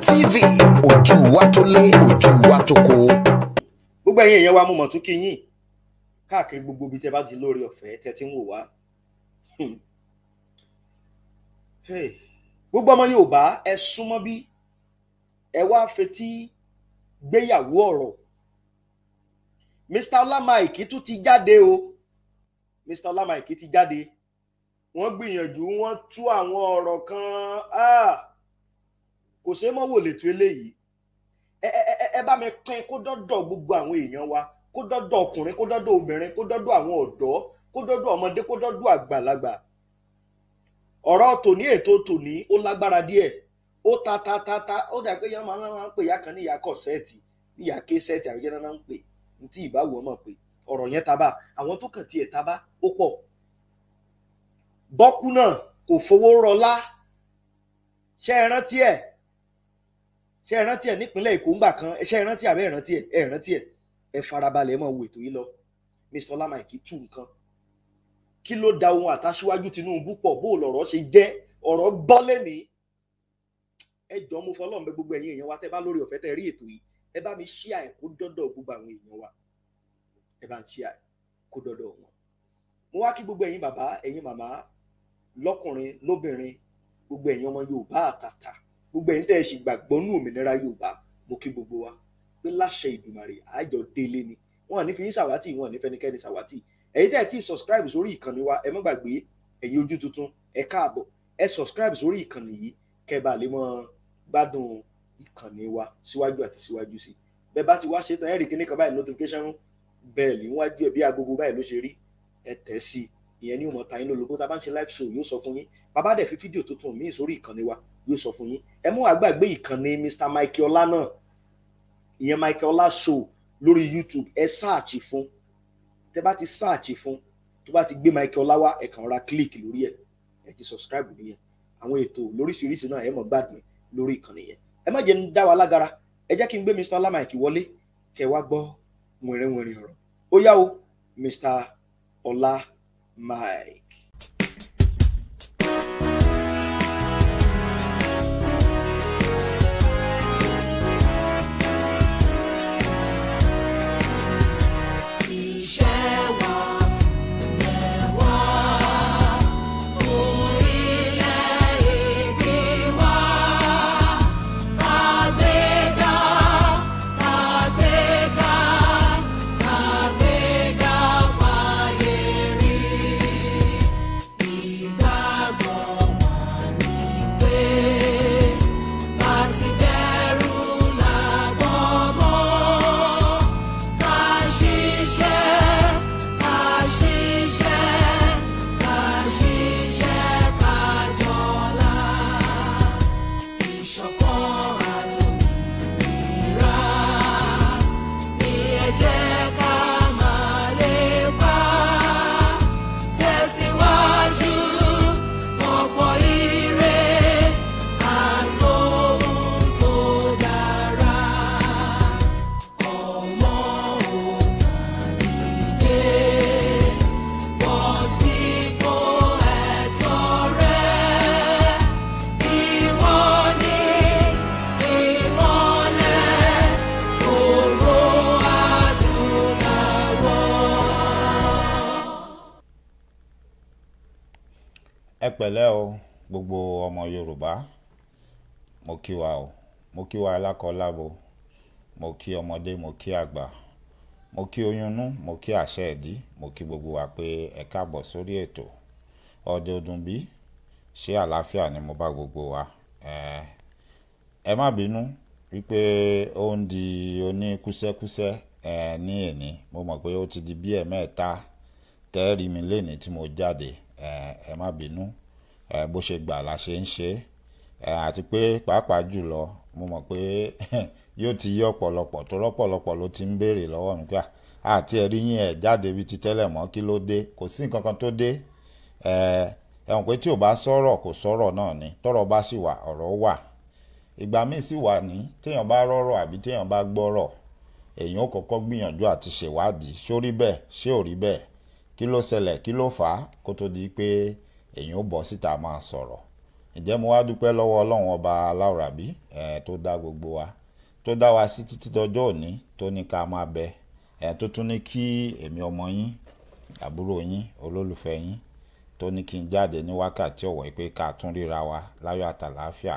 TV ojú wa tó lé ojú wa tó kó. gbogbo ẹ̀yin èèyàn wa mo mọ̀ tún kí yín káàkiri gbogbo ibi tẹ́ bá ti lórí ọ̀fẹ́ tẹ́ ti ń wò wá. Hmm. gbogbo ọmọ Yorùbá ẹ súnmọ́ bí ẹ wá fetí gbéyàwó ọ̀rọ̀ Mr Olamaiki tún ti jáde o Mr Olamaiki ti jáde wọ́n gbìyànjú wọ́n tú àwọn ọ̀rọ̀ kan. Ah kò ṣeé mọ́ wò lètò eléyìí ẹ bá mi pín kó dọ́dọ̀ gbogbo àwọn èèyàn wa kó dọ́dọ̀ ọkùnrin kó dọ́dọ̀ obìnrin kó dọ́dọ̀ àwọn ọ̀dọ́ kó dọ́dọ̀ ọmọdé kó dọ́dọ̀ àgbàlagbà ọ̀rọ̀ tòní ètò tòní ó lágbára ta ta ta ta ó dà pé yàrá máa ń pè kan ní ìyá kọ sẹ́ẹ̀tì ní ìyá ké sẹ́ẹ̀tì àwọn máa ń pè ní tí ìbáwò ọmọ ọ̀rọ̀ yẹn ta bá àwọn tó kàn tiẹ̀ ta bá ṣé ẹ ẹ nípínlẹ̀ Èkó ńgbà kan ṣé ẹ rántí àbẹ́ ẹ rántí ẹ ẹ rántí ẹ ẹ farabalẹ̀ ẹ mọ̀ wo ètò yìí lọ Mr olamaki tú nǹkan kí ló da ohun àtàṣíwájú Tinubu pọ̀ bó lọ̀rọ̀ ṣe jẹ́ ọ̀rọ̀ bọ́ lẹ́ni ẹ jọ gbogbo ẹ̀yin èèyàn wa tẹ́ bá lórí ọ̀fẹ́ tẹ́ rí ètò yìí ẹ bá mi ṣí kó dọ́dọ̀ gbogbo àwọn èèyàn wa ẹ bá ń ṣí gbogbo ẹ̀yin bàbá ẹ̀yin màmá lọ́kùnrin gbogbo ẹ̀yin tẹ́ ẹ sì gbàgbọ́ nú òmìnira yorùbá mo kí gbogbo wa pé láṣẹ ìdùmarè àjọ délé ni wọn ní fi yín sàwátì wọn ní fẹnikẹ́ni sàwátì ẹ̀yin tẹ́ ẹ ti subscribe sórí ìkànnì wa ẹ má gbàgbé ẹ̀yin ojú tuntun ẹ káàbọ̀ ẹ subscribe sórí ìkànnì yìí kẹ́ bá lè mọ gbádùn ìkànnì wa síwájú àti síwájú sí bẹ́ẹ̀ bá ti wá ṣe tán ẹ rí kíní kan báyìí notification bẹ́ẹ̀ ní wájú ẹ bí agogo báyìí ló ṣe rí ẹ tẹ̀ sí i ìyẹn ni ó mọ̀ ta yín lólobó tá a bá ń ṣe live show yóò sọ fún yín bàbá dẹ̀ fi fídíò tuntun míì sórí ìkànnì wa yóò sọ fún yín ẹ mú àgbàgbé ìkànnì Mr Mike Ọlá náà ìyẹn Mike Ọlá show lórí YouTube ẹ sáàchì fún tẹ bá ti sáàchì fún tó bá ti gbé Mike Ọlá wá ẹ kàn click lórí ẹ ẹ ti subscribe nìyẹn àwọn ètò lóríṣiríṣi náà ẹ mọ̀ gbádùn lórí ìkànnì yẹn ẹ má jẹ́ ń dá wa lágara ẹ jẹ́ kí n gbé Mr Ọlá wọlé kẹ wá gbọ́ wìnrìnwìnrìn ọ̀rọ̀ ó yá o Mr Ọlá my yorùbá mo kí wa o mo kí wa alákọ̀ọ́lábo mo kí ọmọdé mo kí àgbà mo kí oyúnnú mo kí àṣẹ ẹ̀dí mo kí gbogbo wa pé ẹ káàbọ̀ sórí ètò ọdẹ ọdún bí ṣé àlàáfíà ni mo bá gbogbo wa ẹ má bínú wípé ó ń di oní kúsẹ́kúsẹ́ ẹ ní èní mo mọ̀ pé ó ti di bí ẹ̀mẹ́ta tẹ́ẹ̀rí mi lénìí tí mo jáde ẹ má bínú. Eh, bó ṣe gbà la ṣe ń ṣe eh, àti pé pàápàá jùlọ mo mọ̀ pé yóò ti yí ọ̀pọ̀lọpọ̀ tó rọ́pọ̀lọpọ̀ ló ti ń béèrè lọ́wọ́ mi pé àti ẹ̀rí yín ẹ̀ jáde bíi ti tẹ́lẹ̀ mọ́ kí ló dé kò sí nǹkan kan tó dé eh, ẹ̀wọ̀n pé tí ò bá sọ̀rọ̀ kò sọ̀rọ̀ náà ni tọ́rọ̀ bá sì wà ọ̀rọ̀ wà ìgbà míì sì wà ní téèyàn bá rọ́rọ̀ àbí téèyàn bá gbọ́rọ̀ èèyàn ó kọ́kọ́ gbìyànjú àti ṣèwádìí ṣó bẹ́ẹ̀ ṣé ò bẹ́ẹ̀ kí ló ṣẹlẹ̀ kí ló fà á kó tó di pé èyàn ó bọ́ síta máa sọ̀rọ̀ ǹjẹ́ mo wá dúpẹ́ lọ́wọ́ ọlọ́run ọba aláwòrábí ẹ̀ tó dá gbogbo wa tó dá wa sí títí dọjọ́ òní tó ní ká máa bẹ tó tún ní kí èmi ọmọ yín àbúrò yín olólùfẹ́ yín tó ní kí n jáde ní wákàtí ọ̀wọ̀ pé ká tún ríra wa láyọ̀ àtàlàáfíà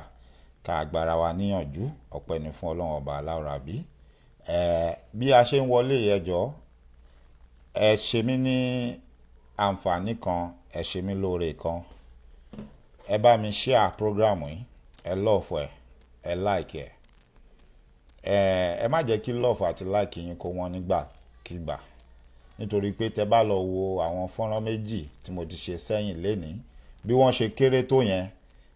ká agbára wa níyànjú ọpẹ́ ni fún ọlọ́run ọba aláwòrábí ẹ̀ bí a ṣe ń wọlé ẹjọ́ ẹ ṣe mí ní àǹfààní kan ẹ ṣe mí lóore kan ẹ bá mi ṣíà program yìí ẹ lọ́ọ̀fù ẹ ẹ láìkì ẹ ẹ má jẹ́ kí lọ́ọ̀fù àti láìkì yín kó wọ́n nígbàkigbà nítorí pé tẹ bá lọ wo àwọn fọ́nrán méjì tí mo ti ṣe sẹ́yìn lénìí bí wọ́n ṣe kéré tó yẹn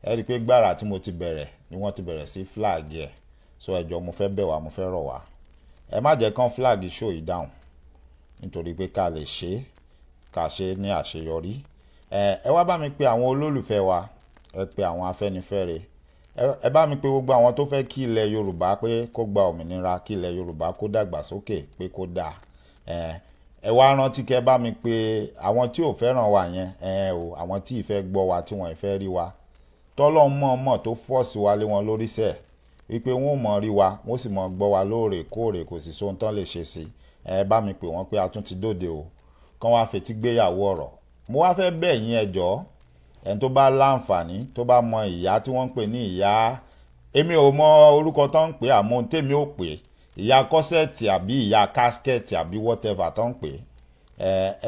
ẹ rí i pé gbàrà tí mo ti bẹ̀rẹ̀ ni wọ́n ti bẹ̀rẹ̀ sí flag ẹ̀ so ẹ jọ̀ọ́ mo fẹ́ bẹ̀ wá mo fẹ́ rọ̀ wá ẹ má jẹ́ kán flag show yìí down nítorí pé ká lè ṣe é ká ṣe ní àṣeyọrí ẹ wá bá mi pè àwọn olólùfẹ́ wa ẹ pè àwọn afẹ́nifẹ́re ẹ bá mi pè gbogbo àwọn tó fẹ́ kí ilẹ̀ yorùbá pé kó gba òmìnira kí ilẹ̀ yorùbá kó dàgbàsókè pé kó dáa ẹ wá rántí kẹ́ bá mi pè àwọn tí ò fẹ́ràn wa yẹn ẹ o àwọn tí ìfẹ́ gbọ́ wa tí wọ́n ìfẹ́ rí wa tọ́lọ́ mọ̀ọ́mọ̀ tó fọ́ọ̀sì wa lé wọn lórí sẹ́ẹ̀ wípé wọn ò mọ̀ rí wa wọn sì mọ̀ gbọ́ wa lóòrèkóòrè kò sì sóhun tán lè ṣe sí ẹ bá mi pè wọ́n pé a tún ti dóde o kán wá fetí gbéyàwó ọ̀rọ̀ mo wá fẹ́ bẹ̀ yín ẹjọ́ ẹni tó bá láǹfààní tó bá mọ ìyá tí wọ́n ń pè ní ìyá èmi ò mọ orúkọ tó ń pè àmọ́ tèmi ò pè ìyá kọ́sẹ̀tì àbí ìyá káskẹ̀tì àbí whatever tó ń pè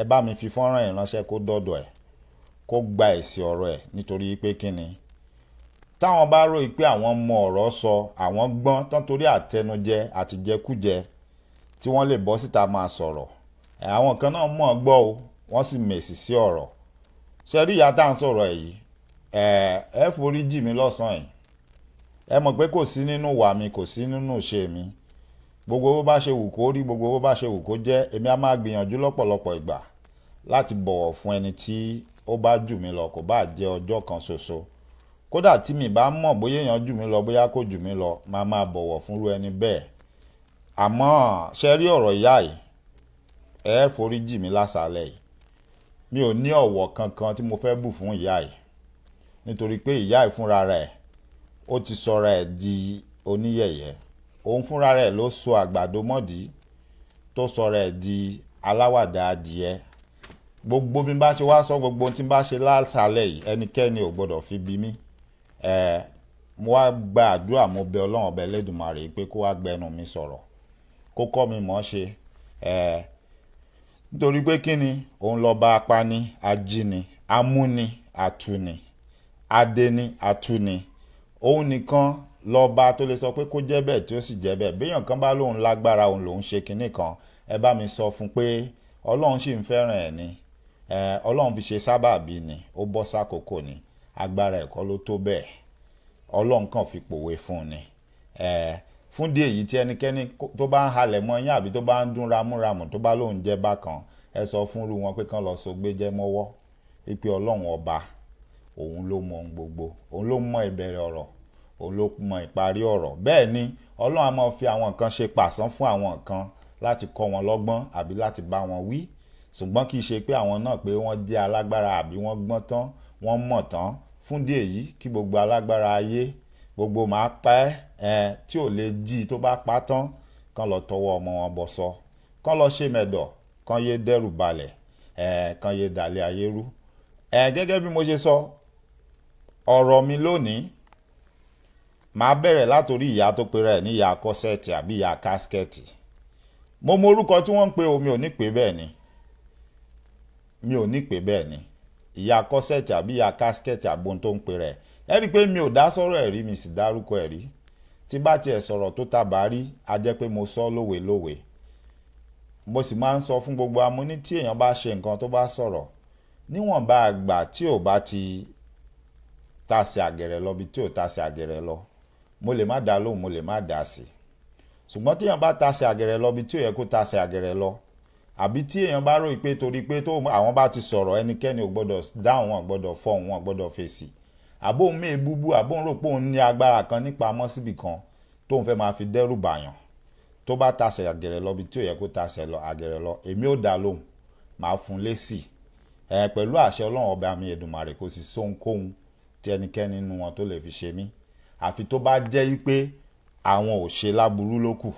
ẹ bá mi fi fọ́nrán ìránṣẹ́ kó dọ́dọ̀ ẹ̀ kó gba èsì ọ̀rọ̀ ẹ̀ nítorí pé kí ni táwọn bá rò pé àwọn mọ ọ̀rọ̀ sọ àwọn gbọ́n tán torí àtẹnujẹ àtijẹkújẹ tí wọ́n lè bọ́ síta máa sọ̀rọ̀ àwọn kan náà mọ̀ gbọ́ o wọ́n sì mèsì sí ọ̀rọ̀ ṣe rí ìyá tá à ń sọ̀rọ̀ ẹ̀ yìí ẹ forí jì mí lọ́sàn-án yìí ẹ mọ̀ pé kò sí nínú wà mi kò sí nínú ṣe mi gbogbo bó bá ṣe wù kó rí gbogbo bó bá ṣe wù kó jẹ́ èmi á máa gbìyànjú lọ́pọ̀lọpọ̀ ìgbà láti bọ̀wọ̀ fún ẹni tí ó bá jù mí lọ kò bá jẹ́ ọjọ́ kan ṣoṣo kódà tí mi bá mọ̀ bóyá èèyàn jù mí lọ bóyá kò jù mí lọ máa máa bọ̀wọ̀ fúnrú ẹni bẹ́ẹ̀ àmọ́ ṣe rí ọ̀rọ̀ ìyá yìí ẹ forí jì mí lásàálẹ̀ yìí mi ò ní ọ̀wọ̀ kankan tí mo fẹ́ bù fún ìyá yìí nítorí pé ìyá yìí fúnra rẹ̀ ó ti sọra ẹ̀ di oníyẹ̀yẹ́ òun fúnra rẹ̀ ló so àgbàdo mọ́dì tó sọra ẹ̀ di aláwàdà adìẹ gbogbo bí n bá ṣe wá sọ gbogbo ohun tí n bá ṣe lásàálẹ̀ yìí ẹnikẹ́ni ò gbọ́dọ̀ fi bí mi ẹ mo wá gba àdúrà mo bẹ ọlọ́run ọba ẹlẹ́dùnmarè pé kó wá gbẹnu mi sọ̀rọ̀ kó kọ́ mi mọ̀ ṣe ẹ. Eh, nítorí pé kí ni òun lọ́ba apani ajíni amúni àtúni adéni àtúni òun nìkan lọ́ba tó lè sọ pé kó jẹ́ bẹ́ẹ̀ tí ó sì jẹ́ bẹ́ẹ̀ béèyàn kan bá lóun lágbára òun lòun ṣe kinní kan ẹ bá mi sọ fún pé ọlọ́run sì ń fẹ́ràn ẹ̀ ni ọlọ́run fi ṣe sábàbí ni ó bọ́ sákòókò ni agbára ẹ̀kọ́ ló tó bẹ́ẹ̀ ọlọ́run kàn fi pòwe fún un ni. Eh, fún díẹ̀ yìí tí ẹnikẹ́ni tó bá ń halẹ̀ mọ́ yín àbí tó bá ń dún ramúramù tó bá lóun jẹ́ bákan ẹ sọ fún irú wọn pé kán lọ sọgbé jẹ́ mọ́wọ́ pé ọlọ́run ọba òun ló mọ ohun gbogbo òun ló mọ ìbẹ̀rẹ̀ ọ̀rọ̀ òun ló mọ ìparí ọ̀rọ̀ bẹ́ẹ̀ ni ọlọ́run a máa fi àwọn nǹkan ṣe pàṣán fún àwọn nǹkan láti kọ́ wọn lọ́gbọ́n àbí láti bá wọn wí ṣùgbọ́n kì í ṣe pé àwọn náà pé wọ́n jẹ́ alágbára àbí wọ́n gbọ́n tán wọ́n mọ̀ tán fún díẹ̀ yìí kí gbogbo alágbára ayé gbogbo máa pẹ́ ẹ tí ò lè jí tó bá pa tán kán lọ tọwọ́ ọmọ wọn bọ̀ sọ kán lọ ṣe mẹ̀dọ̀ kán yé dẹ́rù balẹ̀ ẹ kán yé dàlẹ́ ayé rú ẹ gẹ́gẹ́ bí mo ṣe sọ ọ̀rọ̀ mi lónìí màá bẹ̀rẹ̀ látòrí ìyá tó pera ẹ̀ ní ìyá kọ́sẹ̀tì àbí ìyá kásikẹ́tì mo mọ orúkọ tí wọ́n ń pe omi ò ní pè bẹ́ẹ̀ ni mi ò ní pè bẹ́ẹ̀ ni ìyá kọ́sẹ̀tì àbí ìyá kásikẹ́tì àbí ohun tó ń pera ẹ̀ ẹ rí i pé mi ò dá sọ̀rọ̀ ẹ̀ rí mi sì dárúkọ ẹ̀ rí tí bá tiẹ̀ sọ̀rọ̀ tó tàbá rí a jẹ́ pé mo sọ lówe lówe mo sì máa ń sọ fún gbogbo amúní tí èèyàn bá ṣe nǹkan tó bá sọ̀rọ̀ níwọ̀nba àgbà tí ò bá ti tasẹ̀ àgẹ̀rẹ̀ lọ bí tí ò tasẹ̀ àgẹ̀rẹ̀ lọ mo lè má dá lóhùn mo lè má dá sí i ṣùgbọ́n tí èèyàn bá tasẹ̀ àgẹ̀rẹ̀ lọ bí tí ò yẹ kó tasẹ̀ àgẹ̀rẹ̀ lọ àbí tí èèyàn bá rò pé torí pé tó àwọn bá ti sọ̀rọ̀ ẹnikẹ́ni ò gbọ́dọ̀ dáhùn wọn gbọ́dọ̀ fọ́hùn wọn gbọ́dọ̀ fèsì àbóhùn mí ebúbú àbóhùn rò pé òun ní agbára kan nípa amọ́ síbì kan tóun fẹ́ máa fi dẹ́rù bàyàn tó bá tasẹ̀ àgẹ̀rẹ̀ lọ bí tí ò yẹ kó tasẹ̀ lọ àgẹ̀rẹ̀ lọ èmi ò dá lóhùn màá fún lésì ẹ pẹ̀lú àṣẹ ọlọ́run ọba mi Èdùmàrè kò sí sóhunkóhun tí ẹnikẹ́ni nínú wọn tó lè fi ṣe mí àfi tó bá jẹ́ wípé àwọn ò ṣe láburú ló kù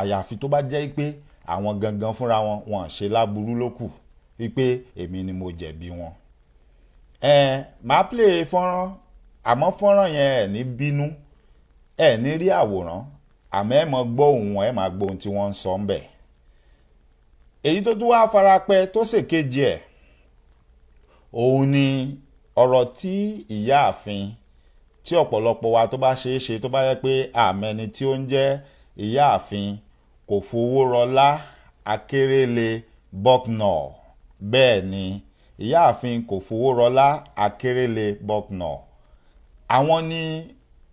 àyàfi tó bá jẹ́ wípé àwọn gangan fúnra wọn wọn ṣe láburú ló kù wípé èmi ni mo jẹ̀bi wọn ẹ máa plé fọ́nrán àmọ́ fọ́nrán yẹn ẹ̀ ní bínú ẹ̀ ní rí àwòrán àmọ́ ẹ̀ mọ gbọ́ òun ẹ̀ máa gbọ́ ohun tí wọ́n ń sọ ń bẹ̀. èyí tó tún wá farapẹ́ tó ṣèkejì ẹ̀ òun ni ọ̀rọ̀ tí ìyáàfin tí ọ̀pọ̀lọpọ̀ wa tó bá ṣeé ṣe tó bá yẹ pé àmẹ́ni tí ó ń jẹ́ ìyáàfin kò fowó rọlá akérèlé bucknell bẹ́ẹ̀ ni ìyáàfin kò fowó rọlá akérèlé bucknor àwọn ni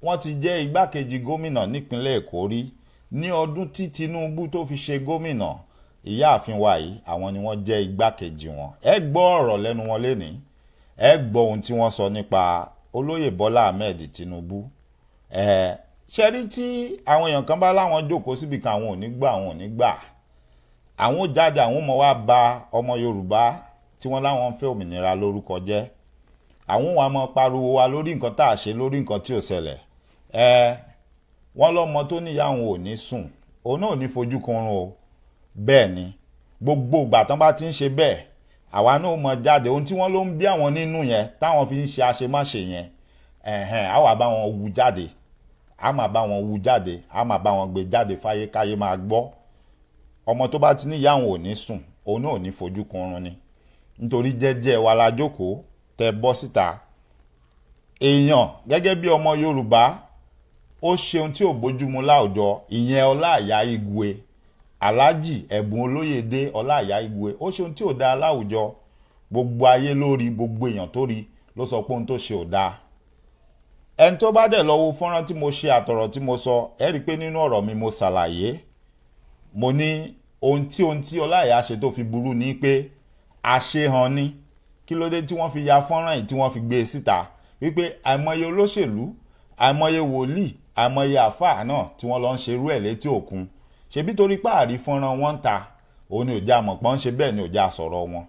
wọ́n ti jẹ́ igbákejì gómìnà nípínlẹ̀ èkó rí ní ọdún tí tinubu tó fi ṣe gómìnà ìyáàfin wa yìí àwọn ni wọ́n jẹ́ igbákejì wọn ẹ gbọ́ ọ̀rọ̀ lẹ́nu wọn lénìí ẹ gbọ́ ohun tí wọ́n sọ nípa olóyè bọ́lá ahmed tinubu ẹ ṣe rí tí àwọn èèyàn kan bá láwọn jókòó síbi kan àwọn ò ní gbà àwọn ò ní gbà àwọn jáde àwọn ọmọ wa ba ọmọ yorùbá tí wọ́n láwọn ń fẹ́ òmìnira lórúkọ jẹ́ àwọn wa mọ pariwo wa lórí nǹkan tá a ṣe lórí nǹkan tí ò ṣẹlẹ̀ ẹ wọ́n lọ́mọ tó níyà òun ò ní sùn òun náà ò ní fojú kunrun o bẹ́ẹ̀ ni gbogbo ìgbà tán bá ti ń ṣe bẹ́ẹ̀ àwa náà mọ jáde ohun tí wọ́n ló ń bí àwọn nínú yẹn táwọn fi ń ṣe àṣemáṣe yẹn ẹ̀hẹ̀n àwa bá wọn wú jáde a máa bá wọn wú jáde a máa bá wọn gbé jáde fáyé káyé máa gbọ́ ọmọ tó bá ti níyà òun ò ní sùn òun náà ò ní fojú kunrun ni nítorí jẹ́jẹ́ wa la jókòó tẹ bọ́ síta èèyàn gẹ́gẹ́ bí ọmọ Yorùbá ó ṣeun tí ò bójúmu láwùjọ ìyẹn Ọláìyá Igwe Alhaji Ẹ̀bùn Olóyèdé Ọláìyá Igwe ó ṣeun tí ò dáa láwùjọ gbogbo ayé lórí gbogbo èèyàn tó rí ló sọ pé ohun tó ṣe ò dáa ẹni tó bá dẹ̀ lọ wo fọ́nrán tí mo ṣe àtọ̀rọ̀ tí mo sọ ẹ rí i pé nínú ọ̀rọ̀ mi mo ṣàlàyé mo ní ohun tí ohun tí Ọláìyá ṣe tó fi burú ni pé àṣehàn ni kí ló dé tí wọ́n fi ya fọ́nrán yìí tí wọ́n fi gbé e síta wípé àìmọye olóṣèlú àìmọye wòlíì àìmọye àfáà náà tí wọ́n lọ ń ṣerú ẹ̀ létí òkun ṣebí torí páàrí fọ́nrán wọn ń ta òun ni òjá mọ̀pọ́n ń ṣe bẹ́ẹ̀ ni òjá sọ̀rọ̀ wọn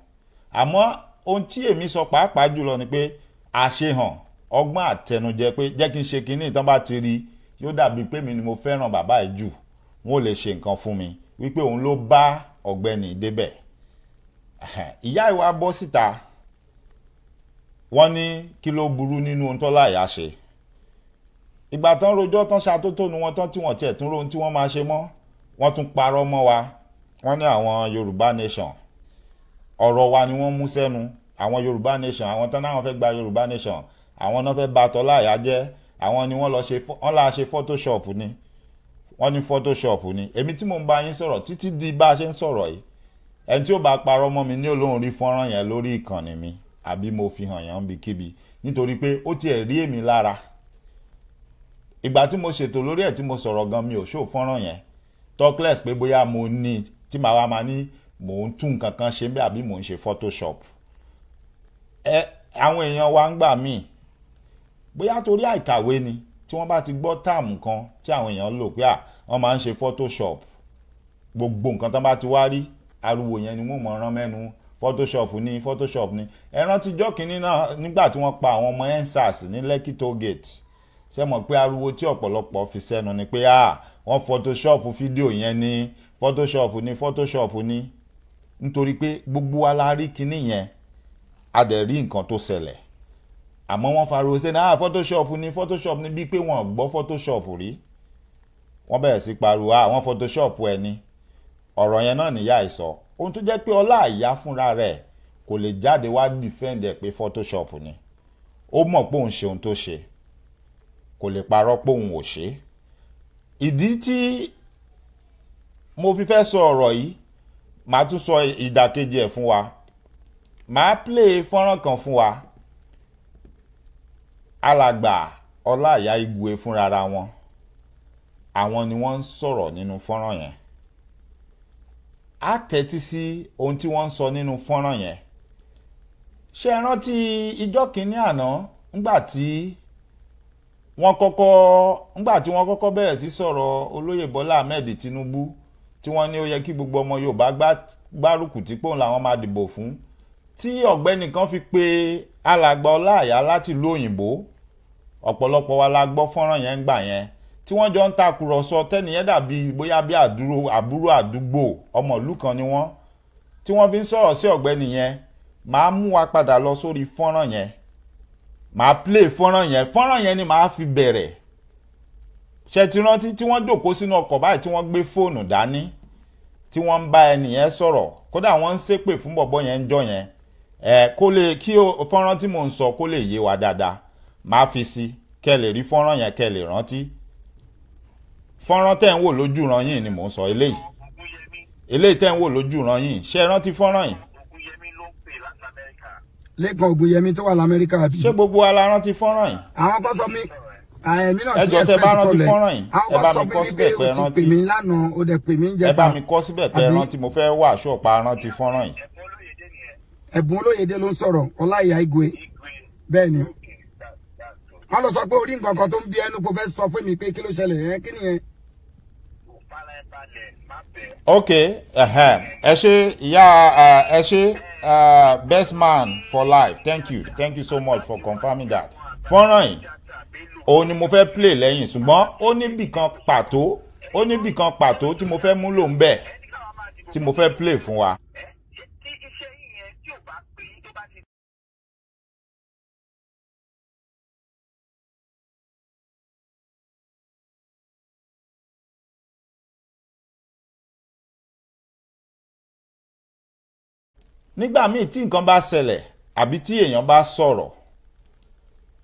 àmọ́ ohun tí èmi sọ pàápàá jùlọ ni pé àṣehàn ọgbọ́n àtẹnujẹ pé jẹ́ kí n ṣe kinní ìtàn bá ti rí yóò dàbí pé mi ni mo fẹ́ràn bàbá yìí jù wọn ò lè ṣe nǹkan fún mi wípé òun ló bá ọ̀gbẹ́ni débẹ̀ ìyá ìwà bọ́ síta wọ́n ní kí ló burú nínú ohun tó láyà ṣe ìgbà tán rojọ́ tán ṣàtótónu wọn tán tí wọ́n tiẹ̀ tún rohun tí wọ́n máa ṣe mọ́ wọ́n tún parọ́ mọ́ wa wọ́n ní àwọn Yorùbá nation ọ̀rọ̀ wa ni wọ́n mú sẹ́nu àwọn Yorùbá nation àwọn tán náà fẹ́ gba Yorùbá nation àwọn náà fẹ́ ba tọ́lá àyà jẹ́ àwọn ni wọ́n lọ ṣe wọ́n là ṣe photoshop ni wọ́n ní photoshop ni èmi tí mò ń bá yín sọ̀rọ̀ títí di bá a ṣe ń sọ̀rọ̀ yìí ẹni tí ó bá parọ́ mọ́ mi ní olóhùn rí fọ́nrán yẹn lórí ìkànnì mi àbí mo fi hàn yẹn bíkíbi nítorí pé ó tiẹ̀ rí èmi lára ìgbà tí mo ṣètò lórí ẹ̀ tí mo sọ̀rọ̀ gan mi ò ṣó fọ́nrán yẹn talkless pé bóyá mo ní tí màá wá máa ní mò ń tún nǹkan kan ṣe bí àbí mò ń ṣe photoshop ẹ àwọn èèyàn wa ń gbà míì bóyá torí àìkàwé ni tí wọ́n bá ti gbọ́ táàmù kan tí àwọn èèyàn lò pé à wọ́n máa ń ṣe photoshop gbogbo nǹkan tán bá ti wá rí ariwo yẹn ni wọ́n mọ̀ rán mẹ́nu photoshop ni photoshop ni ẹ rántí ọjọ́ kìíní náà nígbà tí wọ́n pa àwọn ọmọ ensars ní Lekki toll gate ṣe mọ̀ pé ariwo tí ọ̀pọ̀lọpọ̀ fi sẹ́nu ni pé ah wọ́n photoshop fídíò yẹn ní photoshop ni photoshop ni nítorí pé gbogbo wa la rí kinní yẹn a dẹ̀ rí nǹkan tó ṣẹlẹ̀ àmọ́ wọ́n fariwo ṣe náà ah, photoshop ni photoshop ni bíi pé wọ́n gbọ́ photoshop rí wọ́n bẹ̀rẹ̀ sí pariwo àwọn ah, photoshop ẹ̀ ni ọ̀rọ̀ yẹn náà nìyá ìsọ ohun tó jẹ́ pé ọlá àyà fúnra rẹ̀ kò lè jáde wá defend ẹ̀ pé photoshop ni ó mọ̀ pé òun ṣe ohun tó ṣe kò lè parọ́ pé òun ò ṣe ìdí tí mo fi fẹ́ sọ ọ̀rọ̀ yìí màá tún sọ ìdàkejì ẹ̀ fún wa màá play fọ́nrán kan fún wa alàgbà ọláìyá igwe fúnra wọn àwọn ni wọ́n ń sọ̀rọ̀ nínú fọ́nrán yẹn á tẹ́tí sí ohun tí wọ́n ń sọ nínú fọ́nrán yẹn ṣe é rántí ijọ́ kìíní àná ńgbà tí wọ́n kọ́kọ́ ńgbà tí wọ́n kọ́kọ́ bẹ̀rẹ̀ sí sọ̀rọ̀ olóyè Bọ́lá Ahmed Tinubu tí wọ́n ní ó yẹ kí gbogbo ọmọ Yorùbá gbárùkù tí pòun làwọn máa dìbò fún tí ọ̀gbẹ́ni kan fi pe alàgbà Ọláìyá láti ìlú ọ̀pọ̀lọpọ̀ wa la gbọ́ fọ́nrán yẹn ńgbà yẹn tí wọ́n jọ ń takùrọ̀sọ tẹ́nìyẹn dàbí bóyá bí àdúró àbúrò àdúgbò ọmọ ìlú kan ni wọ́n tí wọ́n fi ń sọ̀rọ̀ sí ọ̀gbẹ́ni yẹn màá mú wa padà lọ sórí fọ́nrán yẹn màá play fọ́nrán yẹn fọ́nrán yẹn ni màá fi bẹ̀rẹ̀ ṣe ti rántí tí wọ́n jókòó sínú ọkọ̀ báyìí tí wọ́n gbé fóònù dání tí wọ́n ń bá ẹnì yẹn sọ̀rọ̀ kódà wọ́n ń ṣépè fún bọ̀bọ́ yẹn ń jọ yẹn ẹ kó lè kí fọ́nrán tí mò ń sọ kó lè yé wa dáadáa màá fi sí kẹ́ lè rí fọ́nrán yẹn kẹ́ lè rántí fọ́nrán tẹ́ ń wò lójú ran yín ni mò ń sọ eléyìí eléyìí tẹ́ ń wò lójú ran yín ṣé ẹ rántí fọ́nrán yìí. lẹ́kàn ògùnyẹmí tó wà lamẹ́ríkà àbí. ṣé gbogbo wa la rántí fọ́nrán yìí. àwọn kan sọ mí ẹ̀mí náà ti ẹ̀fẹ́ kọlẹ̀ àwọn kan sọ mí ní o ti pè mí lánàá o dẹ̀ pè mí jẹta. ẹ bá mi kọ síbẹ̀ pé ẹ rántí mo fẹ́ wà ṣọ́ọ̀pá rántí fọ́nrán yìí. ẹ̀bùn olóyèdè ló ń sọ̀rọ̀ ọláìyá igwe bẹ́ẹ̀ ni wọ́n lọ sọ pé orí nǹkan kan tó ń bí ẹnu kò fẹ́ sọ fún mi pé kí ló ṣẹlẹ̀ yẹn kí nìyẹn ok ẹ ṣe ìyá ẹ ṣe best man for life thank you thank you so much for confirming that fọ́nrán yìí òun ni mo fẹ́ play lẹ́yìn ṣùgbọ́n ó níbì kan pàtó ó níbì kan pàtó tí mo fẹ́ múlò ń bẹ̀ tí mo fẹ́ play fún wa. nígbà míì tí nǹkan bá ṣẹlẹ̀ àbí tí èèyàn bá sọ̀rọ̀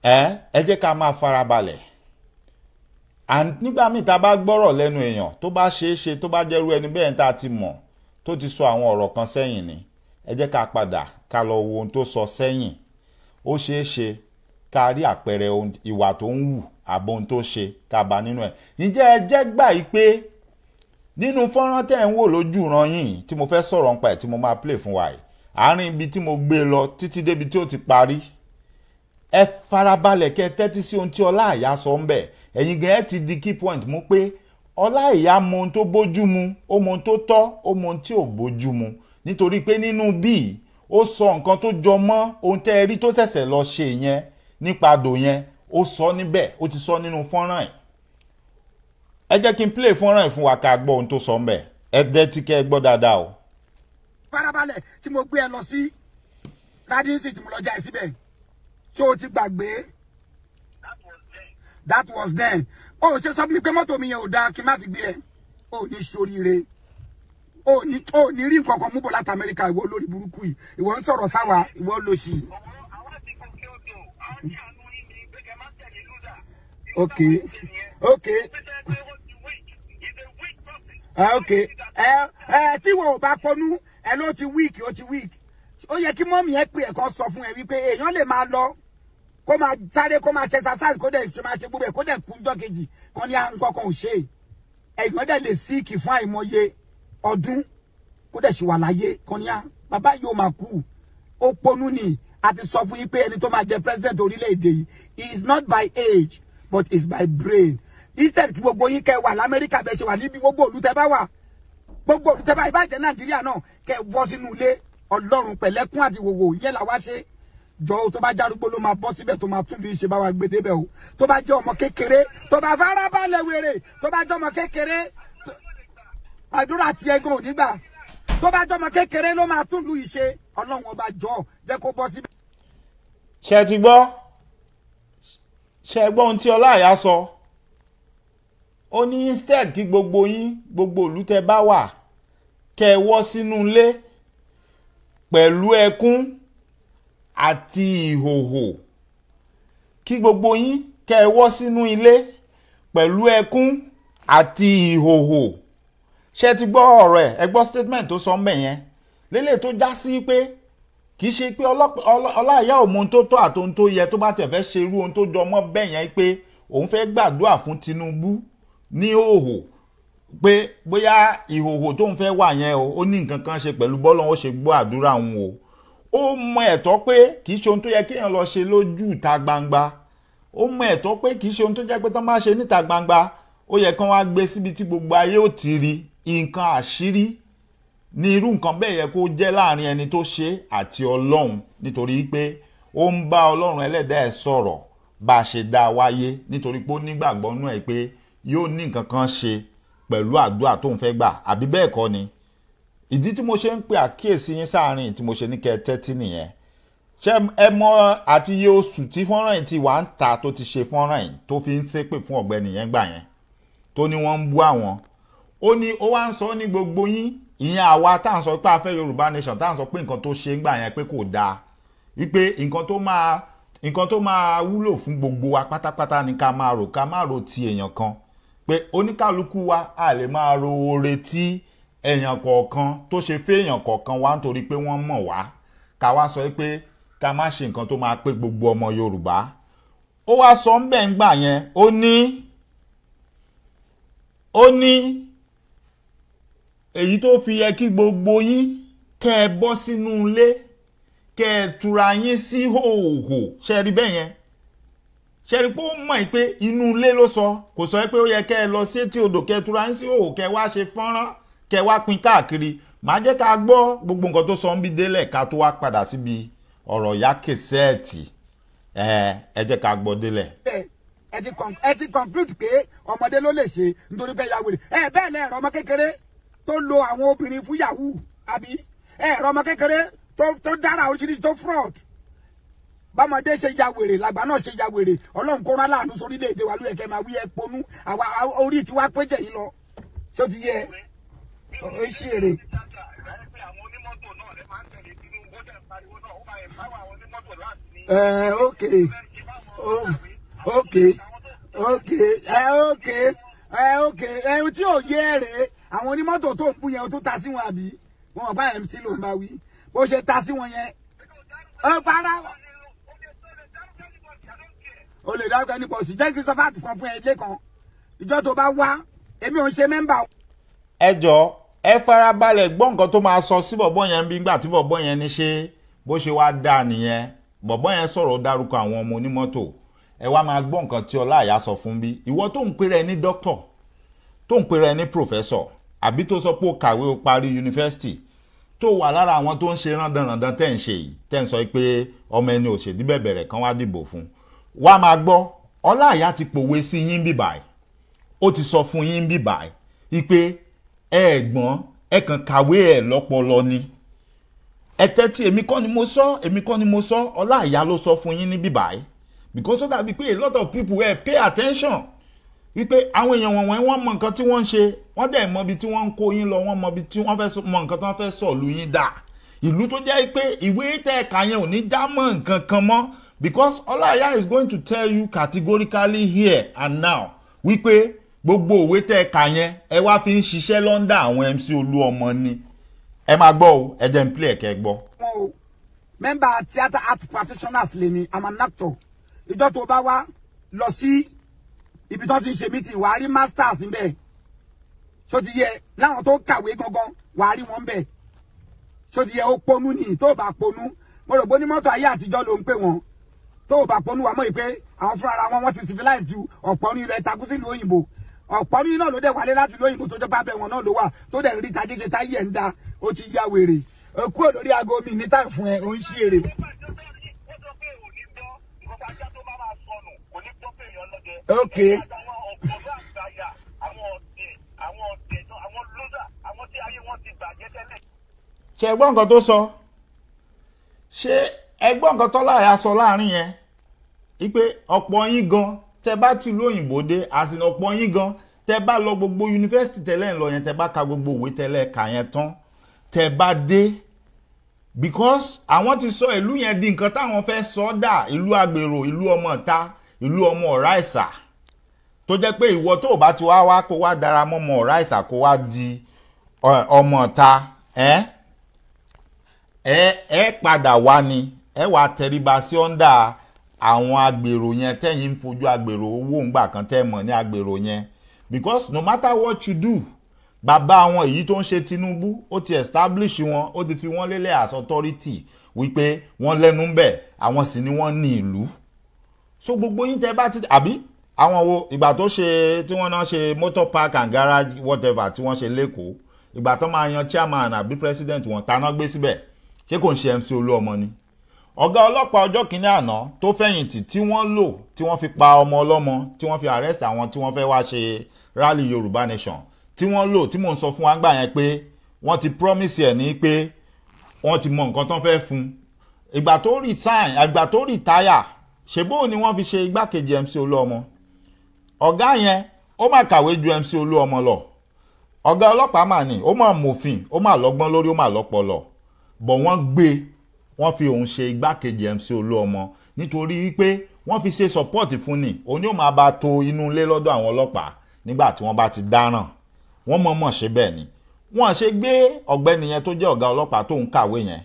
ẹ ẹ jẹ́ ká máa farabalẹ̀ nígbà míì tá a bá gbọ́rọ̀ lẹ́nu èèyàn tó bá ṣeé ṣe tó bá jẹ́rú ẹni bẹ́ẹ̀ tá a ti mọ̀ tó ti sọ àwọn ọ̀rọ̀ kan sẹ́yìn ni ẹ jẹ́ ká padà ká lọ wo ohun tó sọ sẹ́yìn ó ṣeé ṣe ká rí àpẹẹrẹ ìwà tó ń wù àbò ohun tó ṣe ká bá nínú ẹ̀ ǹjẹ́ ẹ jẹ́ gbà yí pé nínú fọ́nrán tẹ̀ ń wò lójú ìran yìí tí mo fẹ́ sọ̀rọ̀ nípa ẹ̀ tí mo máa play fún wa yìí àárín ibi tí mo gbé e lọ títí débi tí ó ti parí ẹ farabalẹ̀ kẹ́ tẹ́tí sí ohun tí ọlá àyà sọ ń bẹ̀ ẹ̀yin gan ẹ ti di key point mú pé ọlá àyà mọ ohun tó bójú mu ó mọ ohun tó tọ́ ó mọ ohun tí ò bójú mu nítorí pé nínú bíi ó sọ nǹkan tó jọ mọ́ ohun tẹ́ ẹ rí tó ṣẹ̀ṣẹ̀ lọ ṣe yẹn nípa àdó yẹn ó sọ níbẹ̀ ó ti sọ nínú fọ́nrán ẹ̀ ẹ jẹ́ kí n play fọ́nrán ẹ̀ fún wa ká gbọ́ ohun tó sọ ń bẹ̀ ẹ dẹ́tí kẹ́ ẹ gbọ́ dáadáa o farabalẹ̀ tí mo gbé ẹ lọ sí rádíǹsì tí mo lọ já ẹ síbẹ̀ ṣé o ti gbàgbé that was then o ṣe sọ bí pé mọ́tò mi yẹn ò dáa kí n má fi gbé ẹ o ní ṣoríire o ní o ní rí nǹkan kan mú bọ̀ láti Amẹ́ríkà ìwọ olórí burúkú yìí ìwọ ń sọ̀rọ̀ sáwa ìwọ olóṣì. okay okay ah, okay ẹ ẹ tí wọn ò bá pọnú ẹ ló ti weak ó ti weak ó yẹ kí mọ́mì yẹn pè ẹ̀ kan sọ fún ẹ wípé èèyàn lè máa lọ kó máa sáré kó máa ṣe sàṣàrì kó dẹ̀ ṣe máa ṣe gbogbo ẹ̀ kó dẹ̀ kúnjọ́ kejì kan ní àǹkọ́ kan ò ṣe èèyàn dẹ̀ lè síìkì fún àìmọye ọdún kó dẹ̀ ṣì wà láyé kan ní à bàbá yóò máa kú ó ponú ni a ti sọ fún yín pé ẹni tó máa jẹ president orílẹ̀-èdè yìí it is not by age but it's by brain instead kí gbogbo yín kẹ́ wà lamẹ́ríkà bẹ́ẹ̀ ṣe wà níbi gbogbo òlù tẹ́ bá wà gbogbo tẹ́bá ìbàjẹ́ nàìjíríà náà kẹ́ wọ́ sínú ilé ọlọ́run pẹ̀lẹ́kún àti wòwò yẹ́ làwa ṣe jọ tó bá járúgbó ló máa bọ́ síbẹ̀ tó máa tún bí ṣe bá wa gbé débẹ̀ o tó bá jẹ́ ọmọ kékeré tó bá fara balẹ̀ wèrè tó bá jẹ́ ọmọ kékeré àdúrà tiẹ̀ gan onígbà tó bá jẹ́ ọmọ kékeré ló máa tún lu ìṣe ọlọ́run ọba jọ jẹ́ kó bọ́ síbẹ̀. ṣe ti gbọ́ ṣe gbọ́ ohun tí ọláìyá sọ. So ó ní instead kí gbogbo yín gbogbo ìlú tẹ bá wà kẹ ẹ wọ́ sínú ilé pẹ̀lú ẹkún àti ìhòhò kí gbogbo yín kẹ ẹ wọ́ sínú ilé pẹ̀lú ẹkún àti ìhòhò ṣé ti gbọ́ ọ̀rọ̀ ẹ̀ ẹ gbọ́ statement tó sọ mbẹ̀ yẹn lélẹ̀ tó já sí pé kì í ṣe pé ọláìyá ò mọ ohun tó tọ́ àti ohun tó yẹ tó bá tẹ̀ fẹ́ ṣerú ohun tó jọ mọ́ bẹ́ẹ̀ yẹn pé òun fẹ́ gbàdúrà fún Tinubu ní òhò pé bóyá ìhòhò tó ń fẹ́ wà yẹn o ó ní nǹkan kan ṣe pẹ̀lú bọ́lọ́ ó ṣe gbọ́ àdúrà òun o ó mọ ẹ̀tọ́ pé kì í ṣe ohun tó yẹ kéèyàn lọ ṣe lójú ìta gbangba ó mọ ẹ̀tọ́ pé kì í ṣe ohun tó jẹ́ pé tán bá ṣe níta gbangba ó yẹ kán wá gbé síbi tí gbogbo ayé ò ti rí nǹkan àṣírí ni irú nǹkan bẹ́ẹ̀ yẹ kó jẹ́ láàrin ẹni tó ṣe àti ọlọ́run nítorí pé ó ń bá ọlọ́run ẹlẹ́dàá ẹ̀ sọ̀rọ̀ bá a ṣe dá a wáyé nítorí pé ó nígbàgbọ́ nú ẹ̀ pé yóò ní nǹkan kan ṣe pẹ̀lú àdúrà tó ń fẹ́ gbà àbí bẹ́ẹ̀ kọ́ ni ìdí tí mo ṣe ń pè àkíyèsí yín sáàárín tí mo ṣe ní kẹ́ tẹ́tí nìyẹn ṣé ẹ mọ àti iye oṣù tí fọ́nrán yìí ti wà ń ta tó ti ṣe fọ́nrán yìí tó fi ń ṣépè fún ọ̀gbẹ́ni yẹn gbà yẹn tó ní wọ́n ń bú àwọn ó ní ó wá ń sọ ní gbogbo yín ìyẹn àwa tá ń sọ pé a fẹ́ Yorùbá nation tá à ń sọ pé nǹkan tó ṣe ń gbà yẹn pé kò dáa wípé nǹkan tó máa nǹkan tó máa wúlò fún gbogbo wa pátápátá ni ká máa rò ká máa rò ti èèyàn kan pé oníkálukú wa a lè máa ro oore tí èèyàn kọ̀ọ̀kan tó ṣe fẹ́ẹ̀yàn kọ̀ọ̀kan wá nítorí pé wọ́n mọ̀ wá ká wá sọ pé ká má ṣe nǹkan tó máa pé gbogbo ọmọ Yorùbá ó wá sọ ń bẹ̀ ń gbà yẹn ó ní ó ní èyí tó fi yẹ kí gbogbo yín kẹ́ ẹ bọ́ sínú ilé kẹ́ ẹ tura yín sí hòhò ṣe rí bẹ́ẹ̀ yẹn ṣẹ́ni pé ó mọ̀ pé inú ilé ló sọ kò sọ pé ó yẹ kẹ́ ẹ lọ sí etí odò kẹ́ tura ń sí òwò kẹ́ wá ṣe fọ́nrán kẹ́ wá pín káàkiri màá jẹ́ ká gbọ́ gbogbo nǹkan tó sọ ń bí délẹ̀ ká tó wá padà síbi ọ̀rọ̀ ìyá kẹsẹ́ẹ̀tì ẹ jẹ́ ká gbọ́ délẹ̀. ẹ ti conclude pé ọmọdé ló lè ṣe nítorí bẹ́ẹ̀ yàwó ẹ bẹ́ẹ̀ lẹ́ ẹ̀rọ ọmọ kékeré tó lo àwọn obìnrin fún yahoo àbí ẹ̀rọ ọmọ kékeré tó dára oríṣiríṣi tó fraud bámọdé ṣe ya wèrè làgbà náà ṣe ya wèrè ọlọ́run kó rán láàánú sórílẹ̀-èdè wa ló yẹ kẹ́ máa wí ẹ ponú àwa orí tiwa péjẹ yìí lọ o ti yẹ ẹ ṣí èrè. ẹ ok ok ok ẹ ok ẹ ok ẹ tí ò yé ẹ rèé àwọn onímọ́tò tó ń bú yẹn o tó ta sí wọn àbí wọn ò bá mc ló ń bá wí bó ṣe ta sí wọn yẹn. Ọ̀pára o lè dárúkọ ní pọ̀sì jẹ́ kí sọ́fàtì kan fún ẹ ilé kan ìjọ tó bá wá èmi ò ń ṣe mẹ́mbà. ẹ jọ ẹ farabalẹ̀ gbọ́ nǹkan tó máa sọ sí bọ̀bọ́ yẹn bí gbà tí bọ̀bọ́ yẹn ní ṣe bó ṣe wá dáa nìyẹn bọ̀bọ́ yẹn sọ̀rọ̀ dárúkọ àwọn ọmọ onímọ́tò ẹ wá máa gbọ́ nǹkan tí ọláàyá sọ fún bí ìwọ tó ń pèrè ní dókítọ̀ tó ń pèrè ní pòfẹ́sọ̀ àbí tó sọ pé ó kàwé ó parí yunifásitì tó wà lára àwọn tó ń ṣe rándanrandan tẹ́ ń ṣe yìí tẹ́ ń sọ pé ọmọ ẹni òṣèdí kan wá dìbò fún un wàá máa gbọ́ ọláìyá ti pòwe sí yín bí báyìí ó ti sọ fún yín bí báyìí wípé ẹ̀gbọ́n ẹ kàn kàwé ẹ̀ lọ́pọlọ ni ẹ tẹ́tí èmi kọ́ ni mo sọ èmi kọ́ ni mo sọ ọláìyá ló sọ fún yín ní bí báyìí because ó dàbí pé a lot of people ẹ pay attention wípé àwọn èèyàn wọ̀nyí wọ́n mọ nǹkan tí wọ́n ń ṣe wọ́n dẹ̀ mọ ibi tí wọ́n ń kó yín lọ wọ́n mọ ibi tí wọ́n fẹ́ mọ nǹkan tí wọ́n fẹ́ sọ̀lù yín dà ìlú tó jẹ́ pé ìwé tẹ̀ka yẹn ò ní dá mọ́ nǹkan kan mọ́ because ọláyà is going to tell you categorically here and now wípé gbogbo òwe tẹ ẹ yẹn ẹ wá fi ń ṣiṣẹ́ lọ́ndà àwọn mc olúọmọ ni ẹ máa gbọ́ o ẹ jẹ́ n play ẹ̀kẹ́ gbọ́. member theatre art practitioners lèmi i'm an ìjọ tó bá wá lọ sí ibi tó ti ń ṣe meeting wàá rí masters níbẹ̀ tó ti yẹ láwọn tó kàwé gangan wàá rí wọn bẹ̀ tó ti yẹ ó ponú nìyí tó bá ponú mo rò pé onímọ́tò ayé àtijọ́ ló ń pè wọ́n tó bá pọnú wa mọ̀ yìí àwọn fúnra ara wọn wọ́n ti civilize ju ọ̀pọ̀ orin rẹ̀ takú sílùú òyìnbó ọ̀pọ̀ orin náà ló dẹ̀ wálé láti ìlú òyìnbó tó jọba abẹ́ wọn náà ló wà tó dẹ̀ rí tajé ṣe táyé ẹ̀ ń da ó ti ya wèrè kúrò lórí aago mi ní fún ẹ ó ṣí èrè. ok. ṣe ẹgbọ́n nǹkan tó sọ ṣé ẹgbọ́n nǹkan tọ́lá yà sọ láàrin yẹn wípé ọ̀pọ̀ yín gan tẹ bá ti ìlú òyìnbó dé àsìn ọ̀pọ̀ yín gan tẹ bá lọ gbogbo yunifásitì tẹ́lẹ̀ ń lọ yẹn tẹ bá ka gbogbo òwe tẹ́lẹ̀ kà yẹn tán tẹ bá dé because àwọn ti sọ ìlú yẹn di nǹkan táwọn fẹ́ sọ dà ìlú agbèrò ìlú ọmọ ìta ìlú ọmọ ọ̀rá ìsà tó jẹ́ pé ìwọ tó o bá ti wá wá kó wá dara mọ́ ọmọ ọ̀rá ìsà kó wá di ọmọ ìta ẹ ẹ padà wá ni ẹ wàá tẹríba sí ọ́ndà àwọn agbèrò yẹn tẹ́yìn ń fojú agbèrò owó ńgbà kan tẹ́ mọ̀ ní agbèrò yẹn because no matter what you do bàbá àwọn èyí tó ń ṣe Tinubu ó ti establish wọn ó ti fi wọn lélẹ̀ as authority wípé wọ́n lẹ́nu ń bẹ̀ àwọn sì ni wọ́n ní ìlú so gbogbo yín tẹ́ bá ti àbí àwọn wo ìgbà tó ṣe tí wọ́n náà ṣe motor park and garage whatever tí wọ́n ṣe lẹ́kọ̀ọ́ ìgbà tó máa yan chairman àbí president wọn taná gbé síbẹ̀ ṣé kò ń ṣe MC Olúọmọ ni ọ̀gá ọlọ́pàá ọjọ́ kìíní àná tó fẹ̀yìntì tí wọ́n lò tí wọ́n fi pa ọmọ ọlọ́mọ tí wọ́n fi arrest àwọn tí wọ́n fẹ́ wá ṣe rally yorùbá nation tí wọ́n lò tí mò ń sọ fún wa ń gbà yẹn pé wọ́n ti promise ẹ̀ ní pé wọ́n ti mọ nǹkan tán fẹ́ fún ìgbà tó resign ìgbà tó retire ṣèbó ni wọ́n fi ṣe igbákejì MC Olúọmọ ọ̀gá yẹn ó mà kàwé ju MC Olúọmọ lọ ọ̀gá ọlọ́pàá mà ní ó mà mọ̀fin ó mà lọ́gbọ́n lórí ó mà lọ́pọlọ bọ̀ wọ́n gbé e wọ́n fi òun ṣe igbákejì MC Olúọmọ nítorí wípé wọ́n fi ṣe support fún ni òun yóò máa bá to inú ilé lọ́dọ̀ àwọn ọlọ́pàá nígbà tí wọ́n bá ti dáràn wọ́n mọ̀ọ́mọ̀ ṣe bẹ́ẹ̀ ni wọ́n ṣe gbé ọ̀gbẹ́ni yẹn tó jẹ́ ọ̀gá ọlọ́pàá tó ń kàwé yẹn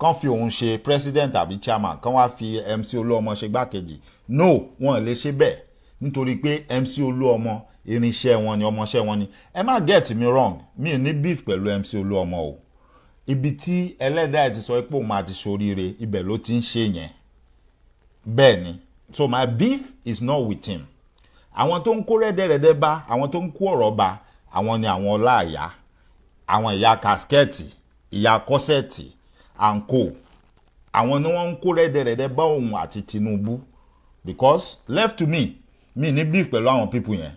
kàn fi òun ṣe president àbí chairman kàn wá fi MC Olúọmọ ṣe igbákejì no wọ́n lè ṣe bẹ́ẹ̀ nítorí pé MC Olúọmọ irinṣẹ́ wọn ni ọmọṣẹ́ wọn ni ẹ má get me wrong mi ò ní beef pẹ̀lú MC Olúọmọ o ibi tí ẹlẹ́dàá ẹ̀ ti sọ pé òun àti ṣoríire ibẹ̀ ló ti ń ṣe yẹn bẹ́ẹ̀ ni so my beef is not with him àwọn tó ń kó rẹ́dẹ̀rẹ́dẹ́ bá àwọn tó ń kó ọ̀rọ̀ bá àwọn ni àwọn ọláàyá àwọn ìyá kàskẹ́ẹ̀tì ìyá kọ́sẹ̀tì àǹkó àwọn ni wọ́n ń kó rẹ́dẹ̀rẹ́dẹ́ bá òun àti Tinubu because left to me me ní beef pẹ̀lú àwọn people yẹn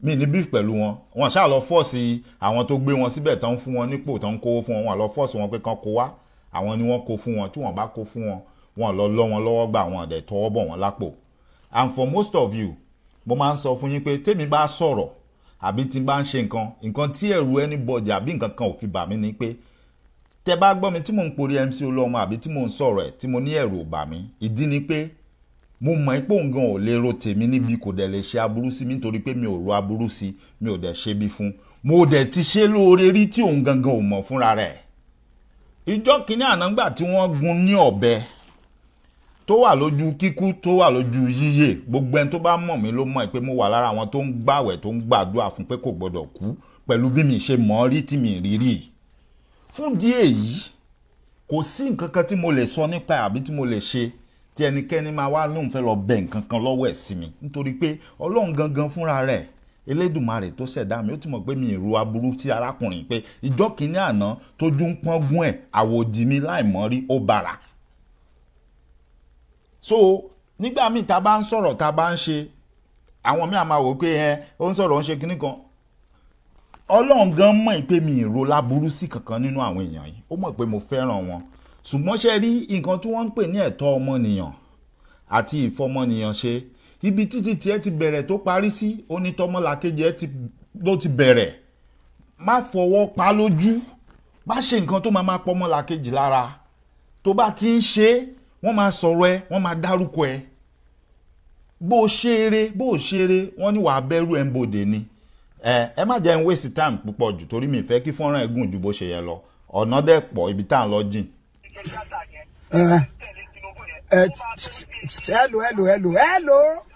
mi ní beef pẹ̀lú wọn wọn ṣáà lọ fọ́ọ̀sì àwọn tó gbé wọn síbẹ̀ tán ń fún wọn nípò tán ń kówó fún wọn wọn lọ fọ́ọ̀sì wọn pé kán kó wá àwọn ni wọ́n kó fún wọn tí wọ́n bá kó fún wọn wọn lọ lọ́ wọn lọ́wọ́ gbà wọn dẹ̀ tọwọ́ bọ̀ wọn lápò and for most of you mo máa ń sọ fún yín pé tèmi bá sọ̀rọ̀ àbí tí n bá ń ṣe nǹkan nǹkan tí ẹ̀rù anybody àbí nǹkan kan ò fi bà mí ni pé tẹ bá gbọ́ mi tí mò ń porí MC Olúọmọ àbí tí mò ń sọ̀rọ̀ ẹ̀ tí mo ní ẹ̀rù ò bà mí ìdí ni pé mo mọ̀ pé òun gan ò lè ro tèmi níbi kò dẹ̀ lè ṣe aburú sí mi nítorí pé mi ò ro aburú sí mi ò dẹ̀ ṣe bí fún mo dẹ̀ ti ṣe lóore rí tí òun gangan ò mọ̀ fúnra rẹ̀ ìjọ kìíní ànágbà tí wọ́n gún ní ọ̀bẹ tó wà lójú kíkú tó wà lójú yíyè gbogbo ẹni tó bá mọ̀ mí ló mọ̀ pé mo wà lára àwọn tó ń gbàwẹ̀ tó ń gbàdúrà fún pé kò gbọdọ̀ kú pẹ̀lú bí mi ṣe mọ̀ rí tí mi rí fún díẹ̀ yìí kò sí nǹkan kan tí mo lè sọ nípa àbí tí mo lè ṣe tí ẹnikẹ́ni máa wá lóun fẹ́ lọ bẹ̀ nǹkan kan lọ́wọ́ ẹ̀ sí mi nítorí pé ọlọ́run gangan fúnra rẹ̀ elédùnmarè tó ṣẹ̀dá mi ó ti mọ̀ pé mi ìrù aburú tí arákùnrin pé ìjọ́ kìíní àná tójú ń pọ́ngún ẹ̀ àwòdì mi láìmọ́ rí ó bàrà. so nígbà míì ta bá ń sọ̀rọ̀ ta bá ń ṣe àwọn míì àmà wò pé ẹ ó ń sọ̀rọ̀ ó ń ṣe kinní kan ọlọ́run gan mọ̀ pé mi ìrù láburú sí kankan nínú àwọn èèyàn yìí ó mọ̀ pé mo fẹ́ràn wọn ṣùgbọ́n ṣe rí nǹkan tí wọ́n ń pè ní ẹ̀tọ́ ọmọnìyàn àti ìfọmọnìyàn ṣe ibi títí tiẹ̀ ti bẹ̀rẹ̀ tó parí sí onítọ́mọlàkejì ẹ̀ ló ti bẹ̀rẹ̀ má fọwọ́ pa lójú bá ṣe nǹkan tó máa máa pọmọlàkejì lára tó bá ti ń ṣe wọ́n máa sọ̀rọ̀ ẹ wọ́n máa dárúkọ ẹ bó o ṣe eré bó o ṣe eré wọ́n ní wàá bẹ̀rù ẹ̀ ń bòde ni ẹ ẹ má jẹ́ ń waste time púpọ̀ jù torí mi fẹ́ kí fọ́nrán ẹ̀ gùn ju bó ṣe yẹ lọ ọ̀nà dẹ̀ pọ̀ ibi tá à ń lọ jìn Eh, eh, hello hello hello hello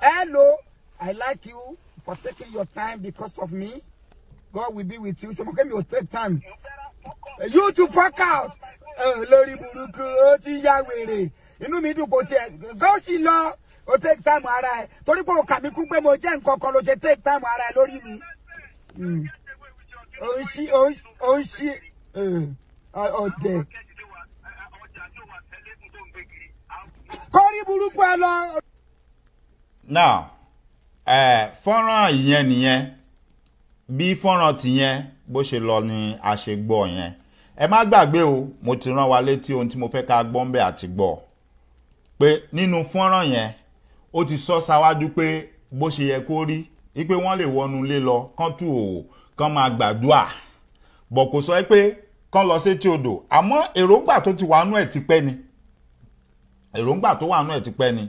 hello i like you for taking your time because of me god will be with you so make me take time eh, you to fuck out lórí burúkú ó ti ya wèrè inú mi dùn kò tiẹ̀ go sí lọ ó take time ara ẹ torí pé o kà mí kú pé mo jẹ́ nǹkan kan ló ṣe take time ara ẹ lórí mi. òun hmm. ṣí òun ṣí ọ̀dẹ̀. kórí burúkú ẹ lọ. now ẹ fọ́nrán ìyẹn nìyẹn bí fọ́nrán tìyẹn bó ṣe lọ ni a ṣe gbọ́ yẹn ẹ má gbàgbé o mo ti rán wa létí ohun tí mo fẹ́ ká gbọ́ ń bẹ̀ àti gbọ́ pé nínú fọ́nrán yẹn ó ti sọ ṣáwájú pé bó ṣe yẹ kó rí wípé wọ́n lè wọnú ilé lọ kán tù òwò kán máa gbàdúà bọ̀ kò sọ pé kán lọ sétí odò àmọ́ èròǹgbà tó ti wà nú ẹ̀ ti pẹ́ ni èròǹgbà tó wà nù ẹ̀ ti pẹ́ ni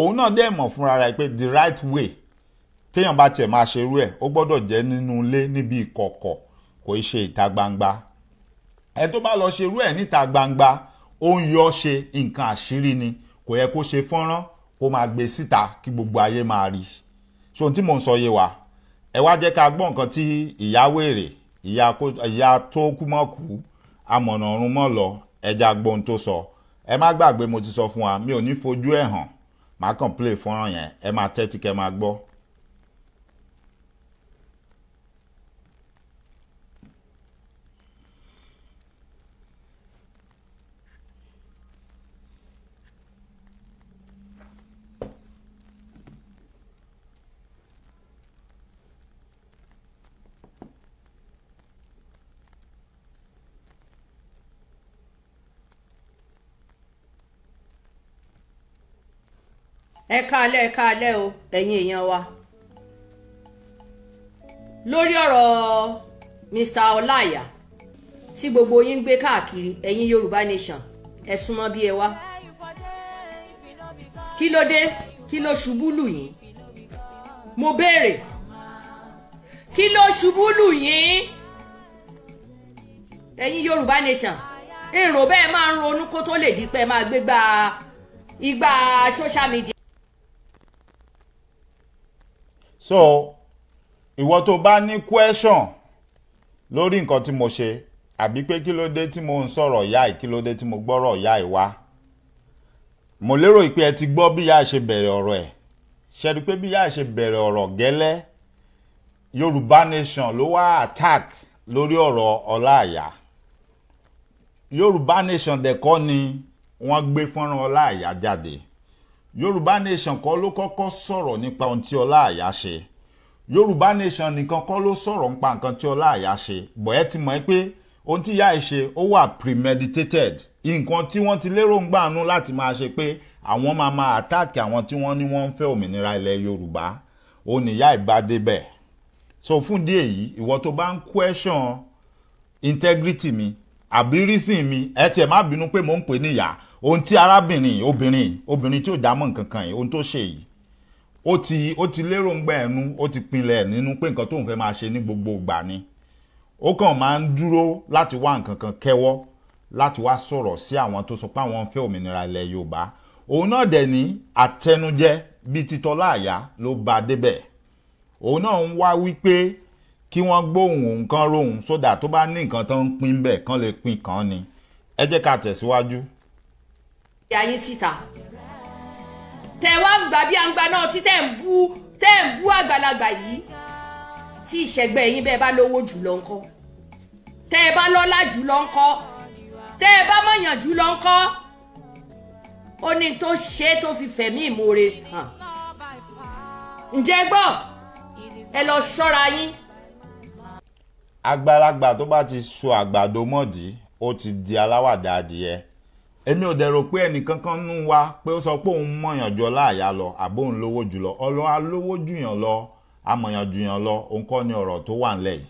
òun náà dẹ̀ mọ̀ fúnra rẹ̀ pé the right way téèyàn bá tiẹ̀ máa ṣerú ẹ̀ ó gbọ́dọ̀ jẹ́ nínú ilé níbi ìkọ̀kọ̀ kò í ṣe ìta gbangba ẹ tó bá lọ ṣerú ẹ̀ níta gbangba ó ń yọ ṣe nǹkan àṣírí ni kò yẹ kó ṣe fọ́nrán kó máa gbé síta kí gbogbo ayé máa rí ṣé ohun tí mò ń sọ yé wa ẹ wá jẹ́ ká gbọ́ nǹkan tí ìyá wèrè ìyá tó kú mọ́ kú amọ̀nà ọ̀run mọ́ lọ ẹja gbọ́ ohun tó sọ. So ẹ má gbàgbé mo ti sọ fún wa mi ò ní fojú ẹ̀ hàn má kàn play fọ́nrán yẹn ẹ má tẹ́tí kẹ́ máa gbọ́. ẹ káalẹ́ ẹ káalẹ́ o ẹ̀yin èèyàn wa lórí ọ̀rọ̀ Mr. Ọláìyá tí gbogbo yín ń gbé káàkiri ẹ̀yin Yorùbá nation ẹ súnmọ́ bí ẹ wá kí ló dé kí ló ṣubú lù yín mo béèrè kí ló ṣubú lù yín ẹ̀yin Yorùbá nation èrò bẹ́ẹ̀ máa ń ronú kó tó lè di pé máa gbégbá igba social media. so ìwọ tó bá ní question lórí nǹkan tí mo ṣe àbí pé kí ló dé tí mo ń sọ̀rọ̀ ìyá yìí kí ló dé tí mo gbọ́rọ̀ ìyá yìí wá mo lérò pé ẹ ti gbọ́ bí ìyá ṣe bẹ̀rẹ̀ ọ̀rọ̀ ẹ̀ ṣe pé bí ìyá ṣe bẹ̀rẹ̀ ọ̀rọ̀ gẹ́lẹ́ Yorùbá Nation ló wá attack lórí ọ̀rọ̀ Ọláìyá Yorùbá Nation dẹ̀kọ́ ni wọ́n gbé fọ́nrán Ọláìyá jáde yorùbá nation kọ́ ló kọ́kọ́ sọ̀rọ̀ nípa ohun tí ọláàyà ṣe yorùbá nation nìkan kọ́ ló sọ̀rọ̀ nípa nǹkan tí ọláàyà ṣe bọ̀ ẹ́ ti mọ̀ pé ohun tí ìyá ẹ̀ ṣe ó wà premeditated nǹkan tí wọ́n ti lérò ń gbàánú láti máa ṣe pé àwọn máa máa àtáàkì àwọn tí wọ́n ní wọ́n ń fẹ́ òmìnira ilẹ̀ yorùbá ó ní ìyá ìgbà débẹ̀ so fún díẹ̀ yìí ìwọ tó bá ń question integrity mi àbí reason mi ẹ tiẹ̀ má bínú pé mò ń pè níyà ohun tí arábìnrin obìnrin obìnrin tí ò já mọ́ nǹkan kan yìí ohun tó ṣe yìí ó ti ó ti lérògbà ẹnu ó ti pinlẹ̀ nínú pé nǹkan tóun fẹ́ máa ṣe ní gbogbo ìgbà ni ó kàn máa ń dúró láti wá nǹkan kan kẹ́wọ́ láti wá sọ̀rọ̀ sí àwọn tó sọ pé àwọn fẹ́ òmìnira ilẹ̀ Yorùbá òun náà dẹ̀ ní àtẹnujẹ bíi titọ́lá àyà ló bá débẹ̀ òun náà ń wá wípé kí wọ́n gbóhùn nǹkan rohùn sódà tó bá ní nǹkan tó ń pín bẹ́ẹ̀ kán lè pín kàn ni ẹ jẹ́ ká tẹ̀síwájú ayé síta tẹ wá ń gbà bí àǹgbà náà tí tẹ ń bú tẹ ń bú àgbàlagbà yìí tí ìṣẹ̀gbẹ́ yín bẹ́ẹ̀ bá lówó jù lọ ńkọ́ tẹ ẹ bá lọ́lá jù lọ tẹ ẹ bá mọ̀yàn jù lọ ó ní tó ṣe tó fi fẹ̀mí ìmoore hàn ǹjẹ́ gbọ́ ẹ lọ ṣọ́ra yín. àgbàlagbà tó bá ti so àgbàdo mọ́dì ó ti di aláwàdà adìyẹ èmi ò dẹ̀ rò pé ẹnìkan kan nú wa pé ó sọ pé òun mọ̀yàn jọ láàyà lọ àbó òun lówó jùlọ ọlọ́ alówó jùyàn lọ amọ̀yàn jùyàn lọ òun kọ́ ni ọ̀rọ̀ tó wà ńlẹ̀ yìí.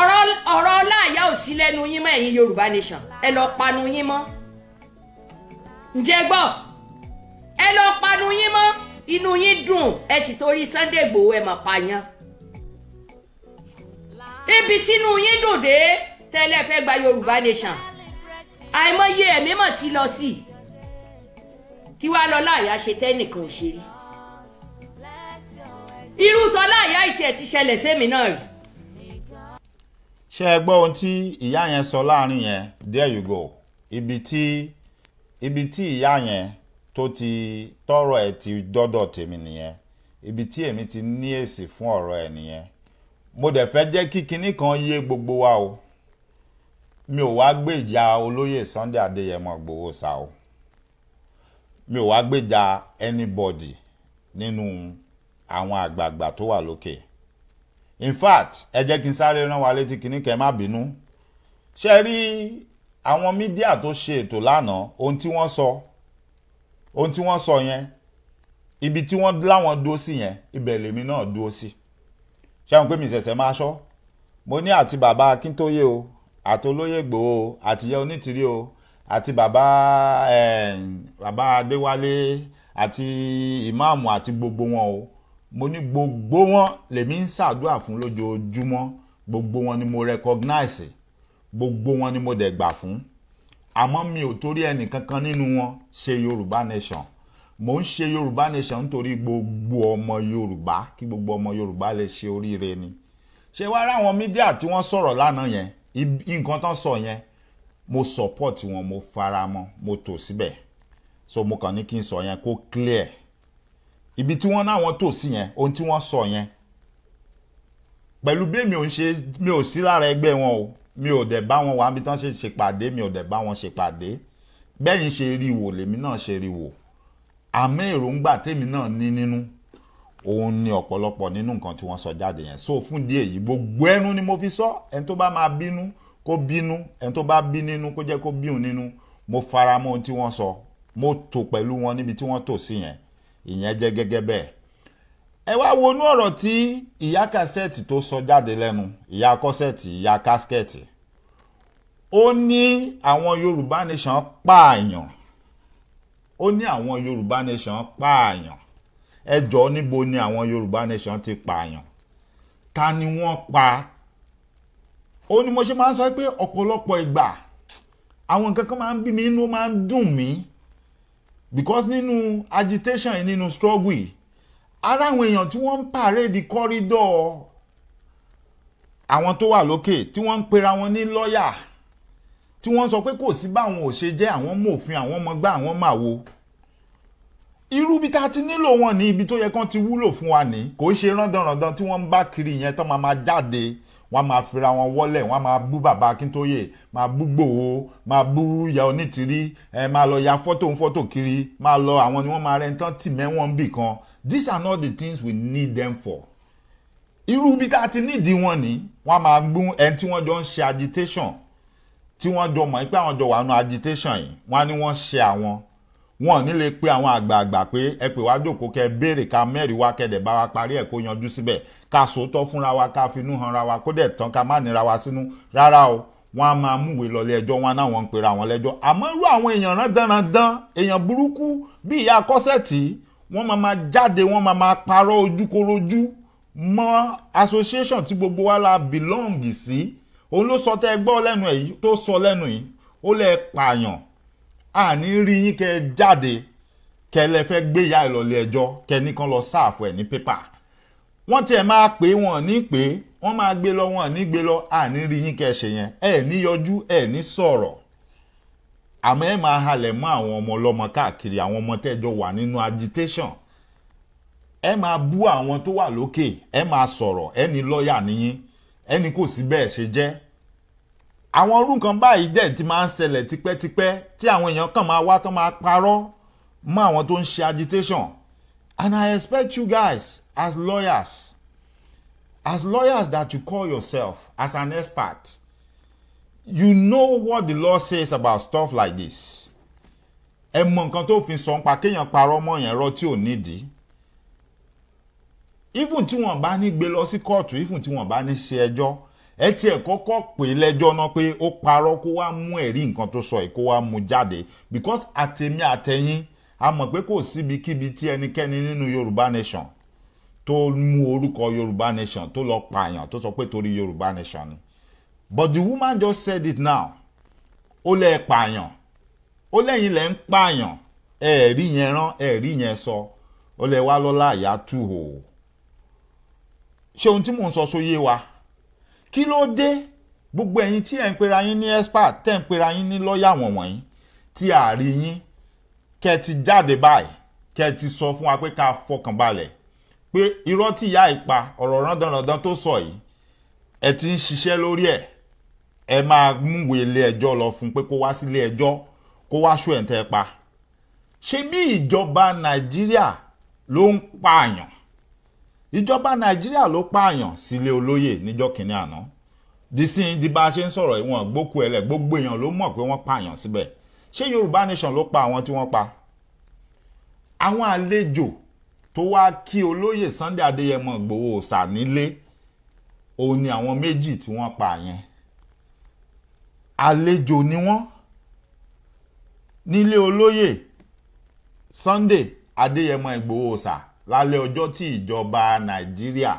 ọ̀rọ̀ ọ̀rọ̀ láàyà ò sí lẹ́nu yín mọ́ ẹ̀yin Yorùbá nation ẹ lọ́ọ́ panu yín mọ́ ǹjẹ́ gbọ́ ẹ lọ́ọ́ panu yín mọ́ inú yín dùn ẹ ti torí Sunday Igboho ẹ mà pààyàn ibi tínú yín dùn dé. tẹ́lẹ̀ fẹ́ gba Yorùbá nation àìmọye ẹ̀mí mọ̀ ti lọ sí kí wàá lọ láàyà ṣe tẹ́nìkan ò ṣe rí irú tọ́ láàyà ìtì ẹ̀ ti ṣẹlẹ̀ sẹ́mi náà rí. ṣé ẹ gbọ́ ohun tí ìyá yẹn sọ láàrin yẹn there you go ibi tí ibi tí ìyá yẹn tó ti tọrọ ẹ̀ ti dọ́dọ̀ tèmi nìyẹn ibi tí èmi ti ní èsì fún ọ̀rọ̀ ẹ̀ nìyẹn mo dẹ̀ fẹ́ jẹ́ kí kinní kan yé gbogbo wa o mi ò wá gbèjà olóyè Sunday Adéyẹmọ Ìgbòho Ṣà o mi ò wá gbèjà anybody nínú àwọn àgbààgbà tó wà lókè in fact ẹ jẹ́ kí n sáré rán wa létí kíní kẹ́ má bínú ṣe rí àwọn mídíà tó ṣe ètò lánàá ohun tí wọ́n sọ ohun tí wọ́n sọ yẹn ibi tí wọ́n láwọn dúró sí yẹn ibẹ̀ lèmi náà dúró sí ṣé àwọn pé mi ṣẹ̀ṣẹ̀ máa ṣọ́ mo ní àti bàbá Akíntóyè o àtolóyè Ìgbòho àtìyẹ onítìrí o àti bàbá bàbá Adéwálé àti ìmáàmù àti gbogbo wọn o mo ní gbogbo wọn lèmi ń ṣàdúrà fún lójoojúmọ́ gbogbo wọn ni mo recognize gbogbo wọn ni mo dẹ̀ gbà fún àmọ́ mi ò torí ẹnì kankan nínú wọn ṣe Yorùbá nation mo ń ṣe Yorùbá nation nítorí gbogbo ọmọ Yorùbá kí gbogbo ọmọ Yorùbá lè ṣe oríire ni ṣé wàá ráwọn mídíà tí wọ́n sọ̀rọ̀ lánàá yẹn nǹkan tán sọ yẹn mo support wọn mo fara mọ́ mo tò síbẹ̀ so mo kàn ní kí n sọ yẹn kó clear ibi tí wọ́n náwọn tò sí yẹn ohun tí wọ́n sọ yẹn pẹ̀lú bí mi ò ń ṣe mi ò sí lára ẹgbẹ́ wọn o mi ò dẹ̀ bá wọn wà níbi tí wọ́n ṣe ṣèpàdé mi ò dẹ̀ bá wọn ṣèpàdé bẹ́yìn ṣe rí wò lèmi náà ṣe rí wò àmọ́ èròǹgbà tèmi náà ní nínú òun ni ọ̀pọ̀lọpọ̀ nínú nǹkan tí wọ́n sọ jáde yẹn so fún díẹ̀ yìí gbogbo ẹnu ni mo fi sọ ẹni tó bá máa bínú kó bínú ẹni tó bá bí nínú kó jẹ́ kó bíun nínú mo fara mọ́ ohun tí wọ́n sọ mo tò pẹ̀lú wọn níbi tí wọ́n tò sí yẹn ìyẹn jẹ́ gẹ́gẹ́ bẹ́ẹ̀ ẹ wá wonú ọ̀rọ̀ tí ìyá kásẹ̀tì tó sọ jáde lẹ́nu ìyá kọ́sẹ̀tì ìyá káskẹ̀tì ó ní àwọn Yorùbá nation pààyàn ó ní àwọn Yorùbá nation pààyàn ẹ jọ̀ọ́ níbo ni àwọn Yorùbá nation ti pààyàn ta ni wọ́n pa ó ní mo ṣe máa ń sọ pé ọ̀pọ̀lọpọ̀ ìgbà àwọn nǹkan kan máa ń bí mi inú máa ń dùn mí because nínú agitation yìí nínú struggle yìí ara àwọn èèyàn tí wọ́n ń pàrédì kọ́rídọ̀ àwọn tó wà lókè tí wọ́n ń pera wọn ní lọ́yà tí wọ́n sọ pé kò sí báwọn ò ṣe jẹ́ àwọn mòfin àwọn ọmọ gbá àwọn màwo irú bí ta ti nílò wọn ní ibi tó yẹ kán ti wúlò fún wa ní kò ṣe rándanrandan tí wọ́n ń bá kiri yẹn tán máa máa jáde wọ́n máa fira wọn wọ́lẹ̀ wọ́n máa bú bàbá Akíntóyè máa bú Gbòho máa bú ìyá Onítìrí ẹ máa lọ ya fọ́tò ń fọ́tò kiri máa lọ àwọn ni wọ́n máa rẹ̀ ń tán tì mẹ́wọ̀n bì kan these are not the things we need them for irú bí ta ti nídìí wọn ní wọ́n máa gbú ẹni tí wọ́n jọ ń ṣe agitation tí wọ́n jọ mọ̀ pé àwọn jọ wà nù agitation yìí wọ́n á ní ṣe àwọn wọn ò ní lè pe àwọn àgbààgbà pé ẹ pè wá jókòó kẹ béèrè ká mẹ́rin wá kẹ́dẹ̀ bá wa parí ẹ̀ kó yanjú síbẹ̀ ká sòótọ́ fúnra wa ká finú hanra wa kó dẹ̀ tán ká má nira wa sínú rárá o wọn a máa múwèé lọlé ẹjọ́ wọn náà ń pera wọn lẹ́jọ́ àmọ́ irú àwọn èèyàn rándanrandan èèyàn burúkú bí ìyá kọ́sẹ̀tì wọ́n máa ma jáde wọ́n máa ma parọ́ ojúkorojú mọ́ association tí gbogbo wa la belong sí òun ló sọ tẹ́ gbọ́ lẹ́nu ẹ̀ tó sọ lẹ́nu yìí ó lè pààyàn àní rí yín kẹ jáde kẹ lẹ fẹ́ gbé ìyá ẹ lọlé ẹjọ́ kẹ nìkan lọ sáàfù ẹ ní pépà wọ́n tiẹ̀ máa pè wọ́n ní pé wọ́n máa gbé lọ wọ́n ní gbé lọ àní rí yín kẹ ṣe yẹn ẹ ní yọjú ẹ ní sọ̀rọ̀ àmọ́ ẹ máa halẹ̀ mọ́ àwọn ọmọ ọlọ́mọ káàkiri àwọn ọmọ tẹ́jọ wà nínú agitation ẹ máa bú àwọn tó wà lókè ẹ máa sọ̀rọ̀ ẹ ní lọ́ọ̀yà nìyí ẹ ní kò sí bẹ́ẹ̀ ṣe jẹ́ àwọn irú nǹkan báyìí dẹ̀ ti máa ń ṣẹlẹ̀ tipẹ́tipẹ́ tí àwọn èèyàn kàn máa wá tán máa parọ́ mọ́ àwọn tó ń ṣe agitation and I expect you guys as lawyers as lawyers that you call yourself as an expert you know what the law says about stuff like this ẹ mọ nǹkan tó fi sọ pa kéèyàn parọ́ mọ́ yẹn rọ tí ò nídìí even tí wọ́n bá ní gbé lọ sí kóòtù even tí wọ́n bá ní ṣe ẹjọ́ ẹ tiẹ̀ kọ́kọ́ pè lẹ́jọ́ náà pé ó parọ́ kó wá mú ẹ̀rí nǹkan tó sọ yìí kó wá mú jáde because àtẹ̀mí àtẹ̀yìn a mọ̀ pé kò síbikíbi tí ẹnikẹ́ni nínú Yorùbá nation tó mú orúkọ Yorùbá nation tó lọ pààyàn tó sọ pé torí Yorùbá nation ni but the woman just said it now ó lẹ́ pààyàn ó lẹ́yìn lẹ́ ń pààyàn ẹ̀ẹ̀rí yẹn rán ẹ̀ẹ̀rí yẹn sọ ó lẹ́ wá lọ́la àyà tù hò ṣé ohun tí mò ń sọ sóyé wa. So kí ló dé gbogbo ẹ̀yin tí ẹ̀ ń pera yín ní expert tẹ̀ ń pera yín ní lọ́ọ̀yà wọ̀nwọ̀nyí tí a rí yín kẹ́ ẹ ti jáde báyìí kẹ́ ẹ ti sọ fún wa pé ká fọkàn balẹ̀ pé irọ́ tí ìyá ìpa ọ̀rọ̀ rándanrandan tó sọ yìí ẹ ti ń ṣiṣẹ́ lórí ẹ̀ ẹ máa múwèé ilé ẹjọ́ lọ fún pé kó wá sílé ẹjọ́ kó wá ṣó ẹ̀ ń tẹ́ pa ṣé bí ìjọba nàìjíríà ló ń pààyàn ìjọba nàìjíríà ló pààyàn sílé olóyè níjọ́ kìíní àná dísìn di bá a ṣe ń sọ̀rọ̀ ìwọ̀n gbókù ẹlẹ̀ gbogbo èèyàn ló mọ̀ pé wọ́n pààyàn síbẹ̀ ṣé yorùbá nation ló pa àwọn tí wọ́n pa àwọn àlejò tó wá kí olóyè sunday adéyẹmọ ìgbòho ọ̀sà nílé òun ni àwọn méjì tí wọ́n pa yẹn àlejò ni wọ́n nílé olóyè sunday adéyẹmọ ìgbòho ọ̀sà lálẹ́ ọjọ́ tí ìjọba nàìjíríà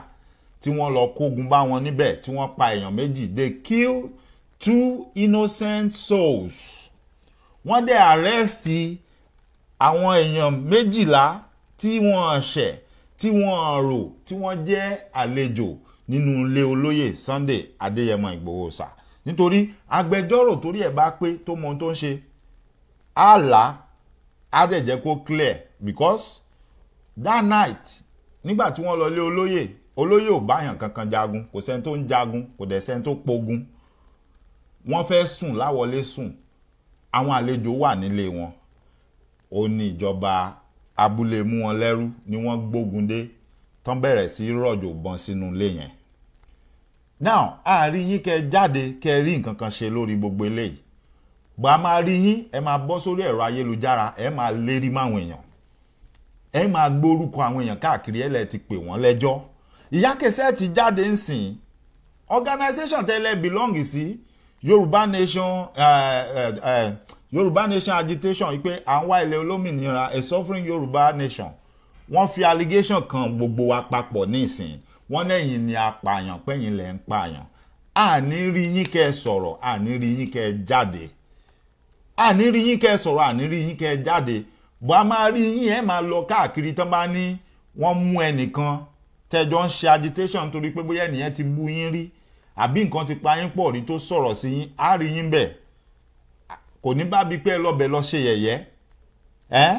tí wọ́n lọ kógun bá wọn níbẹ̀ tí wọ́n pa èèyàn méjì they kill two innocent souls wọ́n dẹ̀ arrest àwọn èèyàn méjìlá tí wọ́n ṣẹ̀ tí wọ́n rò tí wọ́n jẹ́ àlejò nínú ilé olóyè Sunday Adéyẹmọ Ìgbòho Ọ̀sà nítorí agbẹjọ́rò torí ẹ̀ bá pé tó mọ ohun tó ń ṣe àlá á dẹ̀ jẹ́ kó clear because that night nígbà tí wọ́n lọ lé olóyè olóyè ò báyàn kankan jagun kò sẹ́ni tó ń jagun kò dẹ̀ sẹ́ni tó pogun wọ́n fẹ́ sùn láwọlé sùn àwọn àlejò wà nílé wọn ó ní ìjọba abúlé mú wọn lẹ́rú ni wọ́n gbógun dé tán bẹ̀rẹ̀ sí rọ̀jò bọn sínú ilé yẹn now àárín yín kẹ́ jáde kẹ́ rí nǹkan kan ṣe lórí gbogbo eléyìí bá a máa rí yín ẹ máa bọ́ sórí ẹ̀rọ ayélujára ẹ máa lérí máwọn èèyàn ẹ máa gbórúkọ àwọn èèyàn káàkiri ẹ lẹ ti pè wọ́n lẹ́jọ́ ìyá kẹsẹ́ ti jáde ń sìn organisation tẹ́lẹ̀ belong sí yorùbá nation uh, uh, uh, yorùbá nation agitation wípé à ń wá ilẹ̀ olómìnira a suffering yorùbá nation wọ́n fi allegation kan gbogbo wa papọ̀ nísìn wọ́n lẹ́yìn ni apààyàn pẹ́yìn lẹ́ ń pààyàn àní rí yín kẹ́ ẹ sọ̀rọ̀ àní rí yín kẹ́ ẹ jáde àní rí yín kẹ́ ẹ sọ̀rọ̀ àní rí yín kẹ́ ẹ jáde bó a máa rí yín ẹ máa lọ káàkiri tán bá ní wọ́n mú ẹnìkan tẹ́jọ́ ń ṣe agitation nítorí pé bóyá ẹnìyẹn ti bú yín rí àbí nǹkan ti pa yín pọ̀ rí tó sọ̀rọ̀ sí yín á rí yín bẹ̀ kò ní bá bíi pé ẹ lọ́bẹ̀ lọ ṣe yẹ̀yẹ́ ẹ́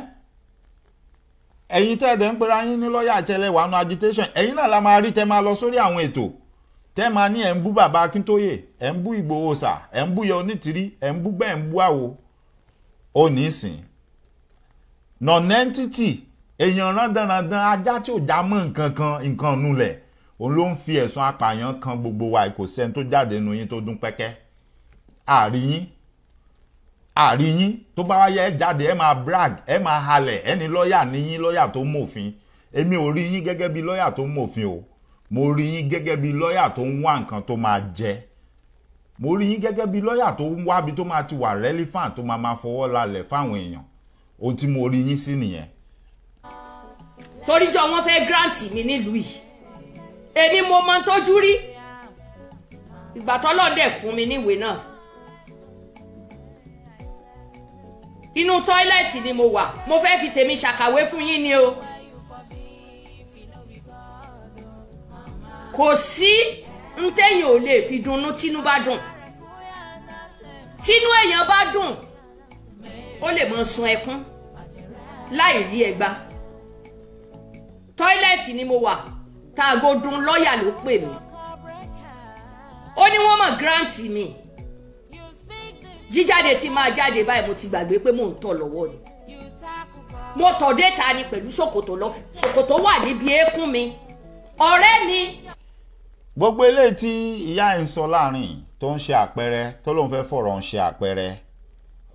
ẹ̀yin tẹ́ẹ̀dẹ̀ ń pera yín ní lọ́ọ̀yà àtẹlẹ wàánu agitation ẹ̀yin náà la máa rí tẹ́ máa lọ sórí àwọn ètò tẹ́ máa ní ẹ̀ ń bú bàbá Akíntóyè ẹ̀ ń bú Ìgbòho sà ẹ̀ ń bú yẹ onítìrí ẹ̀ ń bú gbẹ́ ń bú àwo ó ní ìsìn nonentity èèyàn rándánrandán ajá tí ò já mọ́ nǹkan kan nǹkan nulẹ̀ òun ló ń fi ẹ̀sùn apààyàn kan gbogbo wa kò sẹ́ni tó jáde nu yín tó dún pẹ́kẹ́ àrí yín àrí yín tó bá wáyé ẹ jáde ẹ máa brag ẹ máa halẹ̀ ẹni lọ́ọ̀yà ní yín lọ́ọ̀yà tó mòfin èmi ò rí yín gẹ́gẹ́ bí lọ́ọ̀yà tó mòfin o mo rí yín gẹ́gẹ́ bí lọ́ọ̀yà tó ń wá nǹkan tó máa jẹ mo rí yín gẹ́gẹ́ bí lọ́ọ̀yà tó ń wábi tó máa ti wà relevant tó máa máa fọwọ́ lálẹ̀ fáwọn èèyàn ohun tí mo rí yín sí nìyẹn. toríjọ wọn fẹ́ grant mi nílùú yìí èmi mo mọ tójú rí ìgbà tọ́lọ́dẹ̀ fún mi níwèé náà inú tọ́ílẹ̀tì ni mo wà mo fẹ́ fi tèmi ṣàkàwé fún yín ni o kò sí ntẹ́yìn ò lè fi dunnú tínú bá dùn tínú èèyàn bá dùn ó lè máa sun ẹkún láì rí ẹgba tọ́ílẹ̀tì ni mo wà taago dun lọ́ọ̀yà ló pè mí ó ní wọ́n mọ̀ gírántì mi jíjáde tí máa jáde báyìí mo ti gbàgbé pé mò ń tọ̀ lọ́wọ́ ni mo tọ̀ déta ni pẹ̀lú ṣòkòtò lọ ṣòkòtò wà níbi eékún mi ọ̀rẹ́ mi. gbogbo eléyìí tí ìyá ẹ̀ ń sọ láàrin tó ń ṣe àpẹẹrẹ tó lóun fẹ́ fọ̀rọ̀ ń ṣe àpẹẹrẹ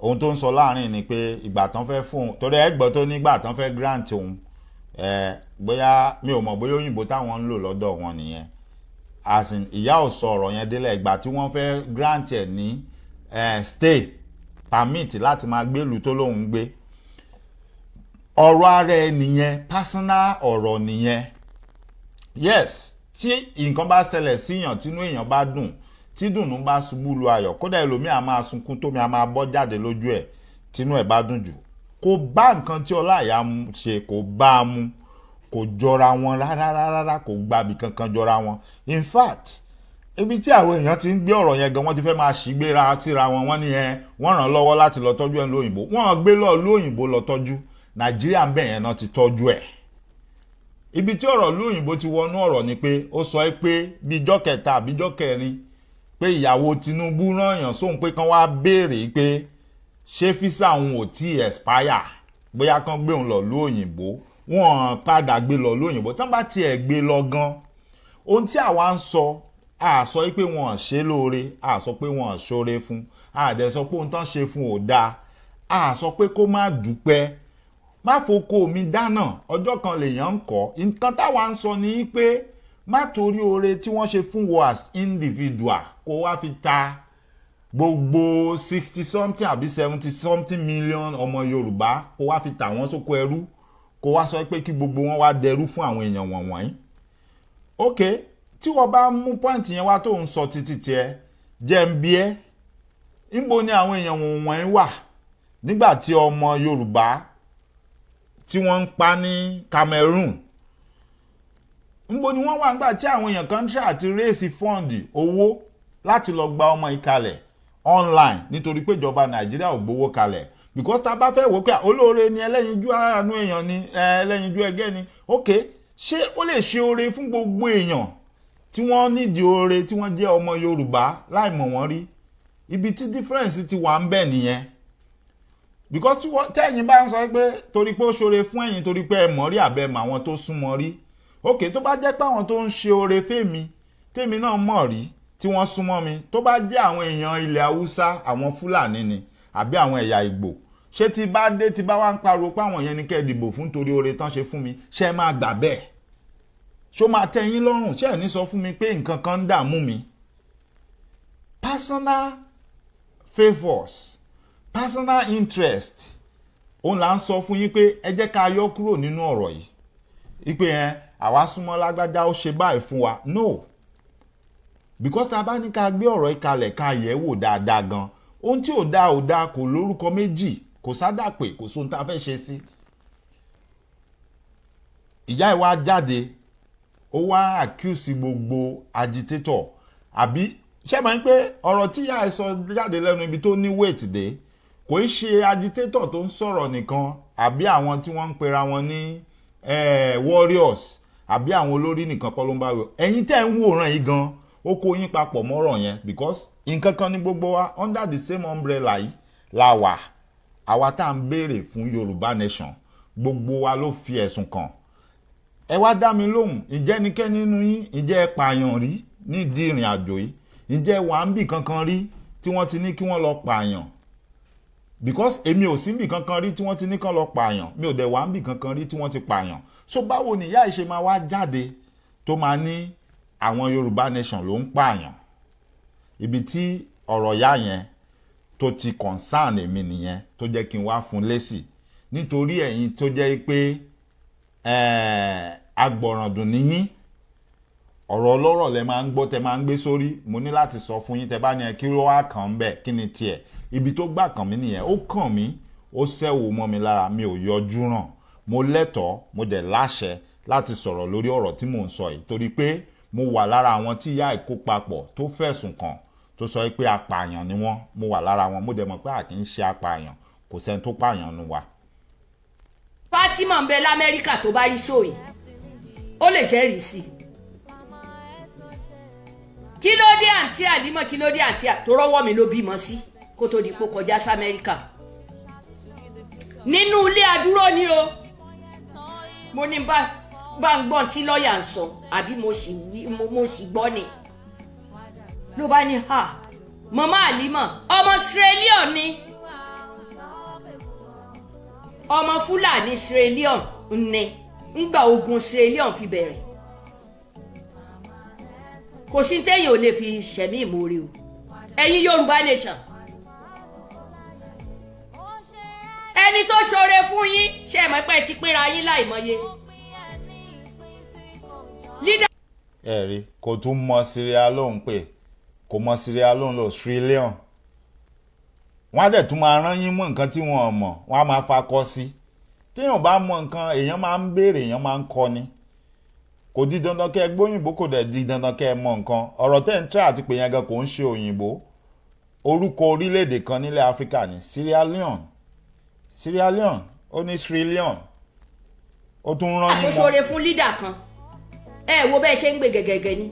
ohun tó ń sọ láàrin ni pé ìgbà tán fẹ́ fún un torí ẹ gbọ́ tó nígbà tán fẹ́ grant òun ẹ bóyá mi ò mọ̀ bóyá òyìnbó táwọn ń lò lọ́dọ̀ wọn nìyẹn as in ìyá ò sọ ọ̀rọ̀ yẹn délẹ̀ ìgbà tí wọ́n fẹ́ grant ẹ̀ ní stay permit láti máa gbélùú tó lóun ń gbé ọ̀rọ̀ ara ẹ nìyẹn personal ọ̀rọ̀ nìyẹn yes tí nǹkan bá ṣẹlẹ̀ síyàn tínú èèyàn bá dùn tí dùnú bá ṣubú lu ayọ̀ kódà ẹlòmíì a máa sunkún tómi a máa bọ́ jáde lójú ẹ̀ tínú ẹ̀ bá dùn jù kò bá nǹkan tí ọláìyá ṣe kò bá a mu kò jọra wọn rárá rárá kò gbàbí kankan jọra wọn in fact ibi tí àwọn èèyàn ti ń gbé ọ̀rọ̀ yẹn gan wọ́n ti fẹ́ máa ṣìgbéra síra wọn wọ́n nìyẹn wọ́n ràn lọ́wọ́ láti lọ tọ́jú ẹ̀ lóyìnbó wọ́n gbé lọ lóyìnbó lọ tọ́jú nàìjíríà ń bẹ̀ náà ti tọ́jú ẹ̀ ibi tí ọ̀rọ̀ lóyìnbó ti wọnú ọ̀rọ̀ ni pé ó sọ pé bíjọ́ kẹta àbíjọ́ kẹrin pé ìyàwó Tinubu rányàn sóhun pé kán wáá béèrè pé ṣé físà òun ò tí expire bóyá kán gbé òun lọ lú òyìnbó wọn padà gbé lọ lú òyìnbó tán bá tiẹ̀ gbé lọ gan ohun tí àwa ń sọ a sọ pé wọn ṣe lóore a sọ pé wọn ṣoore fún a dẹ̀ sọ pé ohun tán ṣe fún ò dáa a sọ pé kó má dúpẹ́ má foko mi dáná ọjọ́ kan lèèyàn ń kọ́ nǹkan táwa ń sọ ni pé má torí oore tí wọ́n ṣe fún wọ as individual kó wá fi ta gbogbo sixty something àbí seventy something million ọmọ Yorùbá kó wá fi tà wọ́n sóko ẹrú kó wá sọ pé kí gbogbo wọn wá dẹrú fún àwọn èèyàn wọ̀nyí. ok tí wọ́n bá mú point yẹn wá tó ń sọ títí tiẹ̀ jẹ́ ń bí ẹ́ níbo ni àwọn èèyàn wọ̀nyí wà nígbà tí ọmọ Yorùbá tí wọ́n ń pa ní Cameroon níbo ni wọ́n wà nígbà tí àwọn èèyàn kan ṣe àti réèsì fọ́ǹdì owó láti lọ gba ọmọ ìkalẹ̀ online nítorí pé ìjọba nàìjíríà ò gbowó kalẹ̀ because tá a bá fẹ́ wò pé olóore ni ẹlẹ́yinjú àánú èèyàn ni ẹlẹ́yinjú ẹgẹ́ ni ok ṣé ó lè ṣe oore fún gbogbo èèyàn tí wọ́n nídìí oore tí wọ́n jẹ́ ọmọ yorùbá láì mọ̀ wọ́n rí ibi tí difference ti wà ń bẹ̀ nìyẹn because tẹ́yìn bá ń sọ pé torí pé ó ṣoore fún ẹ̀yin torí pé ẹ mọ̀ rí àbẹ̀mọ̀ àwọn tó súnmọ́ rí òkè tó bá jẹ́ pé àwọn tó ń ṣe oore fèmí tèmi náà mọ̀ rí tí wọ́n súnmọ́ mi tó bá jẹ́ àwọn èèyàn ilẹ̀ haúsá àwọn fúlàní ni àbí àwọn ẹ̀yà ìgbò ṣé ti bá dé ti bá wá ń pariwo pé àwọn yẹn ni kẹ́ ẹ dìbò fún torí oore tán ṣe fún mi ṣé ẹ máa gbà bẹ́ẹ̀ ṣó máa tẹ́ yín lọ́rùn ṣé ẹ̀ ní sọ fún mi pé nǹkan kan ń dààmú mi personal favours personal interest òun là ń sọ fún yín pé ẹ jẹ́ ká yọ kúrò nínú ọ̀rọ̀ yìí ipe ẹ àwa súnmọ́ lágbájá ó ṣe báyìí fún wa no because tá a bá ní ká gbé ọ̀rọ̀ ìkalẹ̀ ká yẹ̀ wò dáadáa gan ohun tí ò dáa ò dáa kò lórúkọ méjì kò sádàpè kò sóhun tá a fẹ́ ṣe sí. ìyá ìwà jáde ó wá accuse gbogbo agitator àbí ṣé máa ń pé ọ̀rọ̀ tí ìyá ẹ̀ sọ jáde lẹ́nu ibi tó ní weight dé kò í ṣe agitator tó ń sọ̀rọ̀ nìkan àbí àwọn tí wọ́n ń pera wọn ní. Ni warriors àbí àwọn olórí nìkan kọ́ ló ń bá wọ ẹ̀yin tẹ́ ń wòran yìí gan ó kó yín papọ̀ mọ́rọ̀ yẹn because nǹkan kan ní gbogbo wa under the same umbrella yìí la wà àwa tá à ń béèrè fún yorùbá nation gbogbo wa ló fi ẹ̀sùn kàn ẹ wá dá mi lóhùn ǹjẹ́ ẹnikẹ́ni nínú yín ǹjẹ́ ẹ pààyàn rí nídìí ìrìn àjò yìí ǹjẹ́ wà ń bì kankan rí tí wọ́n ti ní kí wọ́n lọ pààyàn because èmi ò sí níbì kankan rí tí wọ́n ti ní kán lọ pààyàn mi ò dẹ̀ wá níbì kankan rí tí wọ́n ti pààyàn so báwo ni ìyá ìṣe máa wá jáde tó máa ní àwọn Yorùbá nation ló ń pààyàn ibi tí ọ̀rọ̀ yá yẹn tó ti concern èmi nìyẹn tó jẹ́ kí n wá fún lésì nítorí ẹ̀yin tó jẹ́ pé agbọ̀ràndùn níyín ọ̀rọ̀ ọlọ́rọ̀ lẹ máa ń gbọ́ tẹ máa ń gbé sórí mo ní láti sọ fún yín tẹ bá ní ẹ kí ló wá kàn ń bẹ̀ kí ni tiẹ̀ ibi tó gbà kàn mí nìyẹn ó kàn mí ó sẹ́wò mọ́ mi lára mi ò yọjú ràn mo lẹ́tọ̀ọ́ mo dẹ̀ láṣẹ láti sọ̀rọ̀ lórí ọ̀rọ̀ tí mò ń sọ yìí torí pé mo wà lára àwọn tí ìyá ìkó papọ̀ tó fẹ̀sùn kàn tó sọ pé apààyàn ni wọ́n mo wà lára wọn mo dẹ̀ mọ̀ pé a kì í ṣe apààyàn kò sẹ́ni tó pààyàn nu wa. Fatima ń bẹ lamẹ́ríkà tó bá rí ṣòyí ó lè jẹ́rìí sí i kí ló dé àǹtí àlímọ̀ kí ló dé àǹtí àtòrọ́wọ́ mi ló bímọ sí. Si kó di pé kọjá sí amẹ́ríkà nínú ilé adúró ni o mo ní bá bá ń gbọ́n tí lọ́ọ̀yà ń sọ àbí mo sì gbọ́ ni ló bá ní ha mama àlímọ̀ ọmọ australian ni ọmọ fúlàní australian ni ńgbà ogun australian fi bẹ̀rẹ̀ kò sí téèyàn ò lè fi ṣẹ̀mí ìmoore o ẹ̀yin yorùbá nation. ẹni tó ṣoore fún yín ṣe é mọ̀ pé ti pínra yín láìmọye. ẹ rí kò tún mọ Sierra Leone pé kò mọ Sierra Leone lọ Sierra Leone wọ́n á dẹ̀ tún máa rán yín mọ́ nǹkan tí wọ́n mọ̀ wọ́n á máa fakọ sí téèyàn bá mọ nǹkan èèyàn máa ń béèrè èèyàn máa ń kọ́ ni kò di dandan kẹ́ ẹ gbóyìnbó kò dẹ̀ di dandan kẹ́ ẹ mọ nǹkan ọ̀rọ̀ tẹ́ ń tẹ́ àti pè yẹn gan kò ń ṣe òyìnbó orúkọ orílẹ̀ kan nílẹ̀ Áfíríkà ní Sierra Leone Sierra Leone ó ní Sierra Leone ó tún rán ah, ní. àtúnṣore fún lídà kan ẹ wo bẹ́ẹ̀ ṣe ń gbé gẹ̀gẹ̀gẹ̀ ni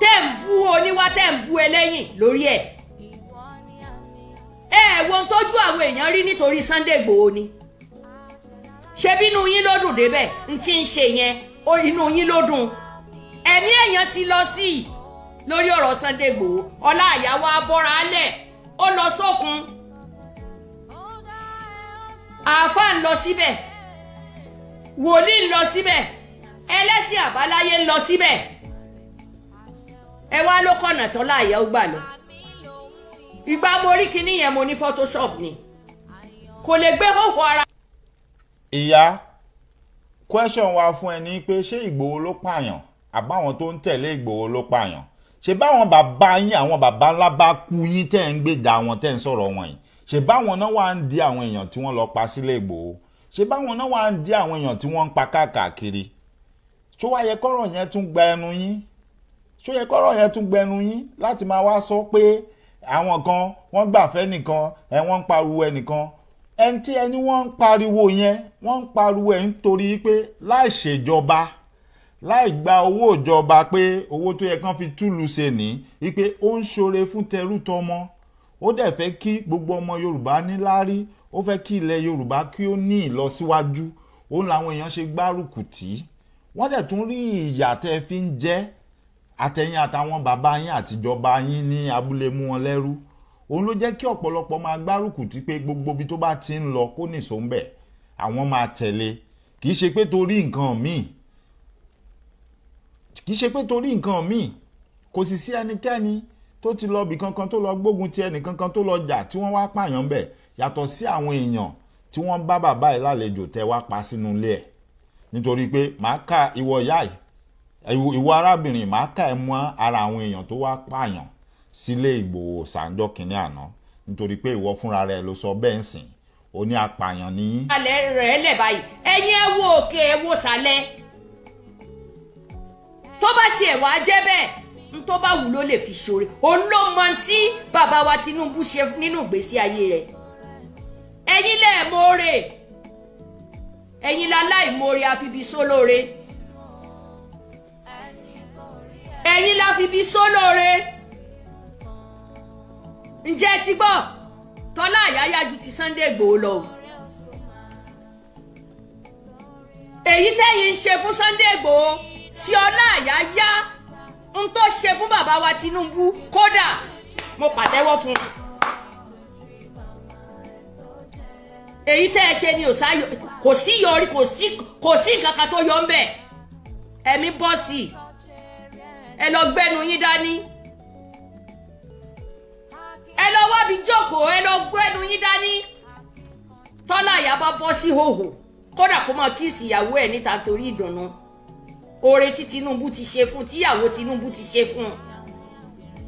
tẹ́ ń bú oníwá tẹ́ ń bú ẹlẹ́yìn lórí ẹ̀ ẹ wo ohun tójú àwọn èèyàn rí nítorí Sunday Igboho ni ṣebí inú yín ló dùn débẹ̀ n ti ń ṣe yẹn inú yín ló dùn ẹ̀mí èèyàn ti lọ sí i lórí ọ̀rọ̀ Sunday Igboho ọlá àyà wa bọ́ra lẹ̀ ó lọ sókun. So àáfàá ń lọ síbẹ̀ wòlíì ń lọ síbẹ̀ ẹlẹ́sìn àbáláyé ń lọ síbẹ̀ ẹ wá ló kọ̀nà tán láàyè ó gbà lọ ìgbà mo rí kinní yẹn mo ní photoshop ni kò lè gbé hóhó ara. ìyá question wa fún ẹ ní pé ṣé ìgbòho ló pààyàn àbáwọn tó ń tẹ̀lé ìgbòho ló pààyàn ṣe báwọn bàbá yín àwọn bàbá ńlá bá kú yín tẹ́ ń gbèjà wọn tẹ́ ń sọ̀rọ̀ wọn ṣe báwọn náà wà ń di àwọn èèyàn tí wọ́n lọ pa sílẹ̀ Ìgbòho ṣe báwọn náà wà ń di àwọn èèyàn tí wọ́n ń pa káàkiri ṣó wá yẹ kọ́rọ̀ yẹn tún gba ẹnu yín ṣó yẹ kọ́rọ̀ yẹn tún gba ẹnu yín láti máa wá sọ pé àwọn kan wọ́n gbàfẹ́ nìkan ẹ wọ́n ń pariwo ẹnìkan ẹni tí ẹni wọ́n ń pariwo yẹn wọ́n ń pariwo ẹ̀ nítorí pé láì ṣèjọba láì gba owó ìjọba pé owó tó yẹ kán fi túlù ṣe ní wípé ó ń ṣoore fún tẹrú ó dẹ̀ fẹ́ kí gbogbo ọmọ yorùbá níláárí ó fẹ́ kí ilẹ̀ yorùbá kí ó ní ìlọsíwájú òun làwọn èèyàn ṣe gbárùkù tì í wọ́n dẹ̀ tún rí ìyà tẹ́ fi ń jẹ àtẹ̀yìn àtàwọn bàbá yín àtìjọba yín ní abúlé mú wọn lẹ́rú òun ló jẹ́ kí ọ̀pọ̀lọpọ̀ máa gbárùkù tì pé gbogbo ibi tó bá ti ń lọ kó nìṣó ń bẹ̀ àwọn máa tẹ̀lé kì í ṣe pé torí nǹkan míì kì í ṣe pé torí nǹkan míì kò sì sí ẹnikẹ́ni tó ti lọ bì kankan tó lọ gbógun ti ẹnì kankan tó lọ jà tí wọ́n wá pààyàn bẹ̀ yàtọ̀ sí àwọn èèyàn tí wọ́n bá bàbá ẹ̀ lálejò tẹ́ wá pa sínú ilé ẹ̀ nítorí pé màá ka ìwọ ìyá ẹ̀ ìwọ arábìnrin màá ka ẹ̀ mọ́ ara àwọn èèyàn tó wá pààyàn sílé Ìgbòho sàǹjọ́ kìnínní àná nítorí pé ìwọ fúnra rẹ ló sọ bẹ́ẹ̀ ń sìn ó ní apààyàn ní. alẹ́ rẹ̀ lẹ̀ báyìí ẹ̀yin ẹ wo òkè ẹ wo sàlẹ̀ tó bá tiẹ̀ wá jẹ́ bẹ́ẹ̀ n tó bá wù ló lè fi ṣoore òun ló mọ tí bàbá wa Tinubu ṣe nínú ìgbésí ayé rẹ̀ ẹ̀yin lẹ́ẹ̀ mọ́ọ́rẹ́ ẹ̀yin láláì mọ́ọ́rẹ́ àfibi sólóore ẹ̀yin la fibi sólóore ǹjẹ́ ti gbọ́ tọ́lá àyáyá ju ti Sunday Igboho lọ o èyí tẹ́yìn ṣe fún Sunday Igboho tí ọlá àyáyá n tó ṣe fún bàbá wa Tinubu kódà mo pàtẹ́wọ́ fún un. èyí tẹ́ ẹ ṣe ni kò sí yọrí kò sí nǹkan kan tó yọ ń bẹ̀ ẹ̀mí bọ́ọ̀sì ẹ lọ gbẹ́nu yín dání ẹ lọ wábi jókòó ẹ lọ gbẹ́nu yín dání tọ́lá ìyá bá bọ́ sí hòhò kódà kó máa kíìsì ìyàwó ẹ̀ níta torí ìdùnnú oore tí Tinubu ti ṣe fún tíyàwó Tinubu ti ṣe fún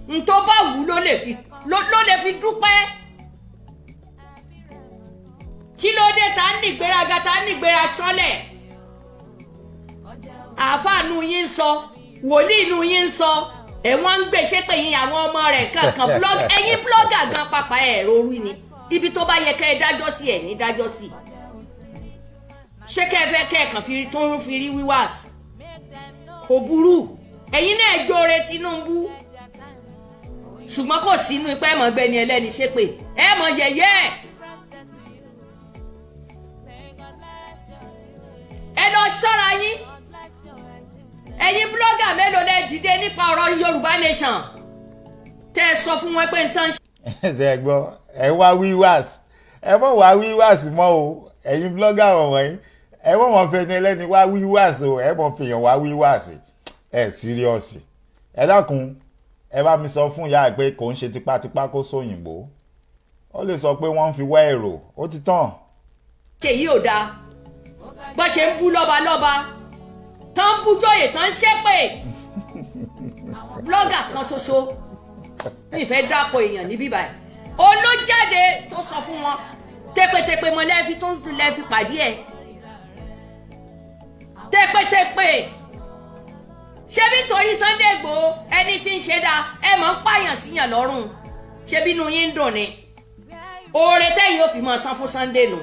un tó bá wù ló lè fi ló lè fi dúpẹ́ kí ló dé ta ní ìgbéraga ta ní ìgbéra sọ́lẹ̀ àfààní yín ń sọ wòlíì inú yín ń sọ ẹ̀wọ̀n ń gbèsè pé yín àwọn ọmọ rẹ̀ kankan blog ẹ̀yin blogger gan pàpà ẹ̀ rorí ni ibi tó bá yẹ kẹ́ ẹ dájọ́ sí ẹ̀ ní dájọ́ sí ṣé kẹ́ ẹ kàn fi tó ń fi rí wíwáàsì kò burú ẹ̀yin náà jóore Tinubu ṣùgbọ́n kò sínú ipá ẹ̀mọ́ gbẹni ẹlẹ́ni ṣépè ẹ̀mọ́ yẹ̀yẹ́ ẹ̀. ẹ lọ ṣọ́ra yín ẹ̀yin búlọ́gà mélòó lẹ dìde nípa ọ̀rọ̀ Yorùbá Nation tẹ́ ẹ sọ fún wọn pé nǹkan. ẹ ṣe ẹ gbọ́ ẹ wá wíwáàsì ẹ mọ̀ wá wíwáàsì mọ́ o ẹ̀yin búlọ́gà wọ̀nyí ẹ wọ́n mọ̀ fẹ́ ni ẹlẹ́ni wá wíwáàsì o ẹ mọ̀ fìyàn wá wíwáàsì ẹ síríọ́sì ẹ dákun ẹ bá mi sọ fún ìyá pé kò ń ṣe tipátipá kó sóyìnbó ó lè sọ pé wọ́n ń fi wá èrò ó ti tàn. ṣe yìí ò dáa bó ṣe ń bú lọ́balọ́ba tó ń bú jòyè tó ń ṣépè blọ́gà kan ṣoṣo nífẹ̀ẹ́ dákọ̀ èèyàn níbí báyìí olójáde tó sọ fún wọn tẹpẹtẹpẹ mọ lẹ́ẹ̀fi tó ń lẹ́ẹ̀fi pàdé ẹ̀ tẹpẹtẹpẹ ṣebí nítorí Sunday Igboho ẹni tí ń ṣe dáa ẹ mọ̀ ń pààyàn síyàn lọ́rùn ṣebí inú yín ń dùn ni oore tẹ́yìn ò fi máa san fún Sunday nù.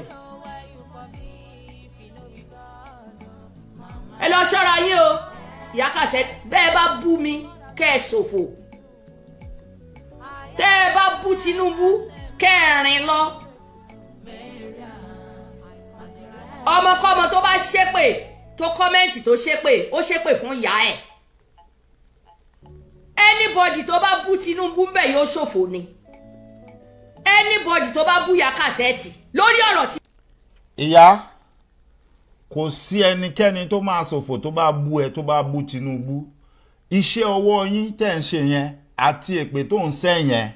ẹ lọ ṣọ́ra yín o ìyá kàṣẹ bẹ́ẹ̀ bá bú mi kẹ́ ẹ ṣòfò tẹ́ ẹ bá bú Tinubu kẹ́ ẹ rìn lọ. ọmọkọ́mọ tó bá ṣépè tó kọ́mẹ́ǹtì tó ṣépè ó ṣépè fún ìyá ẹ̀ anybody tó bá bú Tinubu ń bẹ̀ yóò ṣòfò ni anybody tó bá bú ya kàṣẹ́ẹ̀tì lórí ọ̀rọ̀ tí. ìyá kò sí ẹnikẹ́ni tó máa ṣòfò tó bá bú ẹ tó bá bú Tinubu iṣẹ́ ọwọ́ yín tẹ̀ ń ṣe yẹn àti èpè tó ń ṣẹ́ yẹn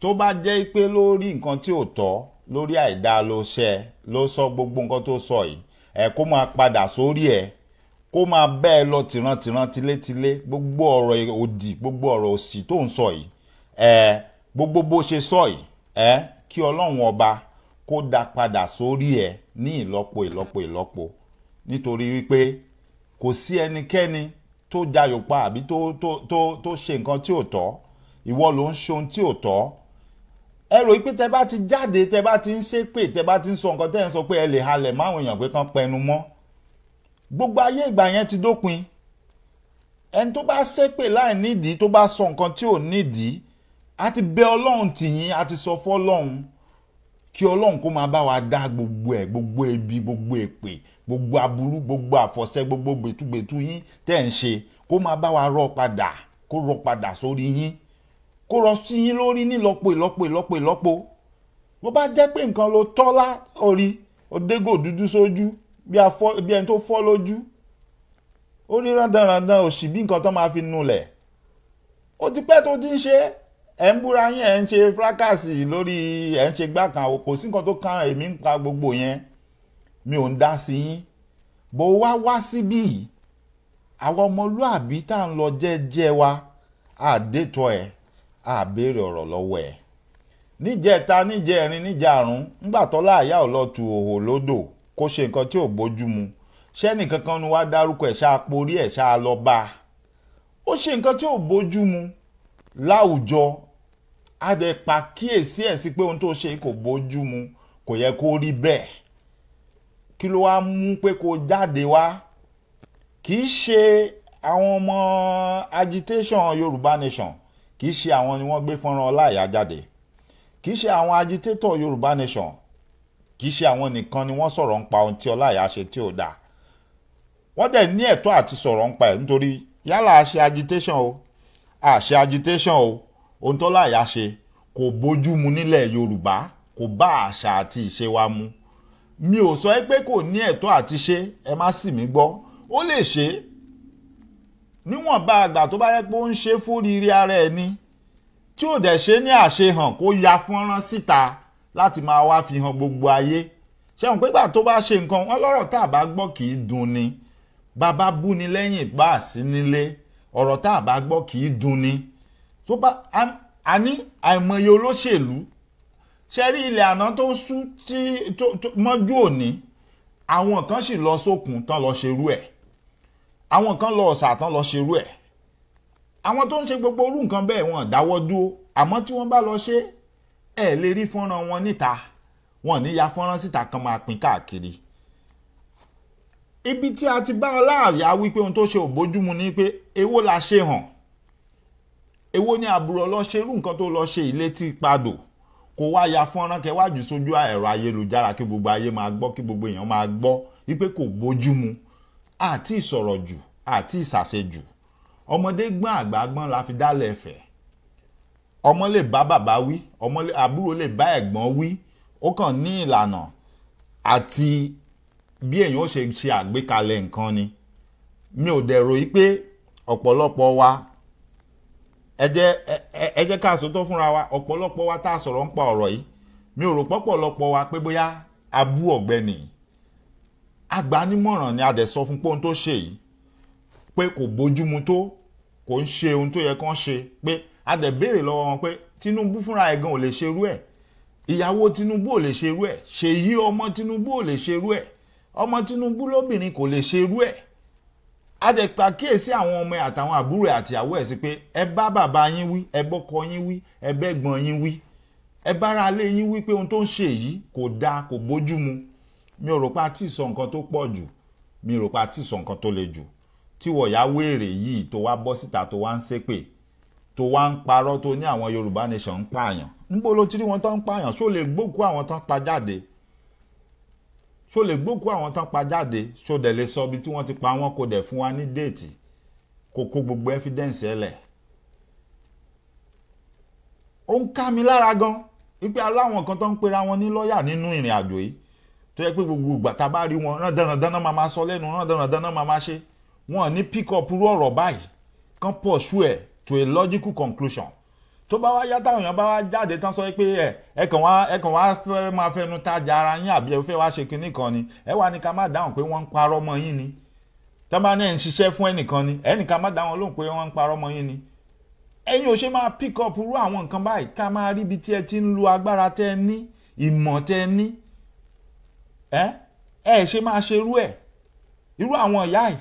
tó bá jẹ́ pé lórí nǹkan tí ò tọ́ lórí àìdá ló ṣe ló sọ gbogbo nǹkan tó sọ yìí ẹ kó máa padà sórí ẹ kó máa bẹ́ẹ̀ lọ tìrantìran tilétilé gbogbo ọ̀rọ̀ òdì gbogbo ọ̀rọ̀ òsì tó ń sọ yìí ẹ gbogbo bó ṣe sọ yìí ẹ kí ọlọ́run ọba kó dá padà sórí ẹ ní ìlọ́po ìlọ́po ìlọ́po nítorí wípé kò sí ẹnikẹ́ni tó jayò pa àbí tó tó tó tó ṣe nǹkan tí ò tọ́ ìwọ ló ń ṣe ohun tí ò tọ́ ẹ rò pé tẹ bá ti jáde tẹ bá ti ń ṣépè tẹ bá ti ń sọ nǹkan tẹ ń sọ pé ẹ lè halẹ̀ máwọn èèyàn pé kán pẹnu mọ́ gbogbo ayé ìgbà yẹn ti dópin ẹni tó bá ṣépè láì nídìí tó bá sọ nǹkan tí ò nídìí a ti bẹ ọlọ́run tìyín a ti sọ fọ́lọ́run kí ọlọ́run kó máa bá wa dá gbogbo ẹ̀ gbogbo ebi gbogbo èpè gbogbo aburú gbogbo àfọ̀ṣẹ gbogbo gbẹtugbẹtu yín tẹ̀ ń ṣe kó máa bá wa rọ padà kó rọ padà sórí yín. So kó rọ sí yín lórí nílọ́po ìlọ́po ìlọ́po ìlọ́po bó bá jẹ́ pé nǹkan ló tọ́lá orí odégò dúdú sójú bí ẹni tó fọ́ lójú ó rí randanrandan òṣì bí nǹkan tó máa fi nulẹ̀ ó ti pẹ́ tó ti ń ṣe ẹ̀ ń búra yín ẹ̀ ń ṣe fúrákàsì lórí ẹ̀ ń ṣe gbàkan kò sí nǹkan tó kan èmi ń pa gbogbo yẹn mi ò ń dá sí yín bó wá wá síbí yìí àwọn ọmọlúàbí tá à ń lọ jẹ́jẹ́ wa àdètò ẹ̀ a béèrè ọ̀rọ̀ lọ́wọ́ ẹ̀ níjẹta níjẹrin níjàrún ńgbà tọ́lá àyà ò lọ tu òhò lódò kó ṣe nǹkan tí ò bójú mu ṣẹ́ni kankan ni wàá dárúkọ ẹ̀ ṣáà porí ẹ̀ ṣáà lọ bá a ó ṣe nǹkan tí ò bójú mu láwùjọ adẹ̀pà kíyèsí ẹ̀ sí pé ohun tó ṣe kò bójú mu kò yẹ kó rí bẹ́ẹ̀ kí ló wá mú pé kó jáde wá kì í ṣe àwọn ọmọ agitation Yorùbá Nation kì í ṣe àwọn ni wọ́n gbé fọ́nrán Ọláìyá jáde kì í ṣe àwọn agitator Yorùbá Nation kì í ṣe àwọn nìkan ni wọ́n sọ̀rọ̀ ń pa ohun tí Ọláìyá ṣe tí ò dáa wọ́n dẹ̀ ní ẹ̀tọ́ àti sọ̀rọ̀ ń ẹ̀ nítorí yálà a ṣe agitation o a ṣe agitation o ohun tó Ọláìyá ṣe kò bójú mu nílẹ̀ Yorùbá kò bá àṣà àti ìṣe wa mu mi ò sọ pé kò ní ẹ̀tọ́ àti ṣe ẹ má sì mí gbọ́ ó lè ṣe é níwọ̀nba àgbà tó bá yẹ pé ó ń ṣe fóríire ara ẹ̀ ni tí ò dẹ̀ ṣe ní àṣehàn kó ya fọ́nrán síta láti máa wá fi hàn gbogbo ayé ṣẹ́wọ̀n pé gbà tó bá ṣe nǹkan wọn lọ́rọ̀ tá a bá gbọ́ kì í dùn ni bàbá bú ni lẹ́yìn bá a sí nílé ọ̀rọ̀ tá a bá gbọ́ kì í dùn ni tó bá a ní àìmọye olóṣèlú ṣe rí ilẹ̀ àná tó sú tí mọ́jú òní àwọn kan sì lọ sókun tán lọ ṣerú ẹ̀ àwọn kan lọ ọ̀sà tán lọ ṣerú ẹ̀ àwọn tó ń ṣe gbogbo orú nǹkan bẹ́ẹ̀ wọn dáwọ́ dúró àmọ́ tí wọ́n bá lọ ṣe ẹ̀ lè rí fọ́nrán wọn níta wọn ní ya fọ́nrán síta kan máa pín káàkiri ibi tí a ti bá ọláàyà wípé ohun tó ṣe ò bójúmu ni pé èwo la ṣe hàn èwo ni àbúrò lọ ṣe irú nǹkan tó lọ ṣe ìlétí padò kó wá ya fọ́nrán kẹwàá jù sójú ẹ̀rọ ayélujára kí gbogbo ayé máa gbọ́ kí gbogbo èèyàn máa gbọ́ wípé kò bójúmu àti ìsọ̀rọ̀ jù àti ìsàsẹ̀ jù ọmọdé gbọ́n àgbà gbọ́n la fi dálẹ̀ ẹ̀fẹ̀ ọmọ lè bá bàbá wí ọmọ àbúrò lè bá ẹ̀gbọ́n wí ó kàn ní ìlànà àti bí èèyàn ó ṣe ṣe àgbékalẹ̀ nǹkan ni mi ò dẹ̀rọ yìí pé ọ̀pọ̀lọpọ̀ wa ẹ jẹ́ ẹ jẹ́ ká sòótọ́ fúnra wa ọ̀pọ̀lọpọ̀ wa tá a sọ̀rọ̀ ń pa ọ̀rọ̀ yìí mi ò rò pọ̀pọ̀lọpọ̀ wa pé bóyá abú ọ̀gbẹ́ni yìí agbanímọ̀ràn ni a dẹ̀ sọ fún pé ohun tó ṣe yìí pé kò bójúmu tó kò ń ṣe ohun tó yẹ kán ṣe pé a dẹ̀ béèrè lọ́wọ́ wọn pé Tinubu fúnra ẹ̀ gan ò lè ṣerú ẹ̀ ìyàwó Tinubu ò lè ṣerú ẹ̀ ṣèyí ọmọ Tinubu ò lè ṣerú ẹ̀ ọmọ Tinubu lóbìnrin kò lè ṣerú ẹ̀ a dẹ̀ pàkíyèsí àwọn ọmọ ẹ̀ àtàwọn àbúrò ẹ̀ àtìyàwó ẹ̀ sí pé ẹ bá bàbá yín wí ẹ bọ́kọ yín wí ẹ bẹ́gbọ́n yín wí ẹ bára lé yín wí pé ohun tó ń ṣe yìí kò dáa kò bójúmu mi ò rò pa tí sọ nǹkan tó pọ̀ jù mi ò rò pa tí sọ nǹkan tó le jù tí wọ̀yá wèrè yìí tó wá bọ́ síta tó wá ń ṣépè tó wá ń parọ́ tó ní àwọn Yorùbá nation ń pààyàn níbo ló ti rí wọn tán ń pààyàn ṣó lè gbókú àwọn tán pa jáde ṣó lè gbókú àwọn tán pa jáde ṣó dẹ̀ lè sọ ibi tí wọ́n ti pa wọ́n kó dẹ̀ fún wa ní déètì kó kó gbogbo evidence ẹ ó ń ká mi lára gan wípé aláwọn kan tó ń pera wọn ní lọ́ọ̀yà nínú ìrìn àjò yìí tó yẹ pé gbogbo ìgbà tá a bá rí wọn rán dandan náà máa máa sọ lẹ́nu rán dandan náà máa máa ṣe wọn ní pick up irú ọ̀rọ̀ báyìí kán pursue ẹ̀ to a logical conclusion tó bá wá yá táwọn èèyàn bá wá jáde tán sọ pé ẹ ẹ kàn wá ẹ kàn wá fẹ́ máa fẹnu tajà ara yín àbí ẹ fẹ́ wá ṣe kinní kan ni ẹ wá ní ká má dáhùn pé wọ́n ń parọ́ mọ́ yín ni tá bá ní ẹ̀ ń ṣiṣẹ́ fún ẹnìkan ni ẹnìkan má dáhùn lóhùn pé wọ́n ń parọ́ mọ́ yín ni ẹ̀yin ò ṣe máa pick up irú àwọn nǹkan báyìí ká máa ríbi tí ẹ ti ń lo agbára tẹ́ ẹ ní ìmọ̀ tẹ́ ẹ ní ẹ ẹ ṣe máa ṣe irú ẹ̀ irú àwọn ìyá yìí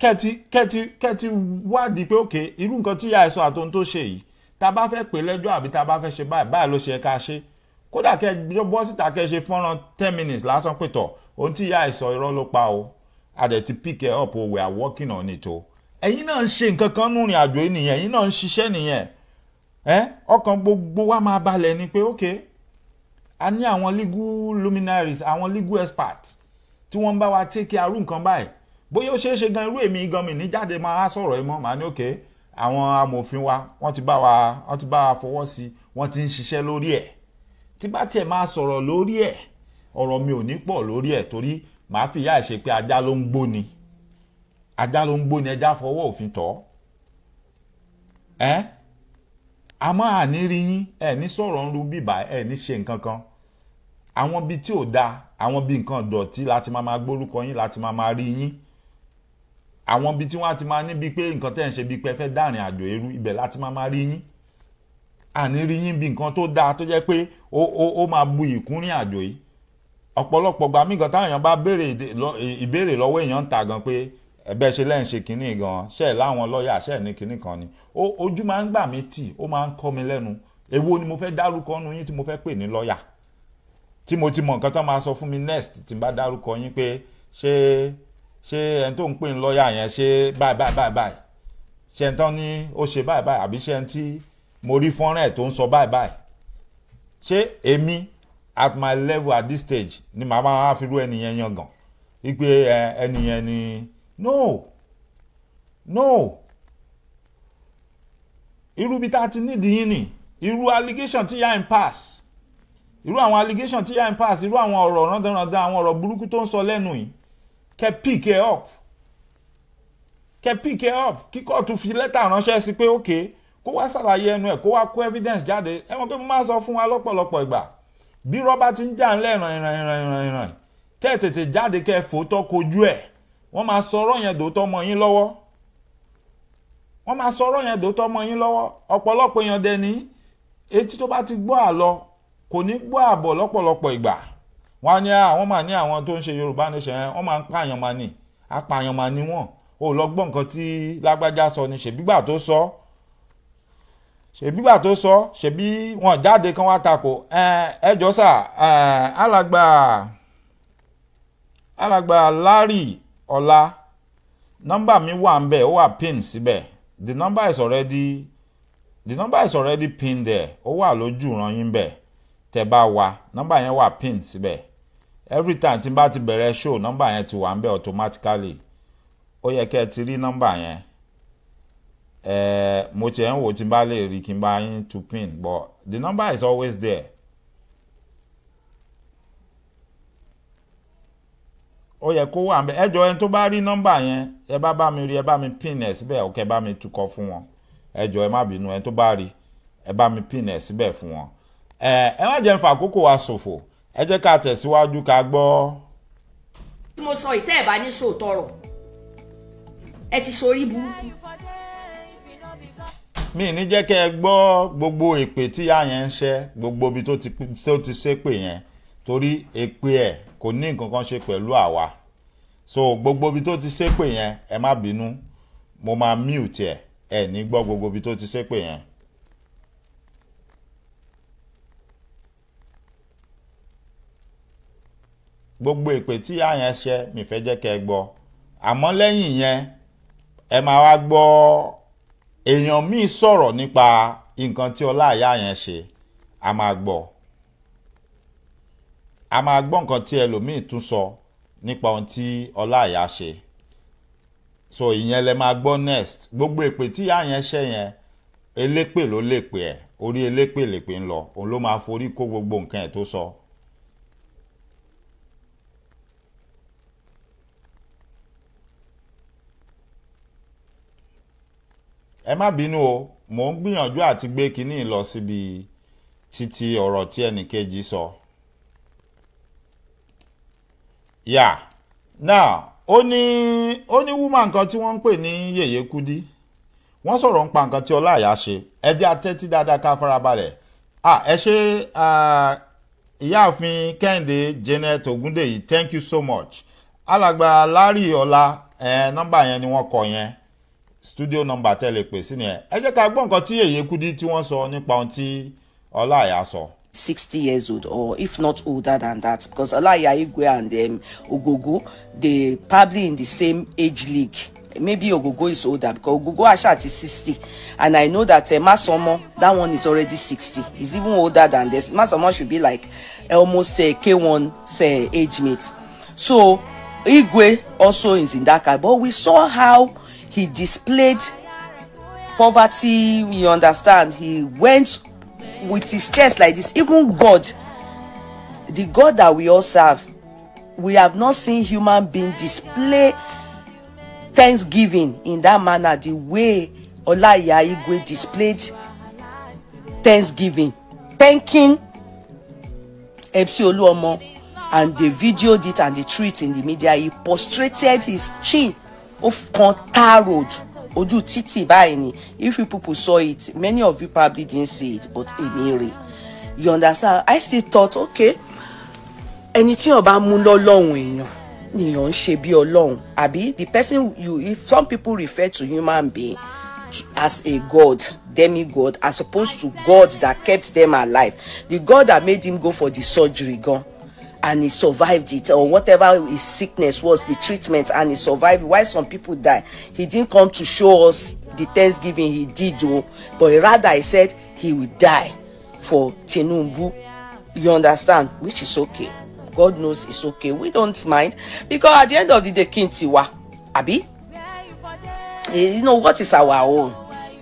kẹ́ẹ̀tì kẹ́ẹ̀tì kẹ́ẹ̀tì wádìí pé òkè irú nǹkan tí ìyá ẹ̀ sọ àtòun tó ṣe yìí tá a bá fẹ́ pè lẹ́jọ́ àbí tá a bá fẹ́ ṣe báyìí báyìí ló ṣe ká ṣe kódà kẹ́ẹ̀ bọ́ síta kẹ́ẹ̀ ṣe fọ́nrán ten minutes lásán pé tọ̀ ohun tí ìyá ẹ̀ sọ irọ́ ló pa o a dẹ̀ ti pick it up we are working on it o ẹ̀yin náà ń ṣe nǹkan kan nú ìrìn àjò nìyẹn ẹ̀yin náà ń ṣiṣẹ́ nìyẹn ẹ ọkàn gbogbo wa máa balẹ̀ ni pé okay a ní àwọn legal luminaries àwọn legal experts tí wọ́n ń bá wa take arú nǹkan báyìí bóyá ó ṣeé ṣe gan irú èmi gan mi ní jáde máa sọ̀rọ̀ ẹ̀ mọ́ màá ní òkè àwọn amòfin wa wọ́n ti bá wa wọ́n ti bá wa fọwọ́ sí wọ́n ti ń ṣiṣẹ́ lórí ẹ̀ tí bá tiẹ̀ máa sọ̀rọ̀ lórí ẹ̀ ọ̀rọ̀ mi ò ní pọ̀ lórí ẹ̀ torí màá fi ìyá ìṣe pé ajá ló ń gbó ni ajá ló ń gbó ni ẹja fọwọ́ òfin tọ́ ẹ́ eh? àmọ́ àní rí yín ẹ ní sọ̀rọ̀ ń ru bíbà ẹ ní ṣe nǹkan kan àwọn bíi tí ò da àwọn bíi nǹkan dọ̀tí láti máa máa gbórúkọ yín láti máa máa rí yín àwọn bíi tí wọ́n ti máa níbi pé nǹkan tẹ́ ń ṣe bíi pé ẹ fẹ́ dárìn àjò eru ibẹ̀ láti máa máa rí yín àní rí yín bíi nǹkan tó dáa tó jẹ́ pé ó ó ó máa bu ìkúnrìn àjò yìí ọ̀pọ̀lọpọ̀ gbà mí gan táwọn èèyàn bá béèrè ìbéèrè lọ́wọ́ èèyàn ń ta gan pé ẹ̀bẹ́ ṣe lẹ́yìn kinní gan ṣe láwọn lọ́ọ̀yà ṣe ní kinní kan ni ojú máa ń gbà mí tì ó máa ń kọ́ mi lẹ́nu Ewo ni mo fẹ́ dárúkọ nu yín tí mo fẹ́ pè ní lọ́ọ̀yà tí mo ti mọ nǹkan tó máa sọ fún mi next tí n bá dárúkọ yín pé ṣé ṣé ẹni tó ń pè ní lọ́ọ̀yà yẹn ṣé báyìí báyìí báyìí báyìí ṣé ẹni tán ní ó ṣe báyìí báyìí àbí ṣé ẹni tí mo rí fọ́nrán ẹ̀ tó ń sọ báyìí báyìí ṣé èmi at my level at this stage ni màá máa fi rú ẹnìyẹn yangàn wípé ẹnìyẹn ni no no irú bí tá a ti nídìí yín ni irú allegation tí yá ń pass irú àwọn allegation tí yá ń pass irú àwọn ọ̀rọ̀ rándanrandan àwọn ọ̀rọ̀ burúkú tó ń sọ lẹ́nu yìí kẹ́ pick ẹ up kẹ́ pick ẹ up kí kóòtù fi lẹ́tà ránṣẹ́ sí pé ok kó wá ṣàlàyé ẹnu ẹ̀ kó wá kó evidence jáde ẹ mọ̀ pé mo máa sọ fún wa lọ́pọ̀lọpọ̀ ìgbà bí rọ́bà ti ń jà ńlẹ̀ ràn ràn ràn ràn ràn tẹ́ tètè jáde kẹ́ fòótọ́ kojú ẹ̀ wọ́n máa sọ ọ̀rọ̀ yẹn dòótọ́ mọ́ yín lọ́wọ́ wọ́n máa sọ ọ̀rọ̀ yẹn dòótọ́ mọ́ yín lọ́wọ́ ọ̀pọ̀lọpọ̀ èèyàn dẹni etí tó bá ti gbọ́ àlọ kò ní gbọ́ àbọ̀ lọ́pọ̀lọpọ̀ ìgbà wọ́n á ní àwọn ah, máa ní àwọn tó ń ṣe Yorùbá nation yẹn wọ́n máa ń pààyàn máa nì apààyàn máa ní wọ́n ò lọ gbọ́ nǹkan tí lágbájá sọ ni ṣèbígbà tó sọ ṣèbígbà tó sọ ṣèbí wọn jáde kan wá takò ẹ jọ sà alàgbà alàgbà Larry Ọlá nọ́mbà mi wà ń bẹ̀ ó wà pin síbẹ̀. Si the number is already the number is already pinned there ó wà lójú ìran yín bẹ́ẹ̀ tẹ́ bá wá number yẹn wà pinned síbẹ̀ every time tí n bá ti bẹ̀rẹ̀ show number yẹn ti wà ń bẹ̀ automatically ó yẹ kẹ́ ẹ ti rí number yẹn eh, mo tiẹ̀ ń wò tí n bá lè rí kí n bá yín to pin but the number is always there ó yẹ kó wà ńbẹ̀ ẹ jọ̀ọ́ ẹni tó bá rí nọ́mbà yẹn ẹ bá bá mi rí ẹ bá mi pin ẹ̀ síbẹ̀ ọ̀kẹ́ bá mi tukọ̀ fún wọn ẹ jọ̀ọ́ ẹ má bínú ẹni tó bá rí ẹ bá mi pin ẹ̀ síbẹ̀ fún wọn. ẹ ẹ má jẹ́ n fa àkókò wa ṣòfò ẹ jẹ́ ká tẹ̀síwájú ká gbọ́. mo sọ ìtẹ́ ẹ̀ bá ní sòótọ́ rọ̀ ẹ ti sorí burúkú. mi ní jẹ́ kẹ́ ẹ gbọ́ gbogbo èpè tí yá yẹn ń ṣẹ́ ti ṣépè yẹn torí èpè ẹ̀ kò ní nǹkan kan ṣe pẹ̀lú àwa so gbogbo ibi tó ti ṣépè yẹn ẹ má bínú mo máa mute ẹ ẹ ní gbọ́ gbogbo ibi tó ti ṣépè yẹn. gbogbo èpè tí àyàn ṣe mi fẹ́ jẹ́ kẹ́ ẹ gbọ́ àmọ́ lẹ́yìn yẹn ẹ máa wá gbọ́ èèyàn míì sọ̀rọ̀ nípa nǹkan tí ọlá yẹn ṣe a máa gbọ́ ọ a máa gbọ́ nǹkan tí ẹlòmíì tún sọ nípa ohun tí ọláìyá ṣe so ìyẹn lẹ máa gbọ́ next gbogbo èpè tí ìyá yẹn ṣe yẹn elépè ló lépè ẹ̀ orí elépè lépè ń lọ òun ló máa forí kó gbogbo nǹkan ẹ̀ tó sọ. So. ẹ má bínú o mò ń gbìyànjú àti gbé kinní lọ síbi títí ọ̀rọ̀ tí ẹnìkejì sọ. So yeah now ó ní ó ní woman kan tí wọ́n ń pè ní yèyé kudi wọ́n sọ̀rọ̀ ń pa nǹkan tí ọláàyà ṣe ẹ jẹ́ atẹ́tí dáadáa ká farabalẹ̀ ah ẹ ṣe ìyáàfin kẹ́hìndé janet ogundeyi thank you so much alàgbà larry ọlá ẹ nọ́mbà yẹn ni wọ́n kọ yẹn studio number tẹ́lẹ̀ pè sí nìyẹn ẹ jẹ́ ká gbọ́ nǹkan tí yèyé kudi tí wọ́n sọ nípa ohun tí ọláàyà sọ. So. 60 years old or if not older than that because Alaya Igwe and um, Ogogo they probably in the same age league maybe Ogogo is older because Ogogo Ashat is 60 and I know that uh, Masomo that one is already 60 he's even older than this Masomo should be like almost uh, K1 say age mate so Igwe also is in that car but we saw how he displayed poverty you understand he went with his chest like this even god the god that we all serve we have not seen human being display thanksgiving in that manner the way olaiya igwe displayed thanksgiving thanking mc oluomo and they videoed it and they threw it in the media he prostrated his chin of kan road ojú títì báyìí ni if you people saw it many of you probably didn't see it but èmi rè you understand i still thought okay ẹni tí ọba mú lọ́lọ́run èèyàn nìyàn ń ṣe bí ọlọ́run àbí the person you if some people refer to human being as a god demi god, as opposed to god that kept them alive the god that made him go for the surgery gan and he survived it or whatever his sickness was the treatment and he survived why some people die he didn't come to show us the thanksgiving he did though but rather he said he would die for tinubu you understand which is okay god knows it's okay we don't mind because at the end of the day king tiwa abi you know what is our own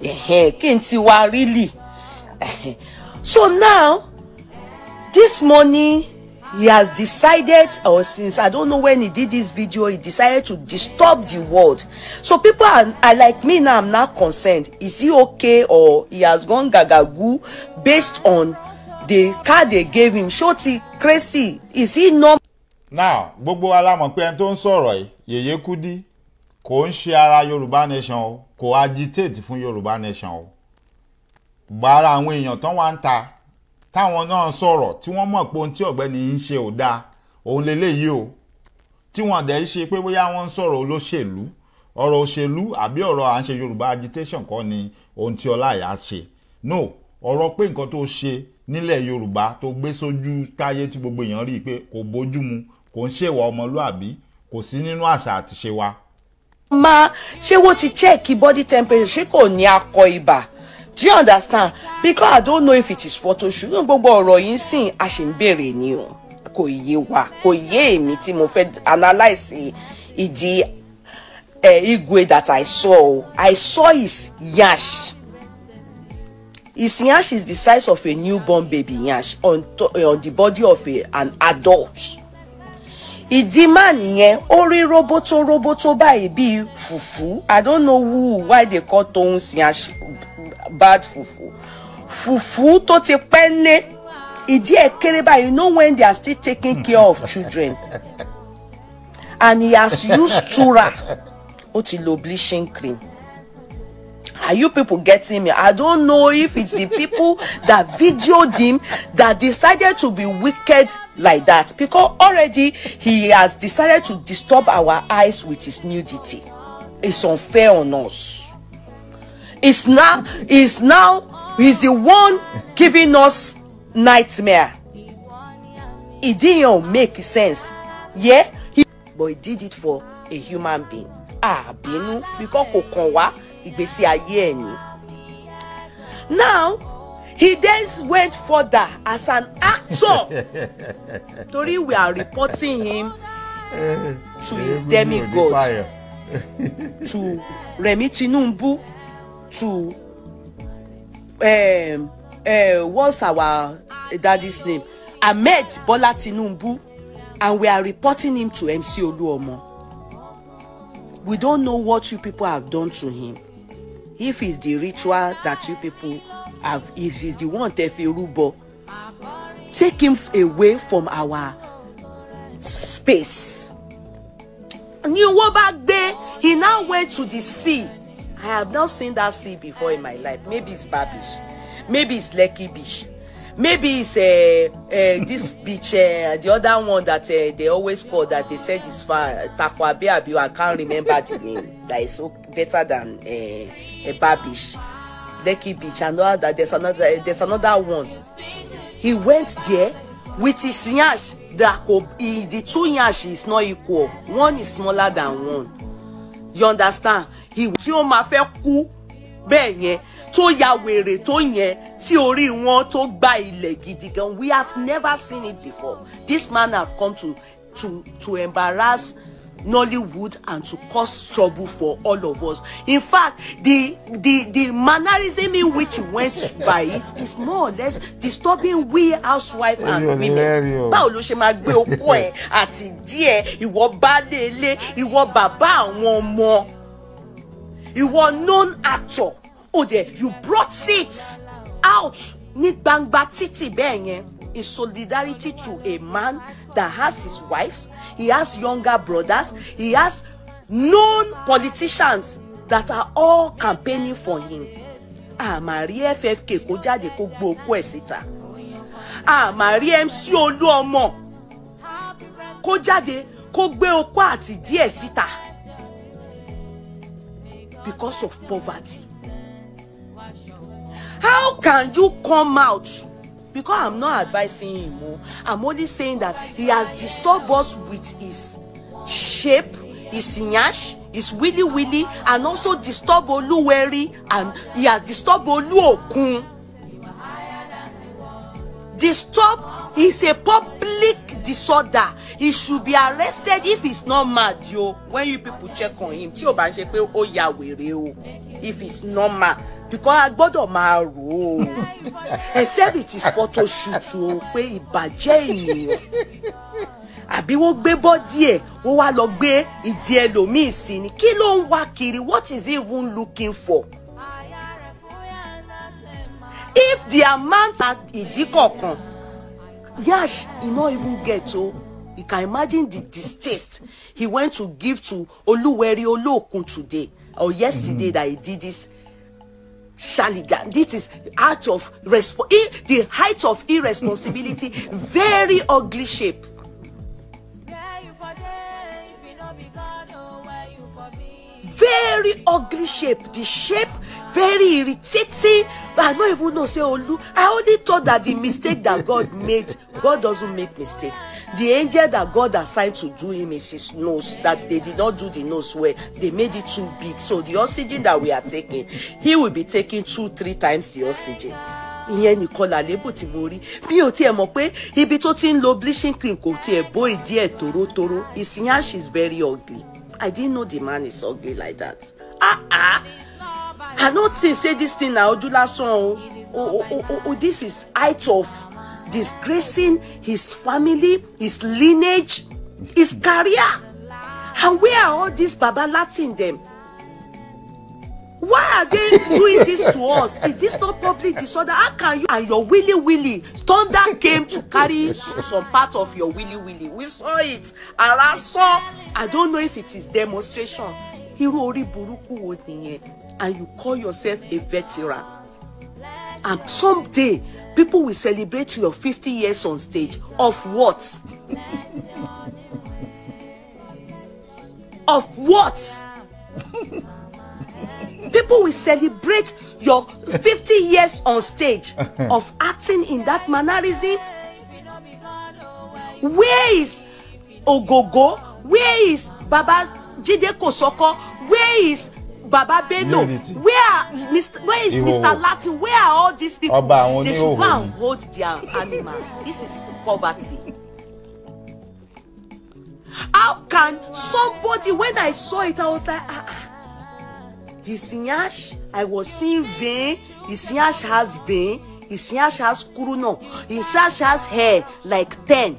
king tiwa really so now this morning he has decided or since i don't know when he did this video he decided to disturb the world so people are, are like me now i'm not concerned is he okay or he has gone gagagu based on the card they gave him shorty crazy is he normal. now gbogbo wa la mọ̀ pé ẹni tó ń kudi ko ń ṣe ara yorùbá nation o agitate fún yorùbá nation o gbàrà àwọn èèyàn tán wá ń táwọn náà sọ̀rọ̀ tí wọ́n mọ̀ pé ohun tí ọ̀gbẹ́ni ń ṣe ò dáa òun leléyìí o tí wọ́n dẹ̀ ṣe pé bóyá wọ́n ń sọ̀rọ̀ olóṣèlú ọ̀rọ̀ òṣèlú àbí ọ̀rọ̀ à ń ṣe Yorùbá agitation kọ́ ni ohun tí Ọláìyá ṣe no ọ̀rọ̀ pé nǹkan tó ṣe nílẹ̀ Yorùbá tó gbé sójú táyé tí gbogbo èèyàn rí i pé kò bójúmu kò ń ṣèwà ọmọlúàbí kò sí nínú àṣà àtiṣe wa. máa ṣé wọ́n ti chẹ́ẹ̀kì body temperature ṣé kò ní akọ ibà do you understand because i don't know if it is photo ṣùgbọ́n gbogbo ọ̀rọ̀ yìí sìn a ṣì ń béèrè ni o kò yé wa kò yé èmi tí mo fẹ́ analyse ìdí igwe that i saw i saw his yansh his yansh is the size of a newborn baby yansh on, on the body of a, an adult ìdí má nìyẹn ó rí roboto roboto báyìí bíi fùfú i don't know who why they call tohun yansh bad fufu fufu tó ti pẹ́ lé ìdí ẹ̀ kéré báyìí you know when they are still taking care of children and he has used tura ó ti lo bleaching cream are you people getting me i don't know if it's the people that videoed him that decided to be wicked like that because already he has decided to disturb our eyes with his nudity it's unfair on us is now is now is the one giving us nightmare it didn't make sense yeah he, but he did it for a human being àbínú because kò kàn wá ìgbésí now he then went further as an actor torí we are reporting him eh, to eh, his demigod to Remi Tinubu to um, uh, what's our daddy's name ahmed bola tinubu and we are reporting him to mc oluomo we don't know what you people have done to him if it's the ritual that you people have if it's the one tefi rubo take him away from our space ni owó bá gbé he now went to the sea I have not seen that sea before in my life. Maybe it's Bar Maybe it's Lekki Beach. Maybe it's uh, uh, this beach, uh, the other one that uh, they always call that they said is far, Takwabe Abiu. I can't remember the name. That is so better than uh, a Bar Beach. Lekki Beach. And all that there's another there's another one. He went there with his yash. The, the two yash is not equal. One is smaller than one. You understand? ìwà tí ó máa fẹ́ kú bẹ́ẹ̀ yẹn tó ya wèrè tó yẹn tí orí wọn tó gba ilẹ̀ gidi gan we have never seen it before this man have come to to to embarrass Nollywood and to cause trouble for all of us. In fact, the the the mannerism in which he went by it is more or less disturbing we housewife and women. Báwo ló ṣe máa gbé okó ẹ̀ àti díẹ̀ ìwọ baálé ilé ìwọ bàbá àwọn ọmọ. You ìwọ known actor ó dẹ̀ you brought it out ní gbangba títì bẹ́ẹ̀ in solidarity to a man that has his wives he has younger brothers he has known politicians that are all campaigning for him àmàrí FFK kó jáde kó gbó okó ẹ̀ síta àmàrí MC Olúọmọ kó jáde kó gbé okó àti díẹ̀ síta because of poverty. How can you come out? Because I'm not advising him. Oh. I'm only saying that he has disturbed us with his shape, his nyash, his willy willy, and also disturbed Oluweri, and he has disturbed Oluokun. Disturb is a public disorder he should be arrested if he's not mad yo when you people check on him ti o bá ṣe pé ó ya wèrè o if he's normal because a ma ro. rò ó it is photo shoot o pe ibaje ènìyàn àbí wọ́n gbé bọ́dí ẹ̀ wọ́n wá lọ gbé ìdí ẹlòmíì sí ni kí ló ń kiri what is he even looking for. if the amount at ìdí kọ̀ọ̀kan Yash, he not even get oh. You can imagine the distaste he went to give to Oluweri Olokun today or yesterday mm. that he did this Shaligan. This is out of resp- the height of irresponsibility, very ugly shape. Oh, very ugly shape. The shape very irritating but i no even know say olu i only thought that the mistake that god made god doesn't make mistake the angel that god assigned to do him is his nose that they did not do the nose well they made it too big so the oxygen that we are taking he will be taking two three times the oxygen ìyẹn nìkan làlébù tí mo rí O ò tiẹ̀ mọ̀ pé ibi tó ti ń lo bleaching cream kò tiẹ̀ bó ìdí ẹ̀ tórótóró his nyash is very ugly i didn't know the man is ugly like that ah ah i no think say this thing na ojú lásán o o this is height of disgracing his family his lineage his career and where are all these baba latin dem why are they doing this to us is this not public disorder how can you and your willy willy thunder came to carry some part of your willy willy we saw it And I saw i don't know if it is demonstration irú orí burúkú wo nìyẹn and you call yourself a veteran. And someday, people will celebrate your 50 years on stage. Of what? of what? people will celebrate your 50 years on stage of acting in that mannerism. Where is Ogogo? Where is Baba Jideko Kosoko? Where is Baba Bello where Mr. where is Mr. Latin where are all these people they should go and hold their animal this is poverty. How can somebody when I saw it I was like ah ah his nyash I was seeing vein his nyash has vein his nyash has kuruna his nyash has hair like ten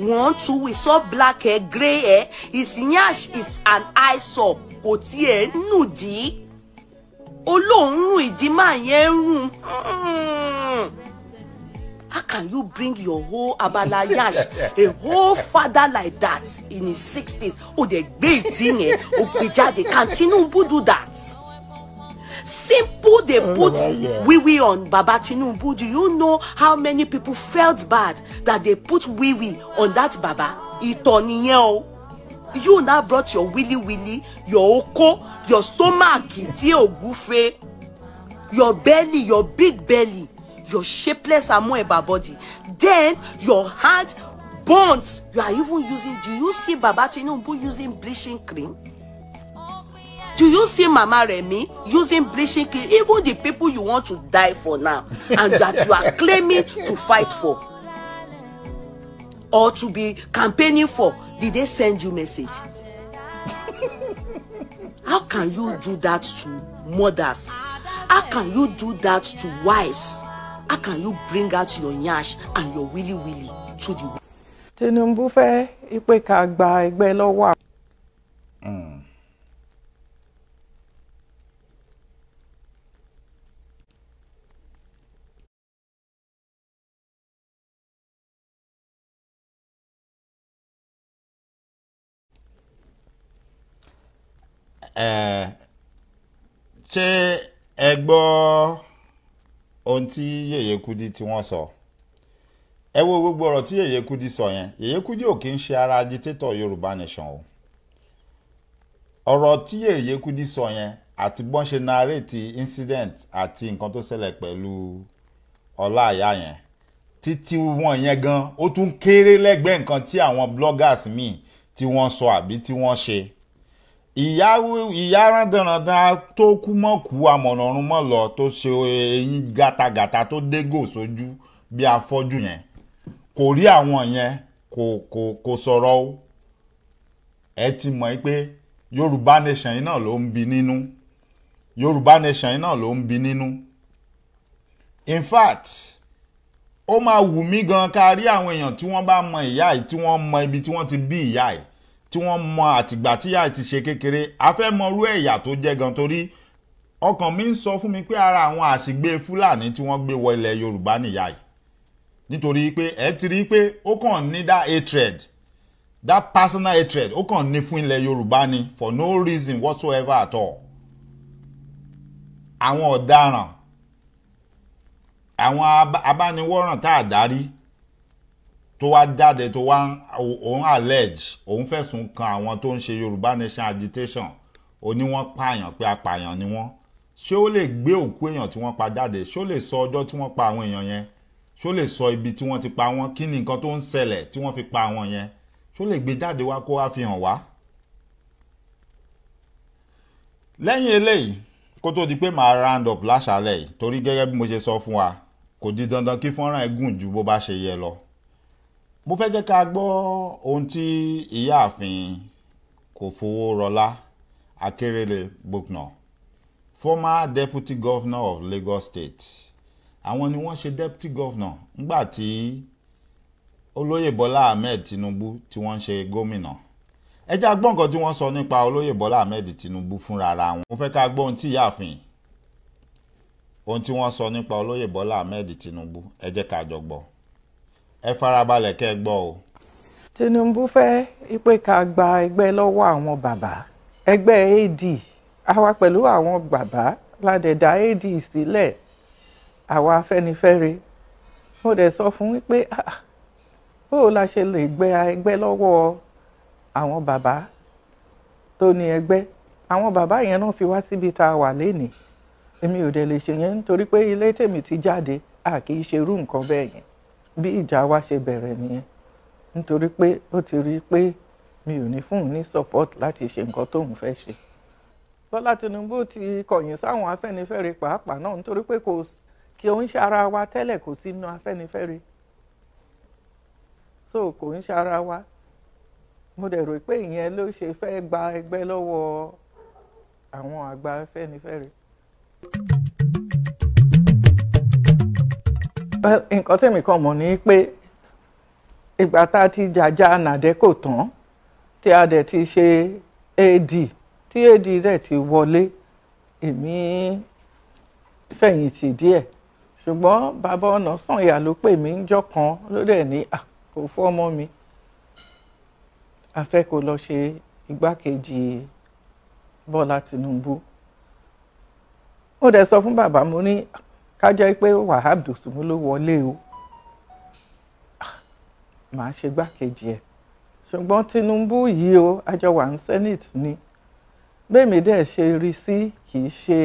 one two we saw black hair gray hair his nyash is an eyesore kò tiẹ̀ nùdí olóòórùn ìdí máa yẹn ń hmm. How can you bring your whole abala yash a whole father like that in his sixties o dey gbé ìdí yẹn o gbé jáde can Tinubu do that simple dey put wiwi on Baba Tinubu do you know how many people felt bad that they put wiwi on that Baba ìtọ̀ nìyẹn o you now brought your willy willy your oko your stomach tí ògúfe your belly your big belly your shapeless amọ ẹ̀bà body then your hand bones. you are even using do you see baba Tinubu using bleaching cream do you see mama Remi using bleaching cream even the people you want to die for now and that you are claiming to fight for or to be campaigning for Did they send you message? How can you do that to mothers? How can you do that to wives? How can you bring out your nyash and your willy willy to the. Tinubu fẹ́ ìpè ká gba ẹgbẹ́ lọ́wọ́ ṣé ẹ gbọ́ ohun tí yèyé kudi tí wọ́n sọ ẹ wo gbogbo ọ̀rọ̀ tí yèyé kudi sọ yẹn yèyé kudi ò kí ń ṣe ara agitator yorùbá nation o ọ̀rọ̀ tí yèyé kudi sọ yẹn àti bọ́n ṣe narrate incident àti nǹkan tó ṣẹlẹ̀ pẹ̀lú ọlá àyà yẹn títí wọn yẹn gan ó tún kéré lẹ́gbẹ̀ẹ́ nǹkan tí àwọn bloggers míì tí wọ́n sọ àbí tí wọ́n ṣe ìyá rándanrandan tó kú mọ́ kú amọ̀nàrún mọ́ lọ tó ṣe eyín gàtàgàtà tó dégò sójú bí afọ́jú yẹn kò rí àwọn yẹn kò kò kò sọ̀rọ̀ o ẹ ti mọ̀ pé yorùbá nation yìí náà ló ń bi nínú yorùbá nation yìí náà ló ń bi nínú in fact ó máa wù mí gan ká rí àwọn èèyàn tí wọ́n bá mọ ìyá yìí tí wọ́n mọ ibi tí wọ́n ti bí ìyá yìí tí wọ́n mọ àtìgbà tíyà ti ṣe kékeré a fẹ́ mọ irú ẹ̀yà tó jẹ́ gan torí ọkàn mi ń sọ fún mi pé ara àwọn àṣìgbè fúlàní tí wọ́n gbé wọ ilẹ̀ yorùbá nìyá yìí nítorí pé ẹ ti rí i pé ó kàn ní that hatred that personal hatred ó kàn ní fún ilẹ̀ yorùbá ni for no reason whatsoever at all àwọn ọ̀daràn àwọn abániwọ́ràn tá a dárí tó wá jáde tó wá òun allege òun fẹ̀sùn kan àwọn tó ń ṣe Yorùbá Nation agitation ó ní wọ́n pààyàn pé apààyàn ni wọ́n ṣé ó lè gbé òkú èèyàn tí wọ́n pa jáde ṣé ó lè sọ ọjọ́ tí wọ́n pa àwọn èèyàn yẹn ṣó lè sọ ibi tí wọ́n ti pa wọ́n kí ni nǹkan tó ń ṣẹlẹ̀ tí wọ́n fi pa àwọn yẹn ṣó lè gbé jáde wá kó wá fi hàn wá. lẹ́yìn eléyìí kó tó di pé màá round up láṣálẹ̀ yìí torí gẹ́gẹ́ bí mo ṣe sọ fún wa kò di dandan kí fọ́nrán ẹ̀ gùn ju bó bá ṣe yẹ lọ mo fẹ́ jẹ́ ká gbọ́ ohun tí ìyáàfin Kòfowórọlá Akérèlé Bucknor former deputy governor of Lagos state àwọn ni wọ́n ṣe deputy governor ńgbà tí olóyè Bọ́lá Ahmed Tinubu tí wọ́n ń ṣe gómìnà ẹ já gbọ́ tí wọ́n sọ nípa olóyè Bọ́lá Ahmed Tinubu fúnra ara wọn mo fẹ́ ká gbọ́ ohun tí ìyáàfin ohun tí wọ́n sọ nípa olóyè Bọ́lá Ahmed Tinubu ẹ jẹ́ ká jọ gbọ́ ẹ farabalẹ̀ kẹ́ ẹ gbọ́ o. Tinubu fẹ́ ipe ká gba ẹgbẹ́ lọ́wọ́ àwọn bàbá ẹgbẹ́ AD àwa pẹ̀lú àwọn bàbá ládẹ̀dá AD sílẹ̀ àwa Afẹ́nifẹ́re mo dẹ̀ sọ fún pé bóò la ṣe lè gbẹ ẹgbẹ́ lọ́wọ́ àwọn bàbá tó ní ẹgbẹ́ àwọn bàbá yẹn náà fi wá síbi tá a wà lénìí èmi ò dẹ̀ lè ṣe yẹn nítorí pé ilé tèmi ti jáde a kì í ṣerú nǹkan bẹ́ẹ̀ yẹn bí ìjà wa ṣe bẹ̀rẹ̀ nìyẹn nítorí pé ó ti rí i pé mi ò ní fún un ní support láti ṣe nǹkan tóun fẹ́ ṣe bọ́lá tinubu ti kọ̀yìn sáwọn afẹ́nifẹ́re pàápàá náà nítorí pé kò kí òun ṣe ara wa tẹ́lẹ̀ kò sínú afẹ́nifẹ́re so kò ń ṣe ara wa mo dẹ̀ rò pé ìyẹn ló ṣe fẹ́ gba ẹgbẹ́ lọ́wọ́ àwọn àgbà afẹ́nifẹ́re. thank you nǹkan tẹ̀mí kan mọ̀ ni pé ìgbà tá a ti jàjà nàdẹ́kò tán tí a dẹ̀ ti ṣe AD tí AD rẹ̀ ti wọlé èmi fẹ̀yìntì díẹ̀ ṣùgbọ́n bàbá ọ̀nà sànyà ló pè mí jọ́ kan ló dẹ̀ ní à kò fún ọmọ mi a fẹ́ kó lọ ṣe igbákejì Bọ́lá Tinubu mo dẹ̀ sọ fún bàbá mo ní ká jẹ́ pé Wahab Dosùnmú ló wọlé o màá ṣe gbákejì ẹ̀ ṣùgbọ́n Tinubu yìí o àjọ wà ní senate ni bẹ́ẹ̀mi dẹ̀ ṣe rí sí kì í ṣe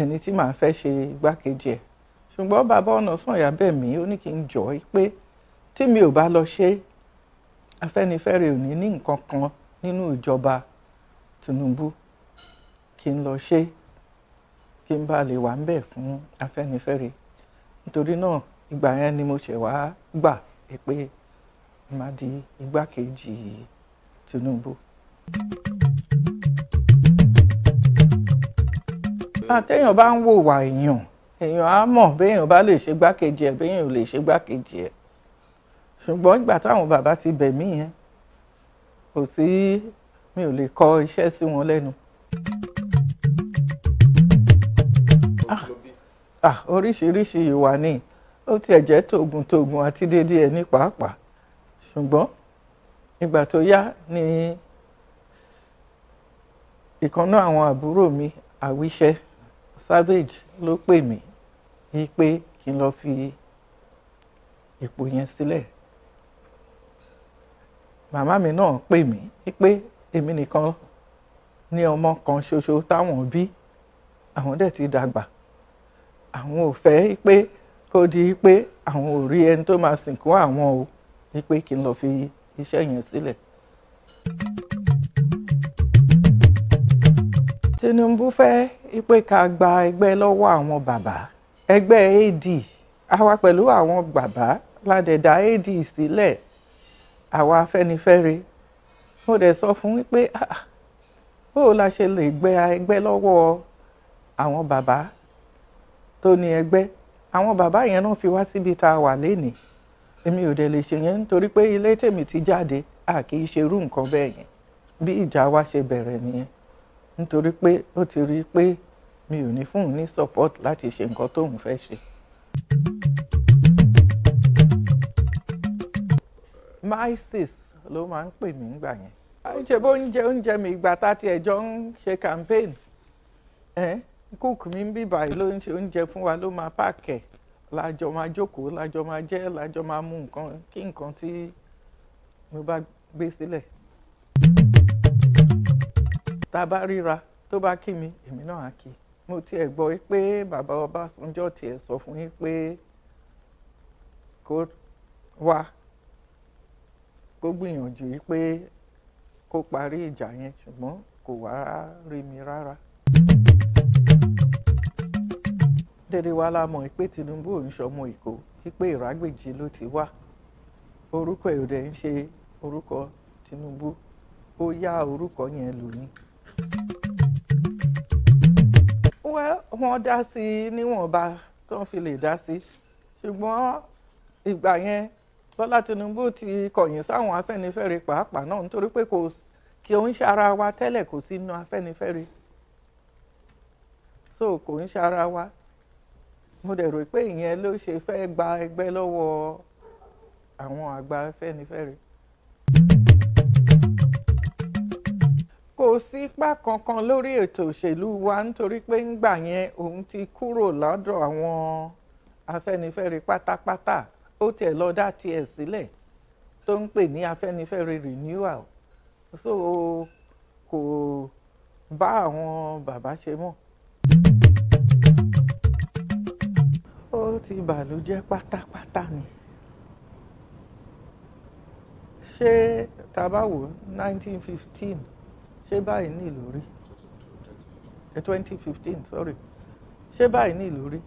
ẹni tí màá fẹ́ ṣe gbákejì ẹ̀ ṣùgbọ́n bàbá ọ̀nà sànyà bẹ́ẹ̀ mí ó ní kí n jọ ẹ pé tí mi ò bá lọ ṣe Afẹ́nifẹ́re ò ní ní nǹkan kan nínú ìjọba Tinubu kí n lọ ṣe kí n bá lè wà ń bẹ̀ fún afẹ́nifẹ́re nítorí náà ìgbà yẹn ni mo ṣẹ̀ wá gbà pé má di igbákejì Tinubu. àtẹ̀yàn bá ń wòwà èèyàn èèyàn á mọ̀ béèyàn bá lè ṣe gbákejì ẹ̀ béèyàn ò lè ṣe gbákejì ẹ̀ ṣùgbọ́n ìgbà táwọn bàbá ti bẹ̀ mí yẹn kò sí mi ò lè kọ iṣẹ́ sí wọn lẹ́nu. ah oríṣiríṣi ìwà ni ó tiẹ̀ jẹ́ tògùn tògùn àti dédé ẹ̀ ní pàápàá ṣùgbọ́n ìgbà tó yá ni ìkànnà àwọn àbúrò mi àwíṣẹ́ savage ló pè mí yí pé kí n lọ fi ipò yẹn sílẹ̀ màmá mi náà pè mí pé èmi nìkan ní ọmọ kan ṣoṣo táwọn bí àwọn dẹ̀ ti dàgbà àwọn ò fẹ́ pé kó di pé àwọn ò rí ẹni tó máa sìnkú àwọn o wípé kí n lọ fi iṣẹ́ yẹn sílẹ̀. Tinubu fẹ́ pé ká gba ẹgbẹ́ lọ́wọ́ àwọn bàbá ẹgbẹ́ AD àwa pẹ̀lú àwọn bàbá ládẹ̀dá AD sílẹ̀ àwa Afẹ́nifẹ́re mo dẹ̀ sọ fún wípé bó la ṣe lè gbé ẹgbẹ́ lọ́wọ́ àwọn bàbá tó ní ẹgbẹ́ àwọn bàbá yẹn náà fi wá síbi tá a wà lénìí èmi ò dẹ̀ lè ṣe yẹn nítorí pé ilé tèmi ti jáde a kì í ṣerú nǹkan bẹ́ẹ̀ yẹn bí ìjà wa ṣe bẹ̀rẹ̀ nìyẹn nítorí pé ó ti rí i pé mi ò ní fún un ní support láti ṣe nǹkan tóun fẹ́ ṣe. mysis ló máa ń pè mí ngbà yẹn. oúnjẹ bó ń jẹ oúnjẹ mi ìgbà tá tiẹ̀ jọ ń ṣe campaign. Eh? kúùkù mi ń bí báyìí ló ń ṣe oúnjẹ fún wa ló máa pààkẹ́ lájọ máa jókòó lájọ máa jẹ́ lájọ máa mú nǹkan kí nǹkan tí mo bá gbé sílẹ̀ tá a bá ríra tó bá kí mi èmi náà á kí mo tiẹ̀ gbọ́ pé bàbá Ọbásanjọ́ tiẹ̀ sọ fún yín pé kó wá kó gbìyànjú yìí pé kó parí ìjà yẹn ṣùgbọ́n kò wá rí mi rárá. dédé wa la mọ̀ pé Tinubu ò ń ṣọmọ Èkó pípé Ìrágbèjì ló ti wá orúkọ ẹ̀ ò dẹ̀ ń ṣe orúkọ Tinubu ó yá orúkọ yẹn lò ní. wọ́n dá sí i níwọ̀nba tó ń fi lè dá sí ṣùgbọ́n ìgbà yẹn Bọ́lá Tinubu ti kọ̀yìn sáwọn Afẹ́nifẹ́re pàápàá náà nítorí pé kò kí òun ṣara wa tẹ́lẹ̀ kò sí inú Afẹ́nifẹ́re so kò ń ṣara wa mo dẹ̀ rò pé ìyẹn ló ṣe fẹ́ gba ẹgbẹ́ lọ́wọ́ àwọn àgbà Afẹ́nifẹ́re. kò sí ipá kankan lórí ètò òṣèlú wa nítorí pé ńgbà yẹn òun ti kúrò lọ́dọ̀ àwọn Afẹ́nifẹ́re pátápátá ó tiẹ̀ lọ dá tiẹ̀ sílẹ̀ tó ń pè ní Afẹ́nifẹ́re renewal so kò bá àwọn bàbá ṣe mọ́. ti bàlújẹ́ pátápátá ni ṣé tá bá wò 1915 ṣé báyìí ní ìlú rí 2015 sorry ṣé báyìí ní ìlú rí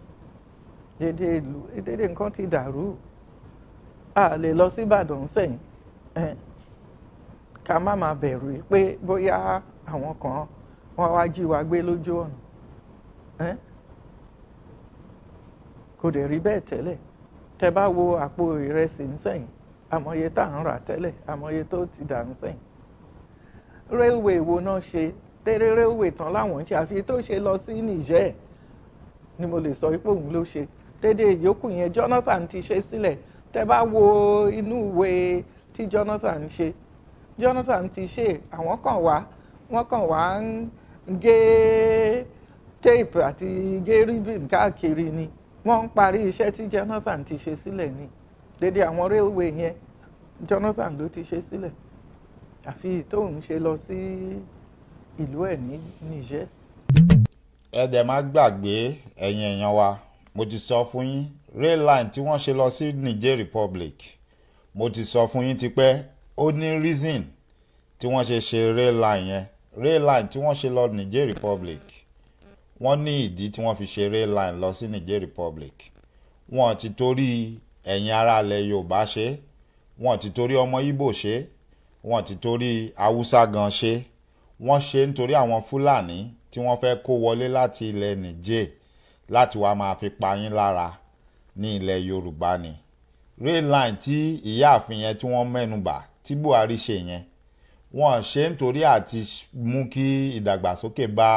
dédé ìlú dédé nǹkan ti dàrú a lè lọ sí Ìbàdàn sẹ́yìn ká má máa bẹ̀rù pé bóyá àwọn kan wọ́n wá jí wa gbé lójú ọ̀nà kò dẹ̀ rí bẹ́ẹ̀ tẹ́lẹ̀ tẹ bá wo àpò ìrẹsì ńsẹ̀yìn àmọye tá à ń rà tẹ́lẹ̀ àmọye tó ti dà ńsẹ̀yìn rélùwéè wo náà ṣe tẹ́rẹ́ rélùwéè tán láwọn ṣe àfi tó ṣe lọ sí Niger ni mo lè sọ pé òun ló ṣe tẹ́dẹ̀ ìyókù yẹn Jonathan ti ṣe sílẹ̀ tẹ bá wo inú ìwé tí Jonathan ṣe Jonathan ti ṣe àwọn kan wá wọ́n kàn wá ń gé téèpù àti gé ribbon káàkiri ni wọ́n ń parí iṣẹ́ tí Jonathan ti ṣe sílẹ̀ ni dédé àwọn railway yẹn Jonathan ló ti ṣe sílẹ̀ àfi tóun ṣe lọ sí ìlú ẹ̀ ní Niger. ẹ dẹ̀ má gbàgbé ẹ̀yin èèyàn wa mo ti sọ fún yín rail line tí wọ́n ṣe lọ sí Niger Republic mo ti sọ fún yín tipẹ́ ó ní reason tí wọ́n ṣe ṣe rail line yẹn rail line tí wọ́n ṣe lọ Niger Republic wọ́n ní ìdí tí wọ́n fi ṣe rail line lọ sí Niger Republic wọ́n ti torí ẹ̀yin ará ilẹ̀ Yorùbá ṣe wọ́n ti torí ọmọ Ìgbò ṣe wọ́n ti torí Haúsá gan ṣe wọ́n ṣe nítorí àwọn Fúlàní tí wọ́n fẹ́ kó wọlé láti ilẹ̀ Niger láti wá máa fi pa lára ní ilẹ̀ Yorùbá ni rail line tí ìyáàfin yẹn tí wọ́n mẹ́nubà tí Buhari ṣe yẹn wọ́n ṣe nítorí àti mú kí ìdàgbàsókè bá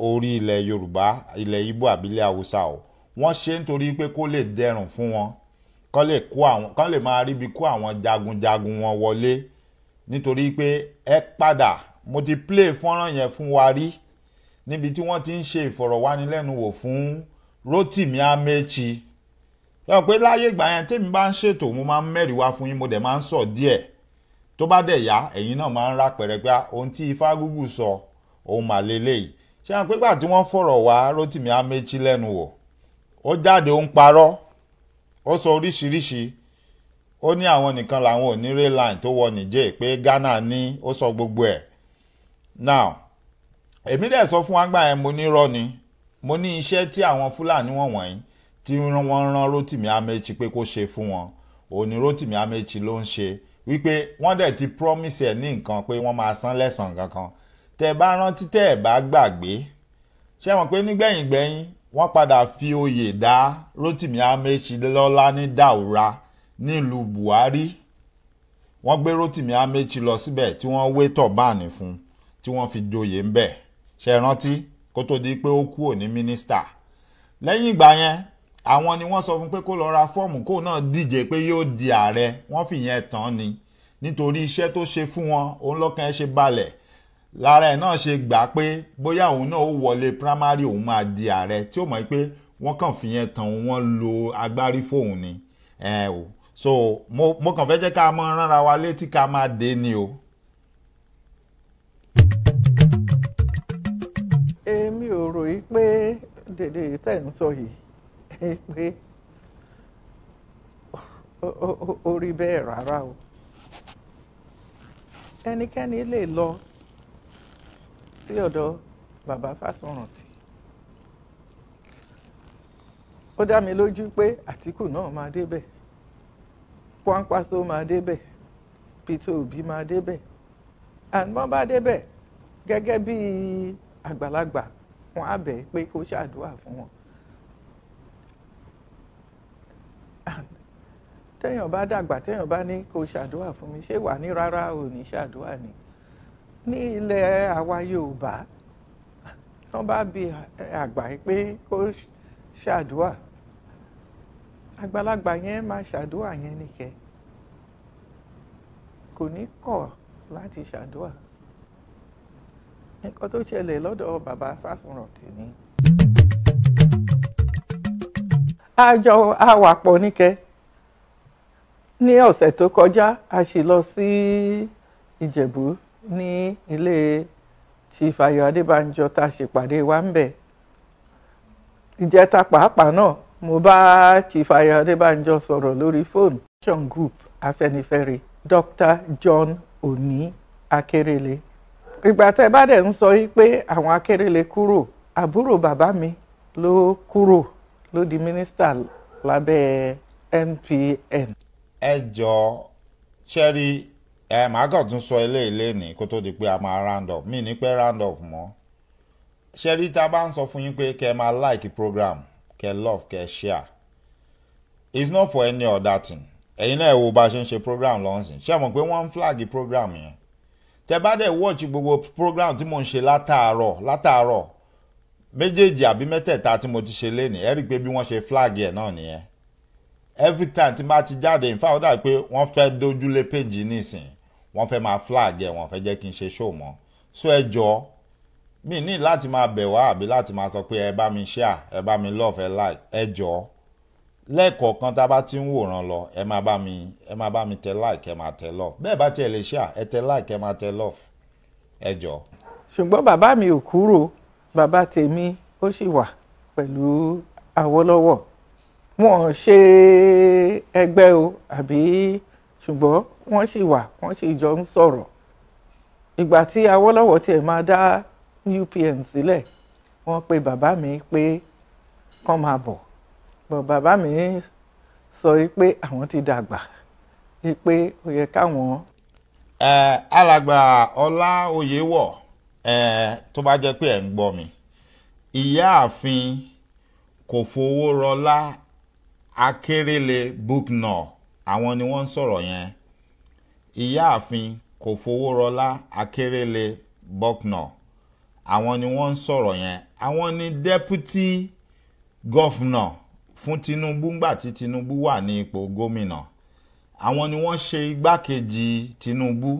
orí ilẹ̀ yorùbá ilẹ̀ ibo àbí ilẹ̀ haúsá o wọ́n ṣe nítorí pé kó lè dẹrùn fún wọn kán lè kó àwọn kán lè máa ríbi kó àwọn jagunjagun wọn wọlé nítorí pé ẹ padà mo ti play fọ́nrán yẹn fún wa rí níbi tí wọ́n ti ń ṣe ìfọ̀rọ̀wánilẹ́nuwò fún Rotimi Amechi yọ pé láyé ìgbà yẹn tèmi bá ń ṣètò mo máa ń mẹ́rìí fún yín mo dẹ̀ máa ń sọ díẹ̀ tó bá dẹ̀ yá ẹ̀yin náà máa ń rà pẹ̀rẹ̀ ah, ohun tí Ifágúgù sọ ohun màlélẹ́yìí ṣé àwọn pépà tí wọ́n fọ̀rọ̀ wá Rotimi Amechi lẹ́nu wò ó jáde ó ń parọ́ ó sọ oríṣiríṣi ó ní àwọn nìkan làwọn ò ní rail line tó wọ nìjẹ́ pé Ghana ní ó sọ gbogbo ẹ̀ now èmi dẹ̀ sọ fún wa gbà yẹn mo ní irọ́ ni mo ní iṣẹ́ tí àwọn Fúlàní wọ̀nyí tí wọ́n rán Rotimi Amechi pé kó ṣe fún wọn òní Rotimi Amechi ló ń ṣe wípé wọ́n dẹ̀ ti promise ẹ̀ ní nǹkan pé wọ́n máa san lẹ́san kankan tẹ́ bá rántí tẹ́ ẹ̀ bá gbàgbé ṣé wọn pé nígbẹ̀yìngbẹ̀yìn wọ́n padà fi oyè dá Rotimi Amaechilọ́lá ní Daura nílùú Buhari wọ́n gbé Rotimi Amaechi lọ síbẹ̀ tí wọ́n wé tọ̀báàní fún tí wọ́n fi joyè ń ṣe rántí kó tó di pé ó kúrò ní mínísítà lẹ́yìn ìgbà yẹn àwọn ni wọ́n sọ fún pé kó lọ ra fọ́ọ̀mù kó náà díje pé yóò di ààrẹ wọ́n fìyẹn tán ni nítorí iṣẹ́ tó ṣe fún wọn òun lọ́kàn ẹ ṣe balẹ̀ lára ẹ̀ náà ṣe gbà pé bóyá òun náà ó wọlé primary òun máa di ààrẹ tí ó mọ̀ pé wọ́n kàn fi yẹn tàn wọ́n lo agbárí fóun ni ẹ o so mo, mo kàn fẹ́ jẹ́ ká mọ ránra wa létí ká máa dé ni o. èmi ò rò yí pé dèdè tẹ̀ ń sọ yìí pé ó bẹ́ẹ̀ rárá o ẹnikẹ́ni lè lọ sí ọ̀dọ̀ bàbá Fásọ̀rántì ó dá mi lójú pé Àtíkù náà máa débẹ̀ Kwankwaso máa débẹ̀ Peter Obi máa débẹ̀ àmọ́ bá débẹ̀ gẹ́gẹ́ bí àgbàlagbà wọn á bẹ̀ pé kó ṣàdúrà fún wọn téèyàn bá dàgbà téèyàn bá ní kó ṣàdúrà fún mi ṣé wà ní rárá ò ní ṣàdúrà ni. Rárá, ní ilẹ̀ àwa Yorùbá wọ́n bá bi àgbà pé kó ṣàdúà àgbàlagbà yẹn máa ṣàdúà yẹn nìkẹ́ kò ní kọ̀ láti ṣàdúà nǹkan tó ṣẹlẹ̀ lọ́dọ̀ bàbá Fáfúnrọ̀tì ni. àjọ awàpọ̀ níkẹ́ ní ọ̀sẹ̀ tó kọjá a sì lọ sí Ìjẹ̀bú ní ilé tí Fáyọ̀ Adébánjọ tá a ṣèpàdé wa ń bẹ̀ ìjẹta pàápàá náà mo bá tí Fáyọ̀ Adébánjọ sọ̀rọ̀ lórí fóònù action group Afẹ́nifẹ́re Dr. John Oni Akérèlé ìgbà tẹ́ bá dẹ̀ ń sọ yìí pé àwọn Akérèlé kúrò àbúrò bàbá mi ló kúrò ló di mínísítà lábẹ́ NPN. ẹ jọ ṣẹ́rí ẹ màá kàn tún sọ eléyìí lẹ́nìí kó tó di pé a máa round up mi ní pé round up mọ́ ṣe rí tá bá ń sọ fún yín pé kẹ́ máa like program kẹ́ love kẹ́ share it's not for any other thing ẹ̀yin náà wo bá a ṣe ń ṣe program lọ́sìn ṣé mọ̀ pé wọ́n ń flag program yẹn tẹ́ bá dẹ̀ watch gbogbo program tí mo ń ṣe látàárọ̀ látàárọ̀ méjèèjì àbí mẹ́tẹ̀ẹ̀ta tí mo ti ṣe lénìí ẹ rí i pé bí wọ́n ṣe flag ẹ̀ náà nìyẹn every time tí n bá ti jáde in fact ó dà pé wọ́n fẹ́ dojúlé péjì nísìnyí wọ́n fẹ́ máa flag ẹ̀ wọ́n fẹ́ jẹ́ kí n ṣe show mọ́ so ẹ jọ mi ní láti máa bẹ̀ wá àbí láti máa sọ pé ẹ bá mi share ẹ bá mi love ẹ like ẹ jọ lẹ́ẹ̀kọ̀ọ̀kan tá a bá ti ń wòran lọ ẹ máa bá mi ẹ máa bá mi tẹ like ẹ máa tẹ love bẹ́ẹ̀ bá tiẹ̀ lè share ẹ tẹ like ẹ máa tẹ love ẹ jọ. ṣùgbọ́n bàbá mi ò kúrò bàbá tèmi ó sì wà pẹ̀lú Awólọ́wọ̀ wọn ṣe ẹgbẹ́ o àbí ṣùgbọ́n wọ́n sì wà wọ́n sì jọ ń sọ̀rọ̀ ìgbà tí Awólọ́wọ̀ tiẹ̀ máa dá UPN sílẹ̀ wọ́n pe bàbá mi pé kán máa bọ̀ bọ̀ bàbá mi sọ pé àwọn ti dàgbà pé ó yẹ káwọn. ẹ alàgbà Ọláoyèwọ̀ ẹ tó bá jẹ́ pé ẹ ń gbọ́ mi ìyáàfin kò fowó rọlá Akérèlé Bucknor àwọn ni wọ́n ń sọ̀rọ̀ yẹn ìyáàfin kòfowórọlá akérèlé bucknor àwọn ni wọ́n ń sọ̀rọ̀ yẹn àwọn ni dẹ́pútì gọ́fúnà fún tinubu ngbà tí tinubu wà ní ipò gómìnà àwọn ni wọ́n ṣe igbákejì tinubu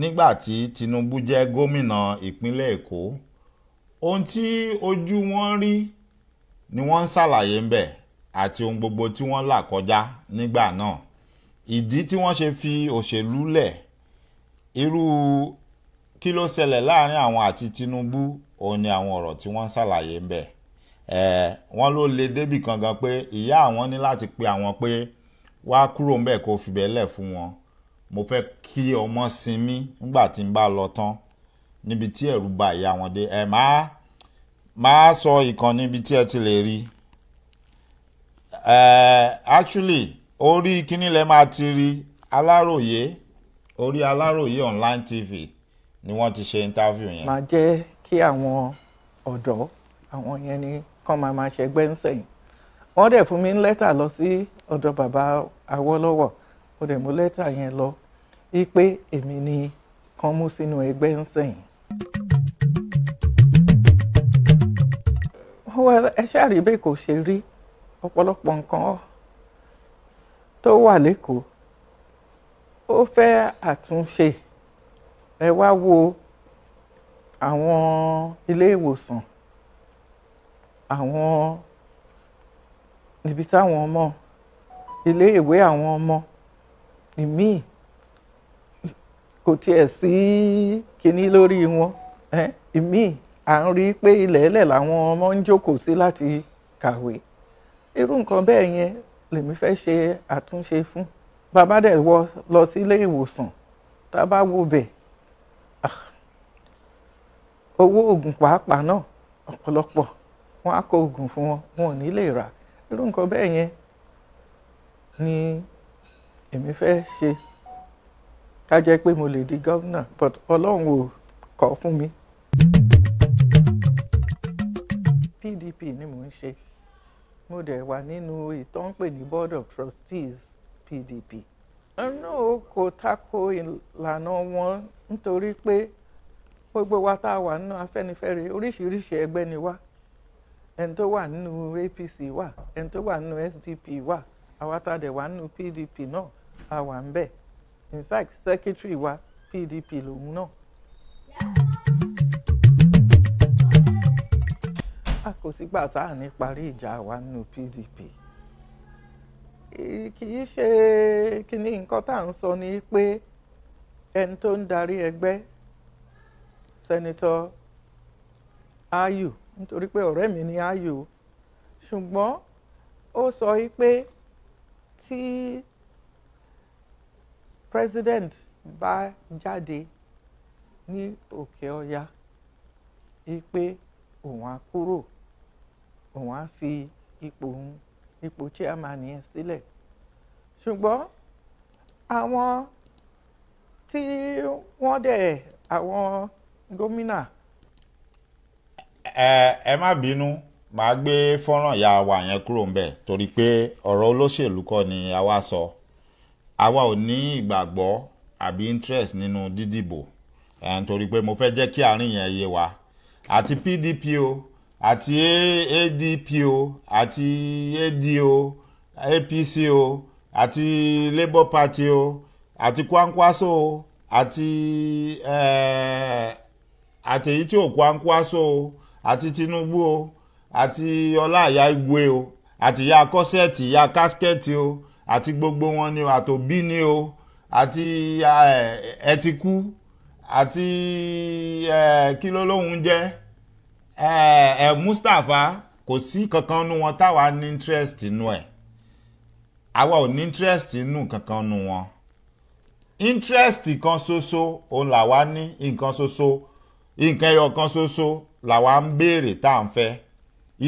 nígbà tí tinubu jẹ́ gómìnà ìpínlẹ̀ èkó ohun tí ojú wọn rí ni wọ́n ń ṣàlàyé ń bẹ̀ àti ohun gbogbo tí wọ́n là kọjá nígbà náà ìdí tí wọ́n ṣe fi òṣèlú lẹ̀ irú kí ló ṣẹlẹ̀ láàrin àwọn àti Tinubu òun ni àwọn ọ̀rọ̀ tí wọ́n ń ṣàlàyé ń bẹ̀ ẹ̀ wọ́n ló le débì kangan pé ìyá àwọn ní láti pe àwọn pé wá kúrò ń bẹ̀ kó fìbẹ̀ lẹ̀ fún wọn mo fẹ́ kí ọmọ sinmi nígbà tí n bá lọ tán níbi tí ẹ̀rù bà ìyá wọn dé ẹ̀ máa máa sọ ìkànnì ibi tí ẹ ti lè rí ẹ̀ actually orí kíní lẹ máa ti rí aláròyé orí aláròyé online tv ni wọ́n ti ṣe interview yẹn. máa jẹ́ kí àwọn ọ̀dọ́ àwọn yẹn ni kán máa máa ṣẹgbẹ́ ń sẹ̀yìn wọ́n dẹ̀ fún mi ní lẹ́tà lọ sí ọ̀dọ̀ bàbá Awólọ́wọ̀ mo dẹ̀ mú lẹ́tà yẹn lọ wípé èmi ni kán mú sínú ẹgbẹ́ ń sẹ̀yìn. ẹ ṣáà rí bẹ́ẹ̀ kò ṣe rí ọ̀pọ̀lọpọ̀ nǹkan tó wà lẹ́kọ̀ọ́ ó fẹ́ àtúnṣe ẹ wá wo àwọn ilé ìwòsàn àwọn níbi táwọn ọmọ ilé ìwé àwọn ọmọ ìmíì kò tiẹ̀ sí kinní lórí wọn ìmíì à ń rí i pé ilẹ̀ ẹlẹ̀ làwọn ọmọ ń jókòó sí láti kàwé irú nǹkan bẹ́ẹ̀ yẹn lèmi fẹ́ ṣe àtúnṣe fún bàbá dẹ̀ wọ lọ sílé ìwòsàn tá a bá wo bẹ̀ ah, owó oògùn pàápàá náà ọ̀pọ̀lọpọ̀ wọn á kó oògùn fún wọn wọn ò ní lè rà irú nǹkan bẹ́ẹ̀ yẹn ni èmi fẹ́ ṣe ká jẹ́ pé mo lè di gómìnà but ọlọ́run ò kọ́ fún mi. PDP ni mò ń ṣe mo dẹ̀ wà nínú ìtọ́ ń pè ní board of trustees PDP náà kò tako ìlànà wọn nítorí pé gbogbo wa tá a wà nínú Afẹ́nifẹ́re oríṣiríṣi ẹgbẹ́ ni wá ẹni tó wà nínú APC wà ẹni tó wà nínú SDP wà àwa tá a dẹ̀ wà nínú PDP náà a wà ń bẹ̀ in fact secretary wa PDP lòun náà Ah, a kò sígbà tá à ní parí ìjà wa nínú PDP eh, kì í ṣe kíní nǹkan tá à ń sọ ni pé ẹni tó ń darí ẹgbẹ́ sẹ́nitọ́ Ayù nítorí pé ọ̀rẹ́ mi ni Ayù ṣùgbọ́n ó sọ pé tí president bá jáde ní Òkè Ọya pé òun á kúrò òun á fi ipò òun ipò chairman yẹn sílẹ̀ ṣùgbọ́n àwọn tí wọ́n dẹ̀ àwọn gómìnà. ẹ ẹ má bínú màá gbé fọ́nrán ìyá wa yẹn kúrò ńbẹ̀ torí pé ọ̀rọ̀ olóṣèlú kọ́ ni àwa sọ àwa ò ní ìgbàgbọ́ àbí interest nínú dídìbò ẹ̀ ń torí pé mo fẹ́ jẹ́ kí àárín yẹn yé wa àti PDP o àti adp o àti ad o o àti labour party o àti kwankwaso o àti eh, àti èyí tí ò kwankwaso o àti tinubu o àti ọláìyá igwe o àti ìyá kọ́sẹ̀tì ìyá kásikẹ́tì o àti gbogbo wọn ni o àtòbí ni o àti eh, ẹtìkú àti eh, kí ló lóun jẹ́ ẹ eh, ẹ eh, Mustapha kò sí kankan nu wọn táwa ní interest nínú ẹ àwa ò ní interest nínú kankan nu wọn interest kan ṣoṣo òun làwa ní nǹkan ṣoṣo nǹkan ẹyọ kan ṣoṣo làwa ń béèrè tá à ń fẹ́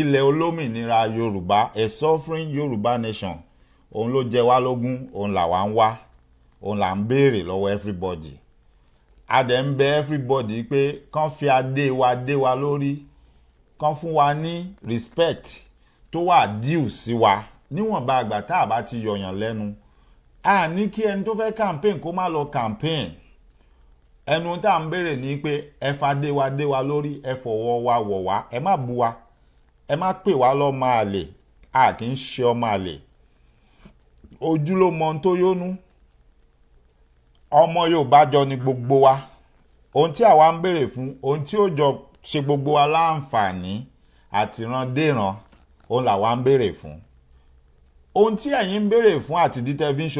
ilẹ̀ olómìnira Yorùbá a suffering Yorùbá nation òun ló jẹ wá lógún òun làwa ń wá òun là ń béèrè lọ́wọ́ everybody a dẹ̀ ń bẹ everybody pé kán fi adé wa dé wa lórí kán fún wa ní respect tó wà díù sí wa níwọ̀nba àgbà tá a bá ti yọ̀yàn lẹ́nu a ní kí ẹni tó fẹ́ campaign kó má lọ campaign ẹnu tá à ń béèrè ní pé ẹ fa dé wa dé wa lórí ẹ fọwọ́ wa wọ̀ wá ẹ má bu wa ẹ má pè wá lọ́mọ àlè a kì í ṣe ọmọ àlè ojú ló mọ ohun tó yónú ọmọ Yorùbá jọ ni gbogbo wa ohun tí àwa ń béèrè fún ohun tí ó jọ ṣe gbogbo aláǹfààní àtìrandéran òun làwa ń béèrè fún ohun tí ẹ̀yin ń béèrè fún àti dítẹ́ fi ń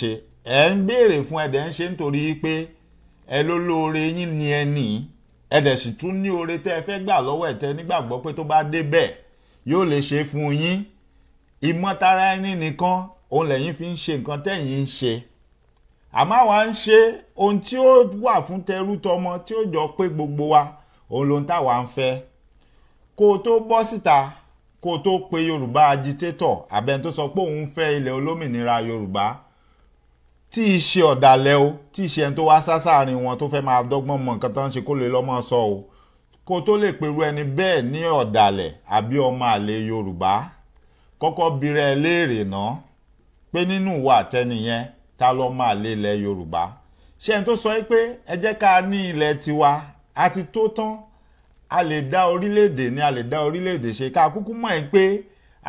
ṣe ẹ̀ ń béèrè fún ẹ̀dẹ̀ ń ṣe nítorí pé ẹ ló lóore yín ni ẹ nì ẹ dẹ̀ sì tún ní oore tẹ́ ẹ fẹ́ gbà lọ́wọ́ ẹ̀ tẹ́ nígbàgbọ́ pé tó bá dé bẹ́ẹ̀ yóò lè ṣe fún yín ìmọ̀tara ẹni nìkan òun lẹ́yìn fi ń ṣe nǹkan tẹ́yìn ń ṣe àmọ́ àwa ń ṣe ohun tí ó wà fún tẹrú tí ó jọ pé gbogbo wa òun ló táwa ń fẹ́ kó o tó bọ́ síta kó o tó pe yorùbá agitator abẹ́ni tó sọ pé òun fẹ́ ilẹ̀ olómìnira yorùbá tí í ṣe ọ̀dàlẹ̀ o tí í ṣe ẹni tó wá sásáàrin wọn tó fẹ́ máa dọ́gbọ́n mọ nǹkan tó ń ṣe kó lè lọ́mọ sọ o kó o tó lè perú ẹni bẹ́ẹ̀ ní ọ̀dàlẹ̀ àbí ọmọ àlè yorùbá kọ́kọ́ bira ẹ léèrè náà pé nínú ìwà àtẹnìyẹn ta lọ́mọ àlè ilẹ̀ yorùbá ṣé ẹni tó sọ pé ẹ jẹ́ ká ní ilẹ̀ tiwa a ti tó tán a lè dá orílẹ̀-èdè ni a lè dá orílẹ̀-èdè ṣe ká kúkú mọ̀ ẹ́ pé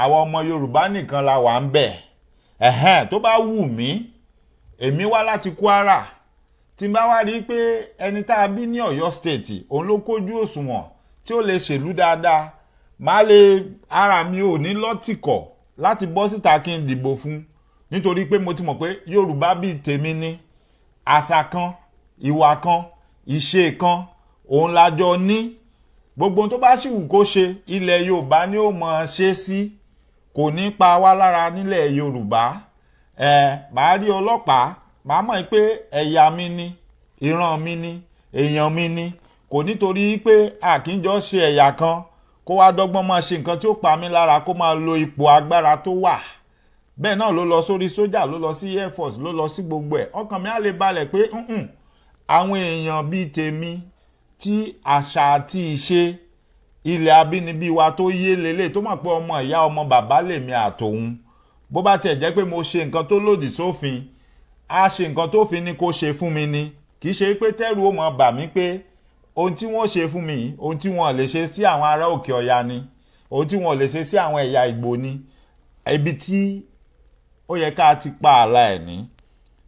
àwa ọmọ Yorùbá nìkan la wà ń bẹ̀ ẹ̀hẹ́n tó bá wù mí èmi wá láti Kwara tí n bá wá rí i pé ẹni tá a bí ní Ọ̀yọ́ state òun ló kójú òṣùwọ̀n tí ó lè ṣèlú dáadáa máa lè ara mi ò ní lọ́tìkọ̀ láti bọ́ síta kí n dìbò fún nítorí pé mo ti mọ̀ pé Yorùbá bíi tèmi ni àṣà kan ìwà kan ìṣe kan òun lájọ ní gbogbo tó bá sì wù kó ṣe ilẹ̀ yorùbá ni ó mọ̀ ọ́n ṣe sí kò ní pa wá lára nílẹ̀ yorùbá ẹ̀ máa rí ọlọ́pàá máa mọ̀ pé ẹ̀yà mi ni ìran mi ni èèyàn mi ni kò nítorí pé àkínjọ ṣe ẹ̀yà kan kó wá dọ́gbọ́n máa ṣe nǹkan tí ó pa mí lára kó máa lo ipò agbára tó wà bẹ́ẹ̀ náà ló lọ sórí sójà ló lọ sí air force ló lọ sí gbogbo ẹ̀ ọkàn mi á lè balẹ̀ pé àwọn èèyàn bíi tèmi tí àṣà àti ìṣe ilẹ̀ abínibí wa tó yé lélẹ̀ tó mọ̀ pé ọmọ ìyá ọmọ bàbá lèmi àtòun bó bá tiẹ̀ jẹ́ pé mo ṣe nǹkan tó lòdì sófin a ṣe nǹkan tó fi ni kó ṣe fún mi ni kì í ṣe pé tẹ́rù ó mọ̀ bà mí pé ohun tí wọ́n ṣe fún mi ohun tí wọ́n lè ṣe sí àwọn ará òkè ọya ni ohun tí wọ́n lè ṣe sí àwọn ẹ̀yà ìgbò ni ibi tí ó yẹ ká ti pa ààlà ẹ̀ ní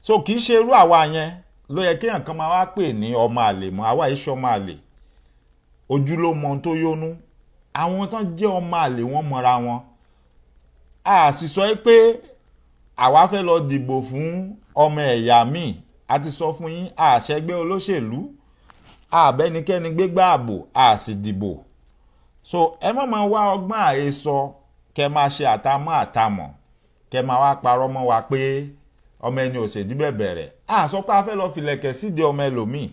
so kì í ṣe irú àwa yẹn ló yẹ kéèyàn kan máa wá pè ní ọmọ àlè mọ́ àwa iṣẹ ọmọ àlè ojú ló mọ ohun tó yónú àwọn tán jẹ́ ọmọ àlè wọ́n mọra wọn a sì sọ pé àwa fẹ́ lọ dìbò fún ọmọ ẹ̀yà míì a ti sọ fún yín àṣẹgbẹ́ olóṣèlú àbẹ́nikẹ́ni gbégbá ààbò a sì dìbò so ẹ má máa wá ọgbọ́n àhesọ kẹ máa ṣe àtàmọ́ àtàmọ́ kẹ máa wá parọ́ mọ́ wa pé ọmọ ẹni òṣèdí bẹ̀bẹ̀rẹ̀ a sọ pé a fẹ́ lọ́ọ́ filẹ̀kẹ̀ sídìí ọmọ ẹlòmíì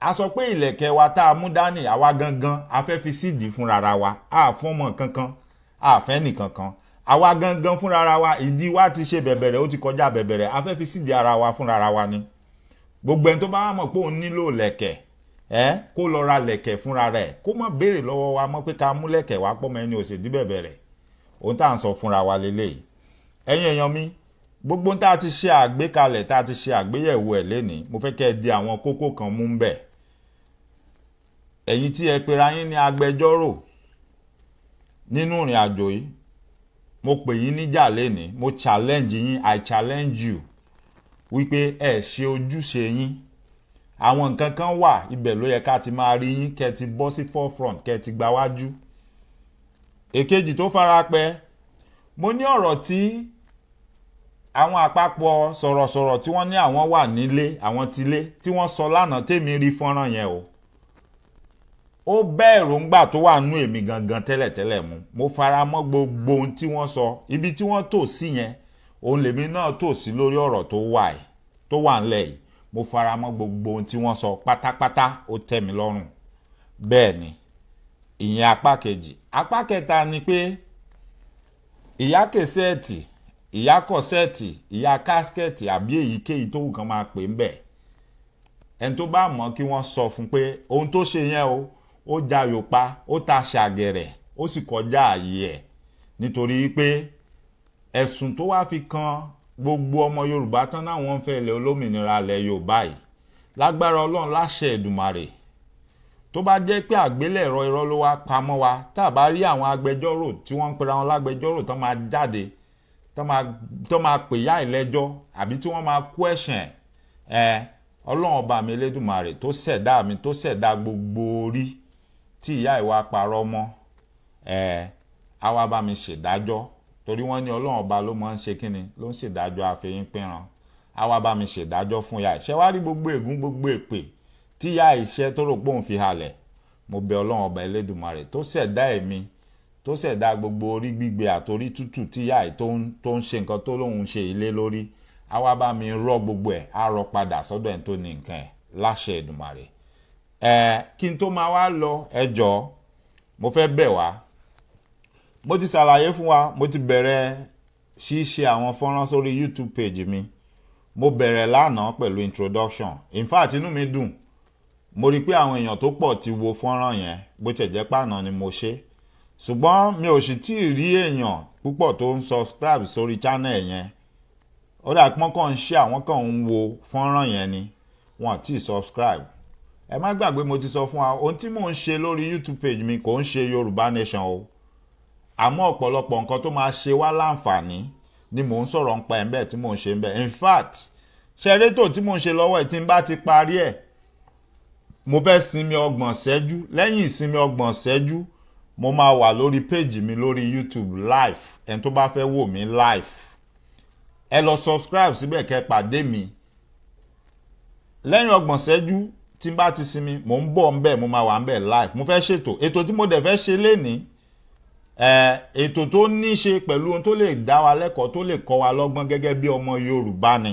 a sọ pé ìlẹ̀kẹ̀ wa tá a mú dání àwa gangan a fẹ́ fi sídìí fúnra wa a fún ọmọ kankan a fẹ́ nìkankan àwa gangan fúnra wa ìdí wa ti ṣe bẹ̀bẹ̀rẹ̀ ó ti kọjá bẹ̀bẹ̀rẹ̀ a fẹ́ fi sídìí ara wa fúnra wa ni gbogbo ẹni tó bá mọ̀ pé òun nílò lẹ̀kẹ̀ ẹ kó lọ ra lẹ̀kẹ̀ fúnra rẹ̀ kó má béèrè lọ́wọ́ wa mọ́ pé ká mú lẹ̀kẹ̀ wá pọ́mọ ẹni òṣèdí bẹ̀bẹ̀rẹ̀ òun tá ń sọ fúnra wa lélẹ́yìí ẹ̀yin èèyàn mi gbogbo tá a ti ṣe àgbékalẹ̀ tá a ti ṣe àgbéyẹ̀wò ẹ̀ lénìí mo fẹ́ kẹ́ ẹ di àwọn kókó kan mú ń bẹ̀ ẹ̀yin tí ẹ pera yín ní agbẹjọ́rò nínú ìrìn àjò yìí mo pè yín níjà lénìí mo challenge yín i challenge you wípé ẹ ṣe ojúṣe yín àwọn nǹkan kan wà ibẹ̀ ló yẹ ká ti máa rí yín kẹ́ ti bọ́ sí forefront kẹ́ ti gba wájú èkejì tó fara pẹ́ mo ní ọ̀rọ̀ tí àwọn àpapọ̀ sọ̀rọ̀sọ̀rọ̀ tí wọ́n ní àwọn wà nílé àwọn tilé tí wọ́n sọ lánàá tèmi rí fọ́nrán yẹn o ó bẹ́ èròǹgbà tó wà nú èmi gangan tẹ́lẹ̀tẹ́lẹ̀ mu mo fara mọ́ gbogbo ohun tí wọ́n sọ ibi tí wọ́n tò sí yẹn òun lèmi náà tò sí lórí ọ̀rọ̀ tó wà ẹ̀ tó wà ńlẹ̀ yìí mo fara mọ́ gbogbo ohun tí wọ́n sọ pátápátá ó tẹ́ mi lọ́rùn bẹ́ẹ̀ ni ìyẹn apá kejì apá kẹta ni pé ìyá kèsẹ́ẹ̀tì ìyá kọ̀sẹ́ẹ̀tì ìyá kásikẹ́ẹ̀tì àbí èyíkéyìí tó wù kán máa pè ń bẹ̀ ẹni tó bá mọ̀ kí wọ́n sọ fún pé ohun tó ṣe yẹn o ó jayò pa ó ta ṣàgẹ̀rẹ̀ ó sì kọjá ààyè ẹ̀ nítorí pé ẹ̀sùn tó wá fi kan gbogbo ọmọ yorùbá tán náwọn fẹ́ ilẹ̀ olómìnira ilẹ̀ yorùbá yìí lágbára ọlọ́run láṣẹ ìdùmarè tó bá jẹ́ pé àgbélẹ̀rọ irọ́ pamọ́ wa tá a bá rí àwọn agbẹjọ́rò tí wọ́n ń pera wọn lágbẹjọ́rò tán máa jáde tó máa pè yá ìlẹ́jọ́ àbí tí wọ́n máa question ẹ̀ ọlọ́run ọba mi elédùmarè tó ṣẹ̀dá mi tó ṣẹ̀dá gbogbo orí tí ìyá ìwà parọ́ mọ́ ẹ̀ á wá bá mi ṣèdájọ́ torí wọ́n ní ọlọ́run ọba ló máa ń ṣe kínni ló ń ṣèdájọ́ àfẹ́yìn pínran á wá bá mi ṣèdájọ́ fún ìyá ìṣẹ́ wá rí gbogbo ègún gbogbo èpè tí ìyá ìṣẹ́ tó rò pé òun fi halẹ̀ mo bẹ ọlọ́run ọba elédùmarè tó ṣẹ̀dá ẹ̀mí tó ṣẹ̀dá gbogbo orí gbígbẹ àtorí tútù tíyà tó ń ṣe nǹkan tó lóun ṣe ilé lórí á wá bá mi rọ gbogbo ẹ̀ á rọ padà sọ́dọ̀ ẹ̀ tó ní nǹkan ẹ̀ láṣẹ Èdùmàrè ẹ̀ kí n tó máa wá lọ ẹ jọ̀ọ́ mo fẹ́ bẹ̀ wá mo ti ṣàlàyé fún wa mo ti bẹ̀rẹ̀ ṣíṣe àwọn fọ́nrán sórí YouTube page mi mo bẹ̀rẹ̀ lánàá pẹ̀lú introduction in fact inú mi dùn mo rí i pé àwọn èèyàn tó pọ̀ ti wo fọ́nrán yẹn bó tẹ̀ jẹ́ pààna ni mo ṣe é ṣùgbọ́n mi ò sì tí ì rí èèyàn púpọ̀ tó ń subscribe sórí channel yẹn ó dà pọ́n kàn ń ṣe àwọn kan ń wo fọ́nrán yẹn ni wọn tí subscribe ẹ má gbàgbé mo ti sọ fún wa ohun tí mò ń ṣe lórí YouTube page mi kò ń ṣe Yorùbá Nation o àmọ́ ọ̀pọ̀lọpọ̀ nǹkan tó máa ṣe wá láǹfààní ni mò ń sọ̀rọ̀ pa ẹ̀ ń bẹ̀ tí mò ń ṣe ń bẹ̀ in fact ṣẹ́rétò tí mò ń ṣe lọ́wọ́ ẹ̀ tí n bá ti parí ẹ̀ mo fẹ́ sinmi ọgbọ̀n ṣẹ́jú lẹ́yìn ìsinmi ọgbọ̀n ṣẹ́jú mo máa wà lórí péjì mi lórí YouTube live ẹni tó bá fẹ́ wò mí live ẹ lọ subscribe síbẹ̀ kẹ́ pàdé mi lẹ́yìn ọgbọ̀n ṣẹ́jú tí n bá ti sinmi mò ń bọ̀ ńbẹ̀ mo máa wà ńbẹ̀ live mo fẹ́ ṣètò ètò tí mo dẹ̀ fẹ́ ṣe lénìí ètò tó ní ṣe pẹ̀lú ohun tó lè dá wa lẹ́kọ̀ọ́ tó lè kọ́ wa lọ́gbọ́n gẹ́gẹ́ bí ọmọ Yorùbá ni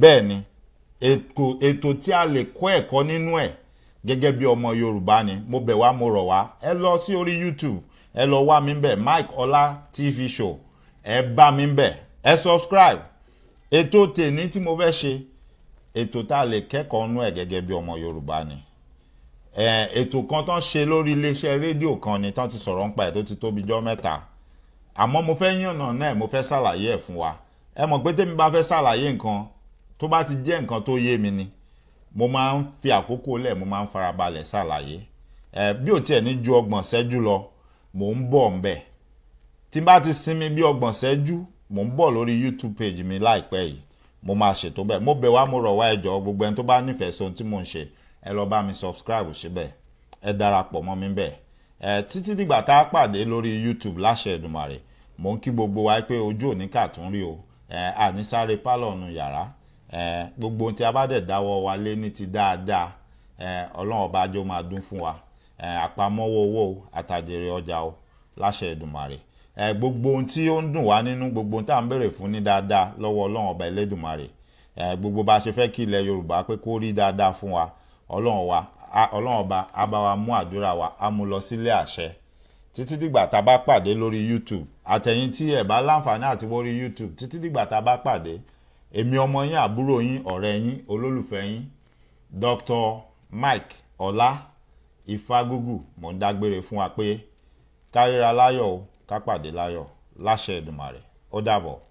bẹ́ẹ̀ ni ètò tí a lè kọ́ ẹ̀kọ́ nínú ẹ̀ gẹ́gẹ́ bí ọmọ yorùbá ni mo bẹ̀ wá mo rọ̀ wá ẹ lọ sí orí youtube ẹ lọ wá mi bẹ̀ mike ọlá tv show ẹ bá mi bẹ̀ ẹ subscribe ètò tèní tí mo fẹ́ ṣe ètò tá a lè kẹ́kọ̀ọ́ nú ẹ̀ gẹ́gẹ́ bí ọmọ yorùbá ni ètò kan tán ṣe lórí iléeṣẹ́ rédíò kan ni tán ti sọ̀rọ̀ nípa ẹ̀ tó ti tóbi jọ́ mẹ́ta àmọ́ mo fẹ́ yànnà náà mo fẹ́ ṣàlàyé ẹ̀ fún wa ẹ mọ̀ pé tèmi bá fẹ́ ṣàlàyé nǹkan tó bá ti jẹ́ nǹkan tó yé mi ni mo máa ń fi àkókò lẹ̀ mo máa ń farabalẹ̀ ṣàlàyé ẹ bí ò tiẹ̀ ní ju ọgbọ̀n ṣẹ́jú lọ mò ń bọ̀ ń bẹ̀ tí bá ti sinmi bí ọgbọ̀n ṣẹ́jú mò ń bọ̀ lórí YouTube page mi láìpẹ́ yìí mo máa ṣètò bẹ́ẹ̀ mo bẹ̀ wá mo rọ̀ wá ẹjọ́ gbogbo ẹni tó bá nífẹ̀ẹ́ sí ohun tí mò ń ṣe ẹ lọ bá mi subscribe síbẹ̀ ẹ darapọ̀ mọ́ mi bẹ́ẹ̀ ẹ títí dìgbà tá a pàdé lórí YouTube láṣẹ Èdùmàrè mò ń kí gbogbo wa pé ojú òní kà tún rí o ẹ ànísáré pálọ̀ ọ̀nù yàrá gbogbo ohun tí a bá dẹ̀ dáwọ́ wa lé ní ti dáadáa ọlọ́run ọba ajó máa dún fún wa àpamọ́wọ́ owó àtàjèrè ọjà o láṣẹ Èdùmàrè gbogbo ohun tí ó ń dùn wá nínú gbogbo ohun tá à ń béèrè fún ní dáadáa lọ́wọ́ ọlọ́run ọba Ẹlẹ́dùmarè gbogbo bá a ṣe fẹ́ kí ilẹ̀ Yorùbá pé kó rí dáadáa fún wa ọlọ́run ọba á bá wa mú àdúrà wa á mú lọ sílé àṣẹ títí dìgbà tá a bá pàdé lórí YouTube àtẹ̀yìn tí ẹ̀ bá láǹfààní àti wọ́n YouTube títí dìgbà tá a bá pàdé èmi ọmọ yín àbúrò yín ọ̀rẹ́ yín olólùfẹ́ yín Dr. Mike Ọlá Ifágúgù mò ń dágbére fún wa pé kárìíra láyọ̀ o ká pàdé láyọ̀ láṣẹ Èdùmàrè ó dàbọ̀.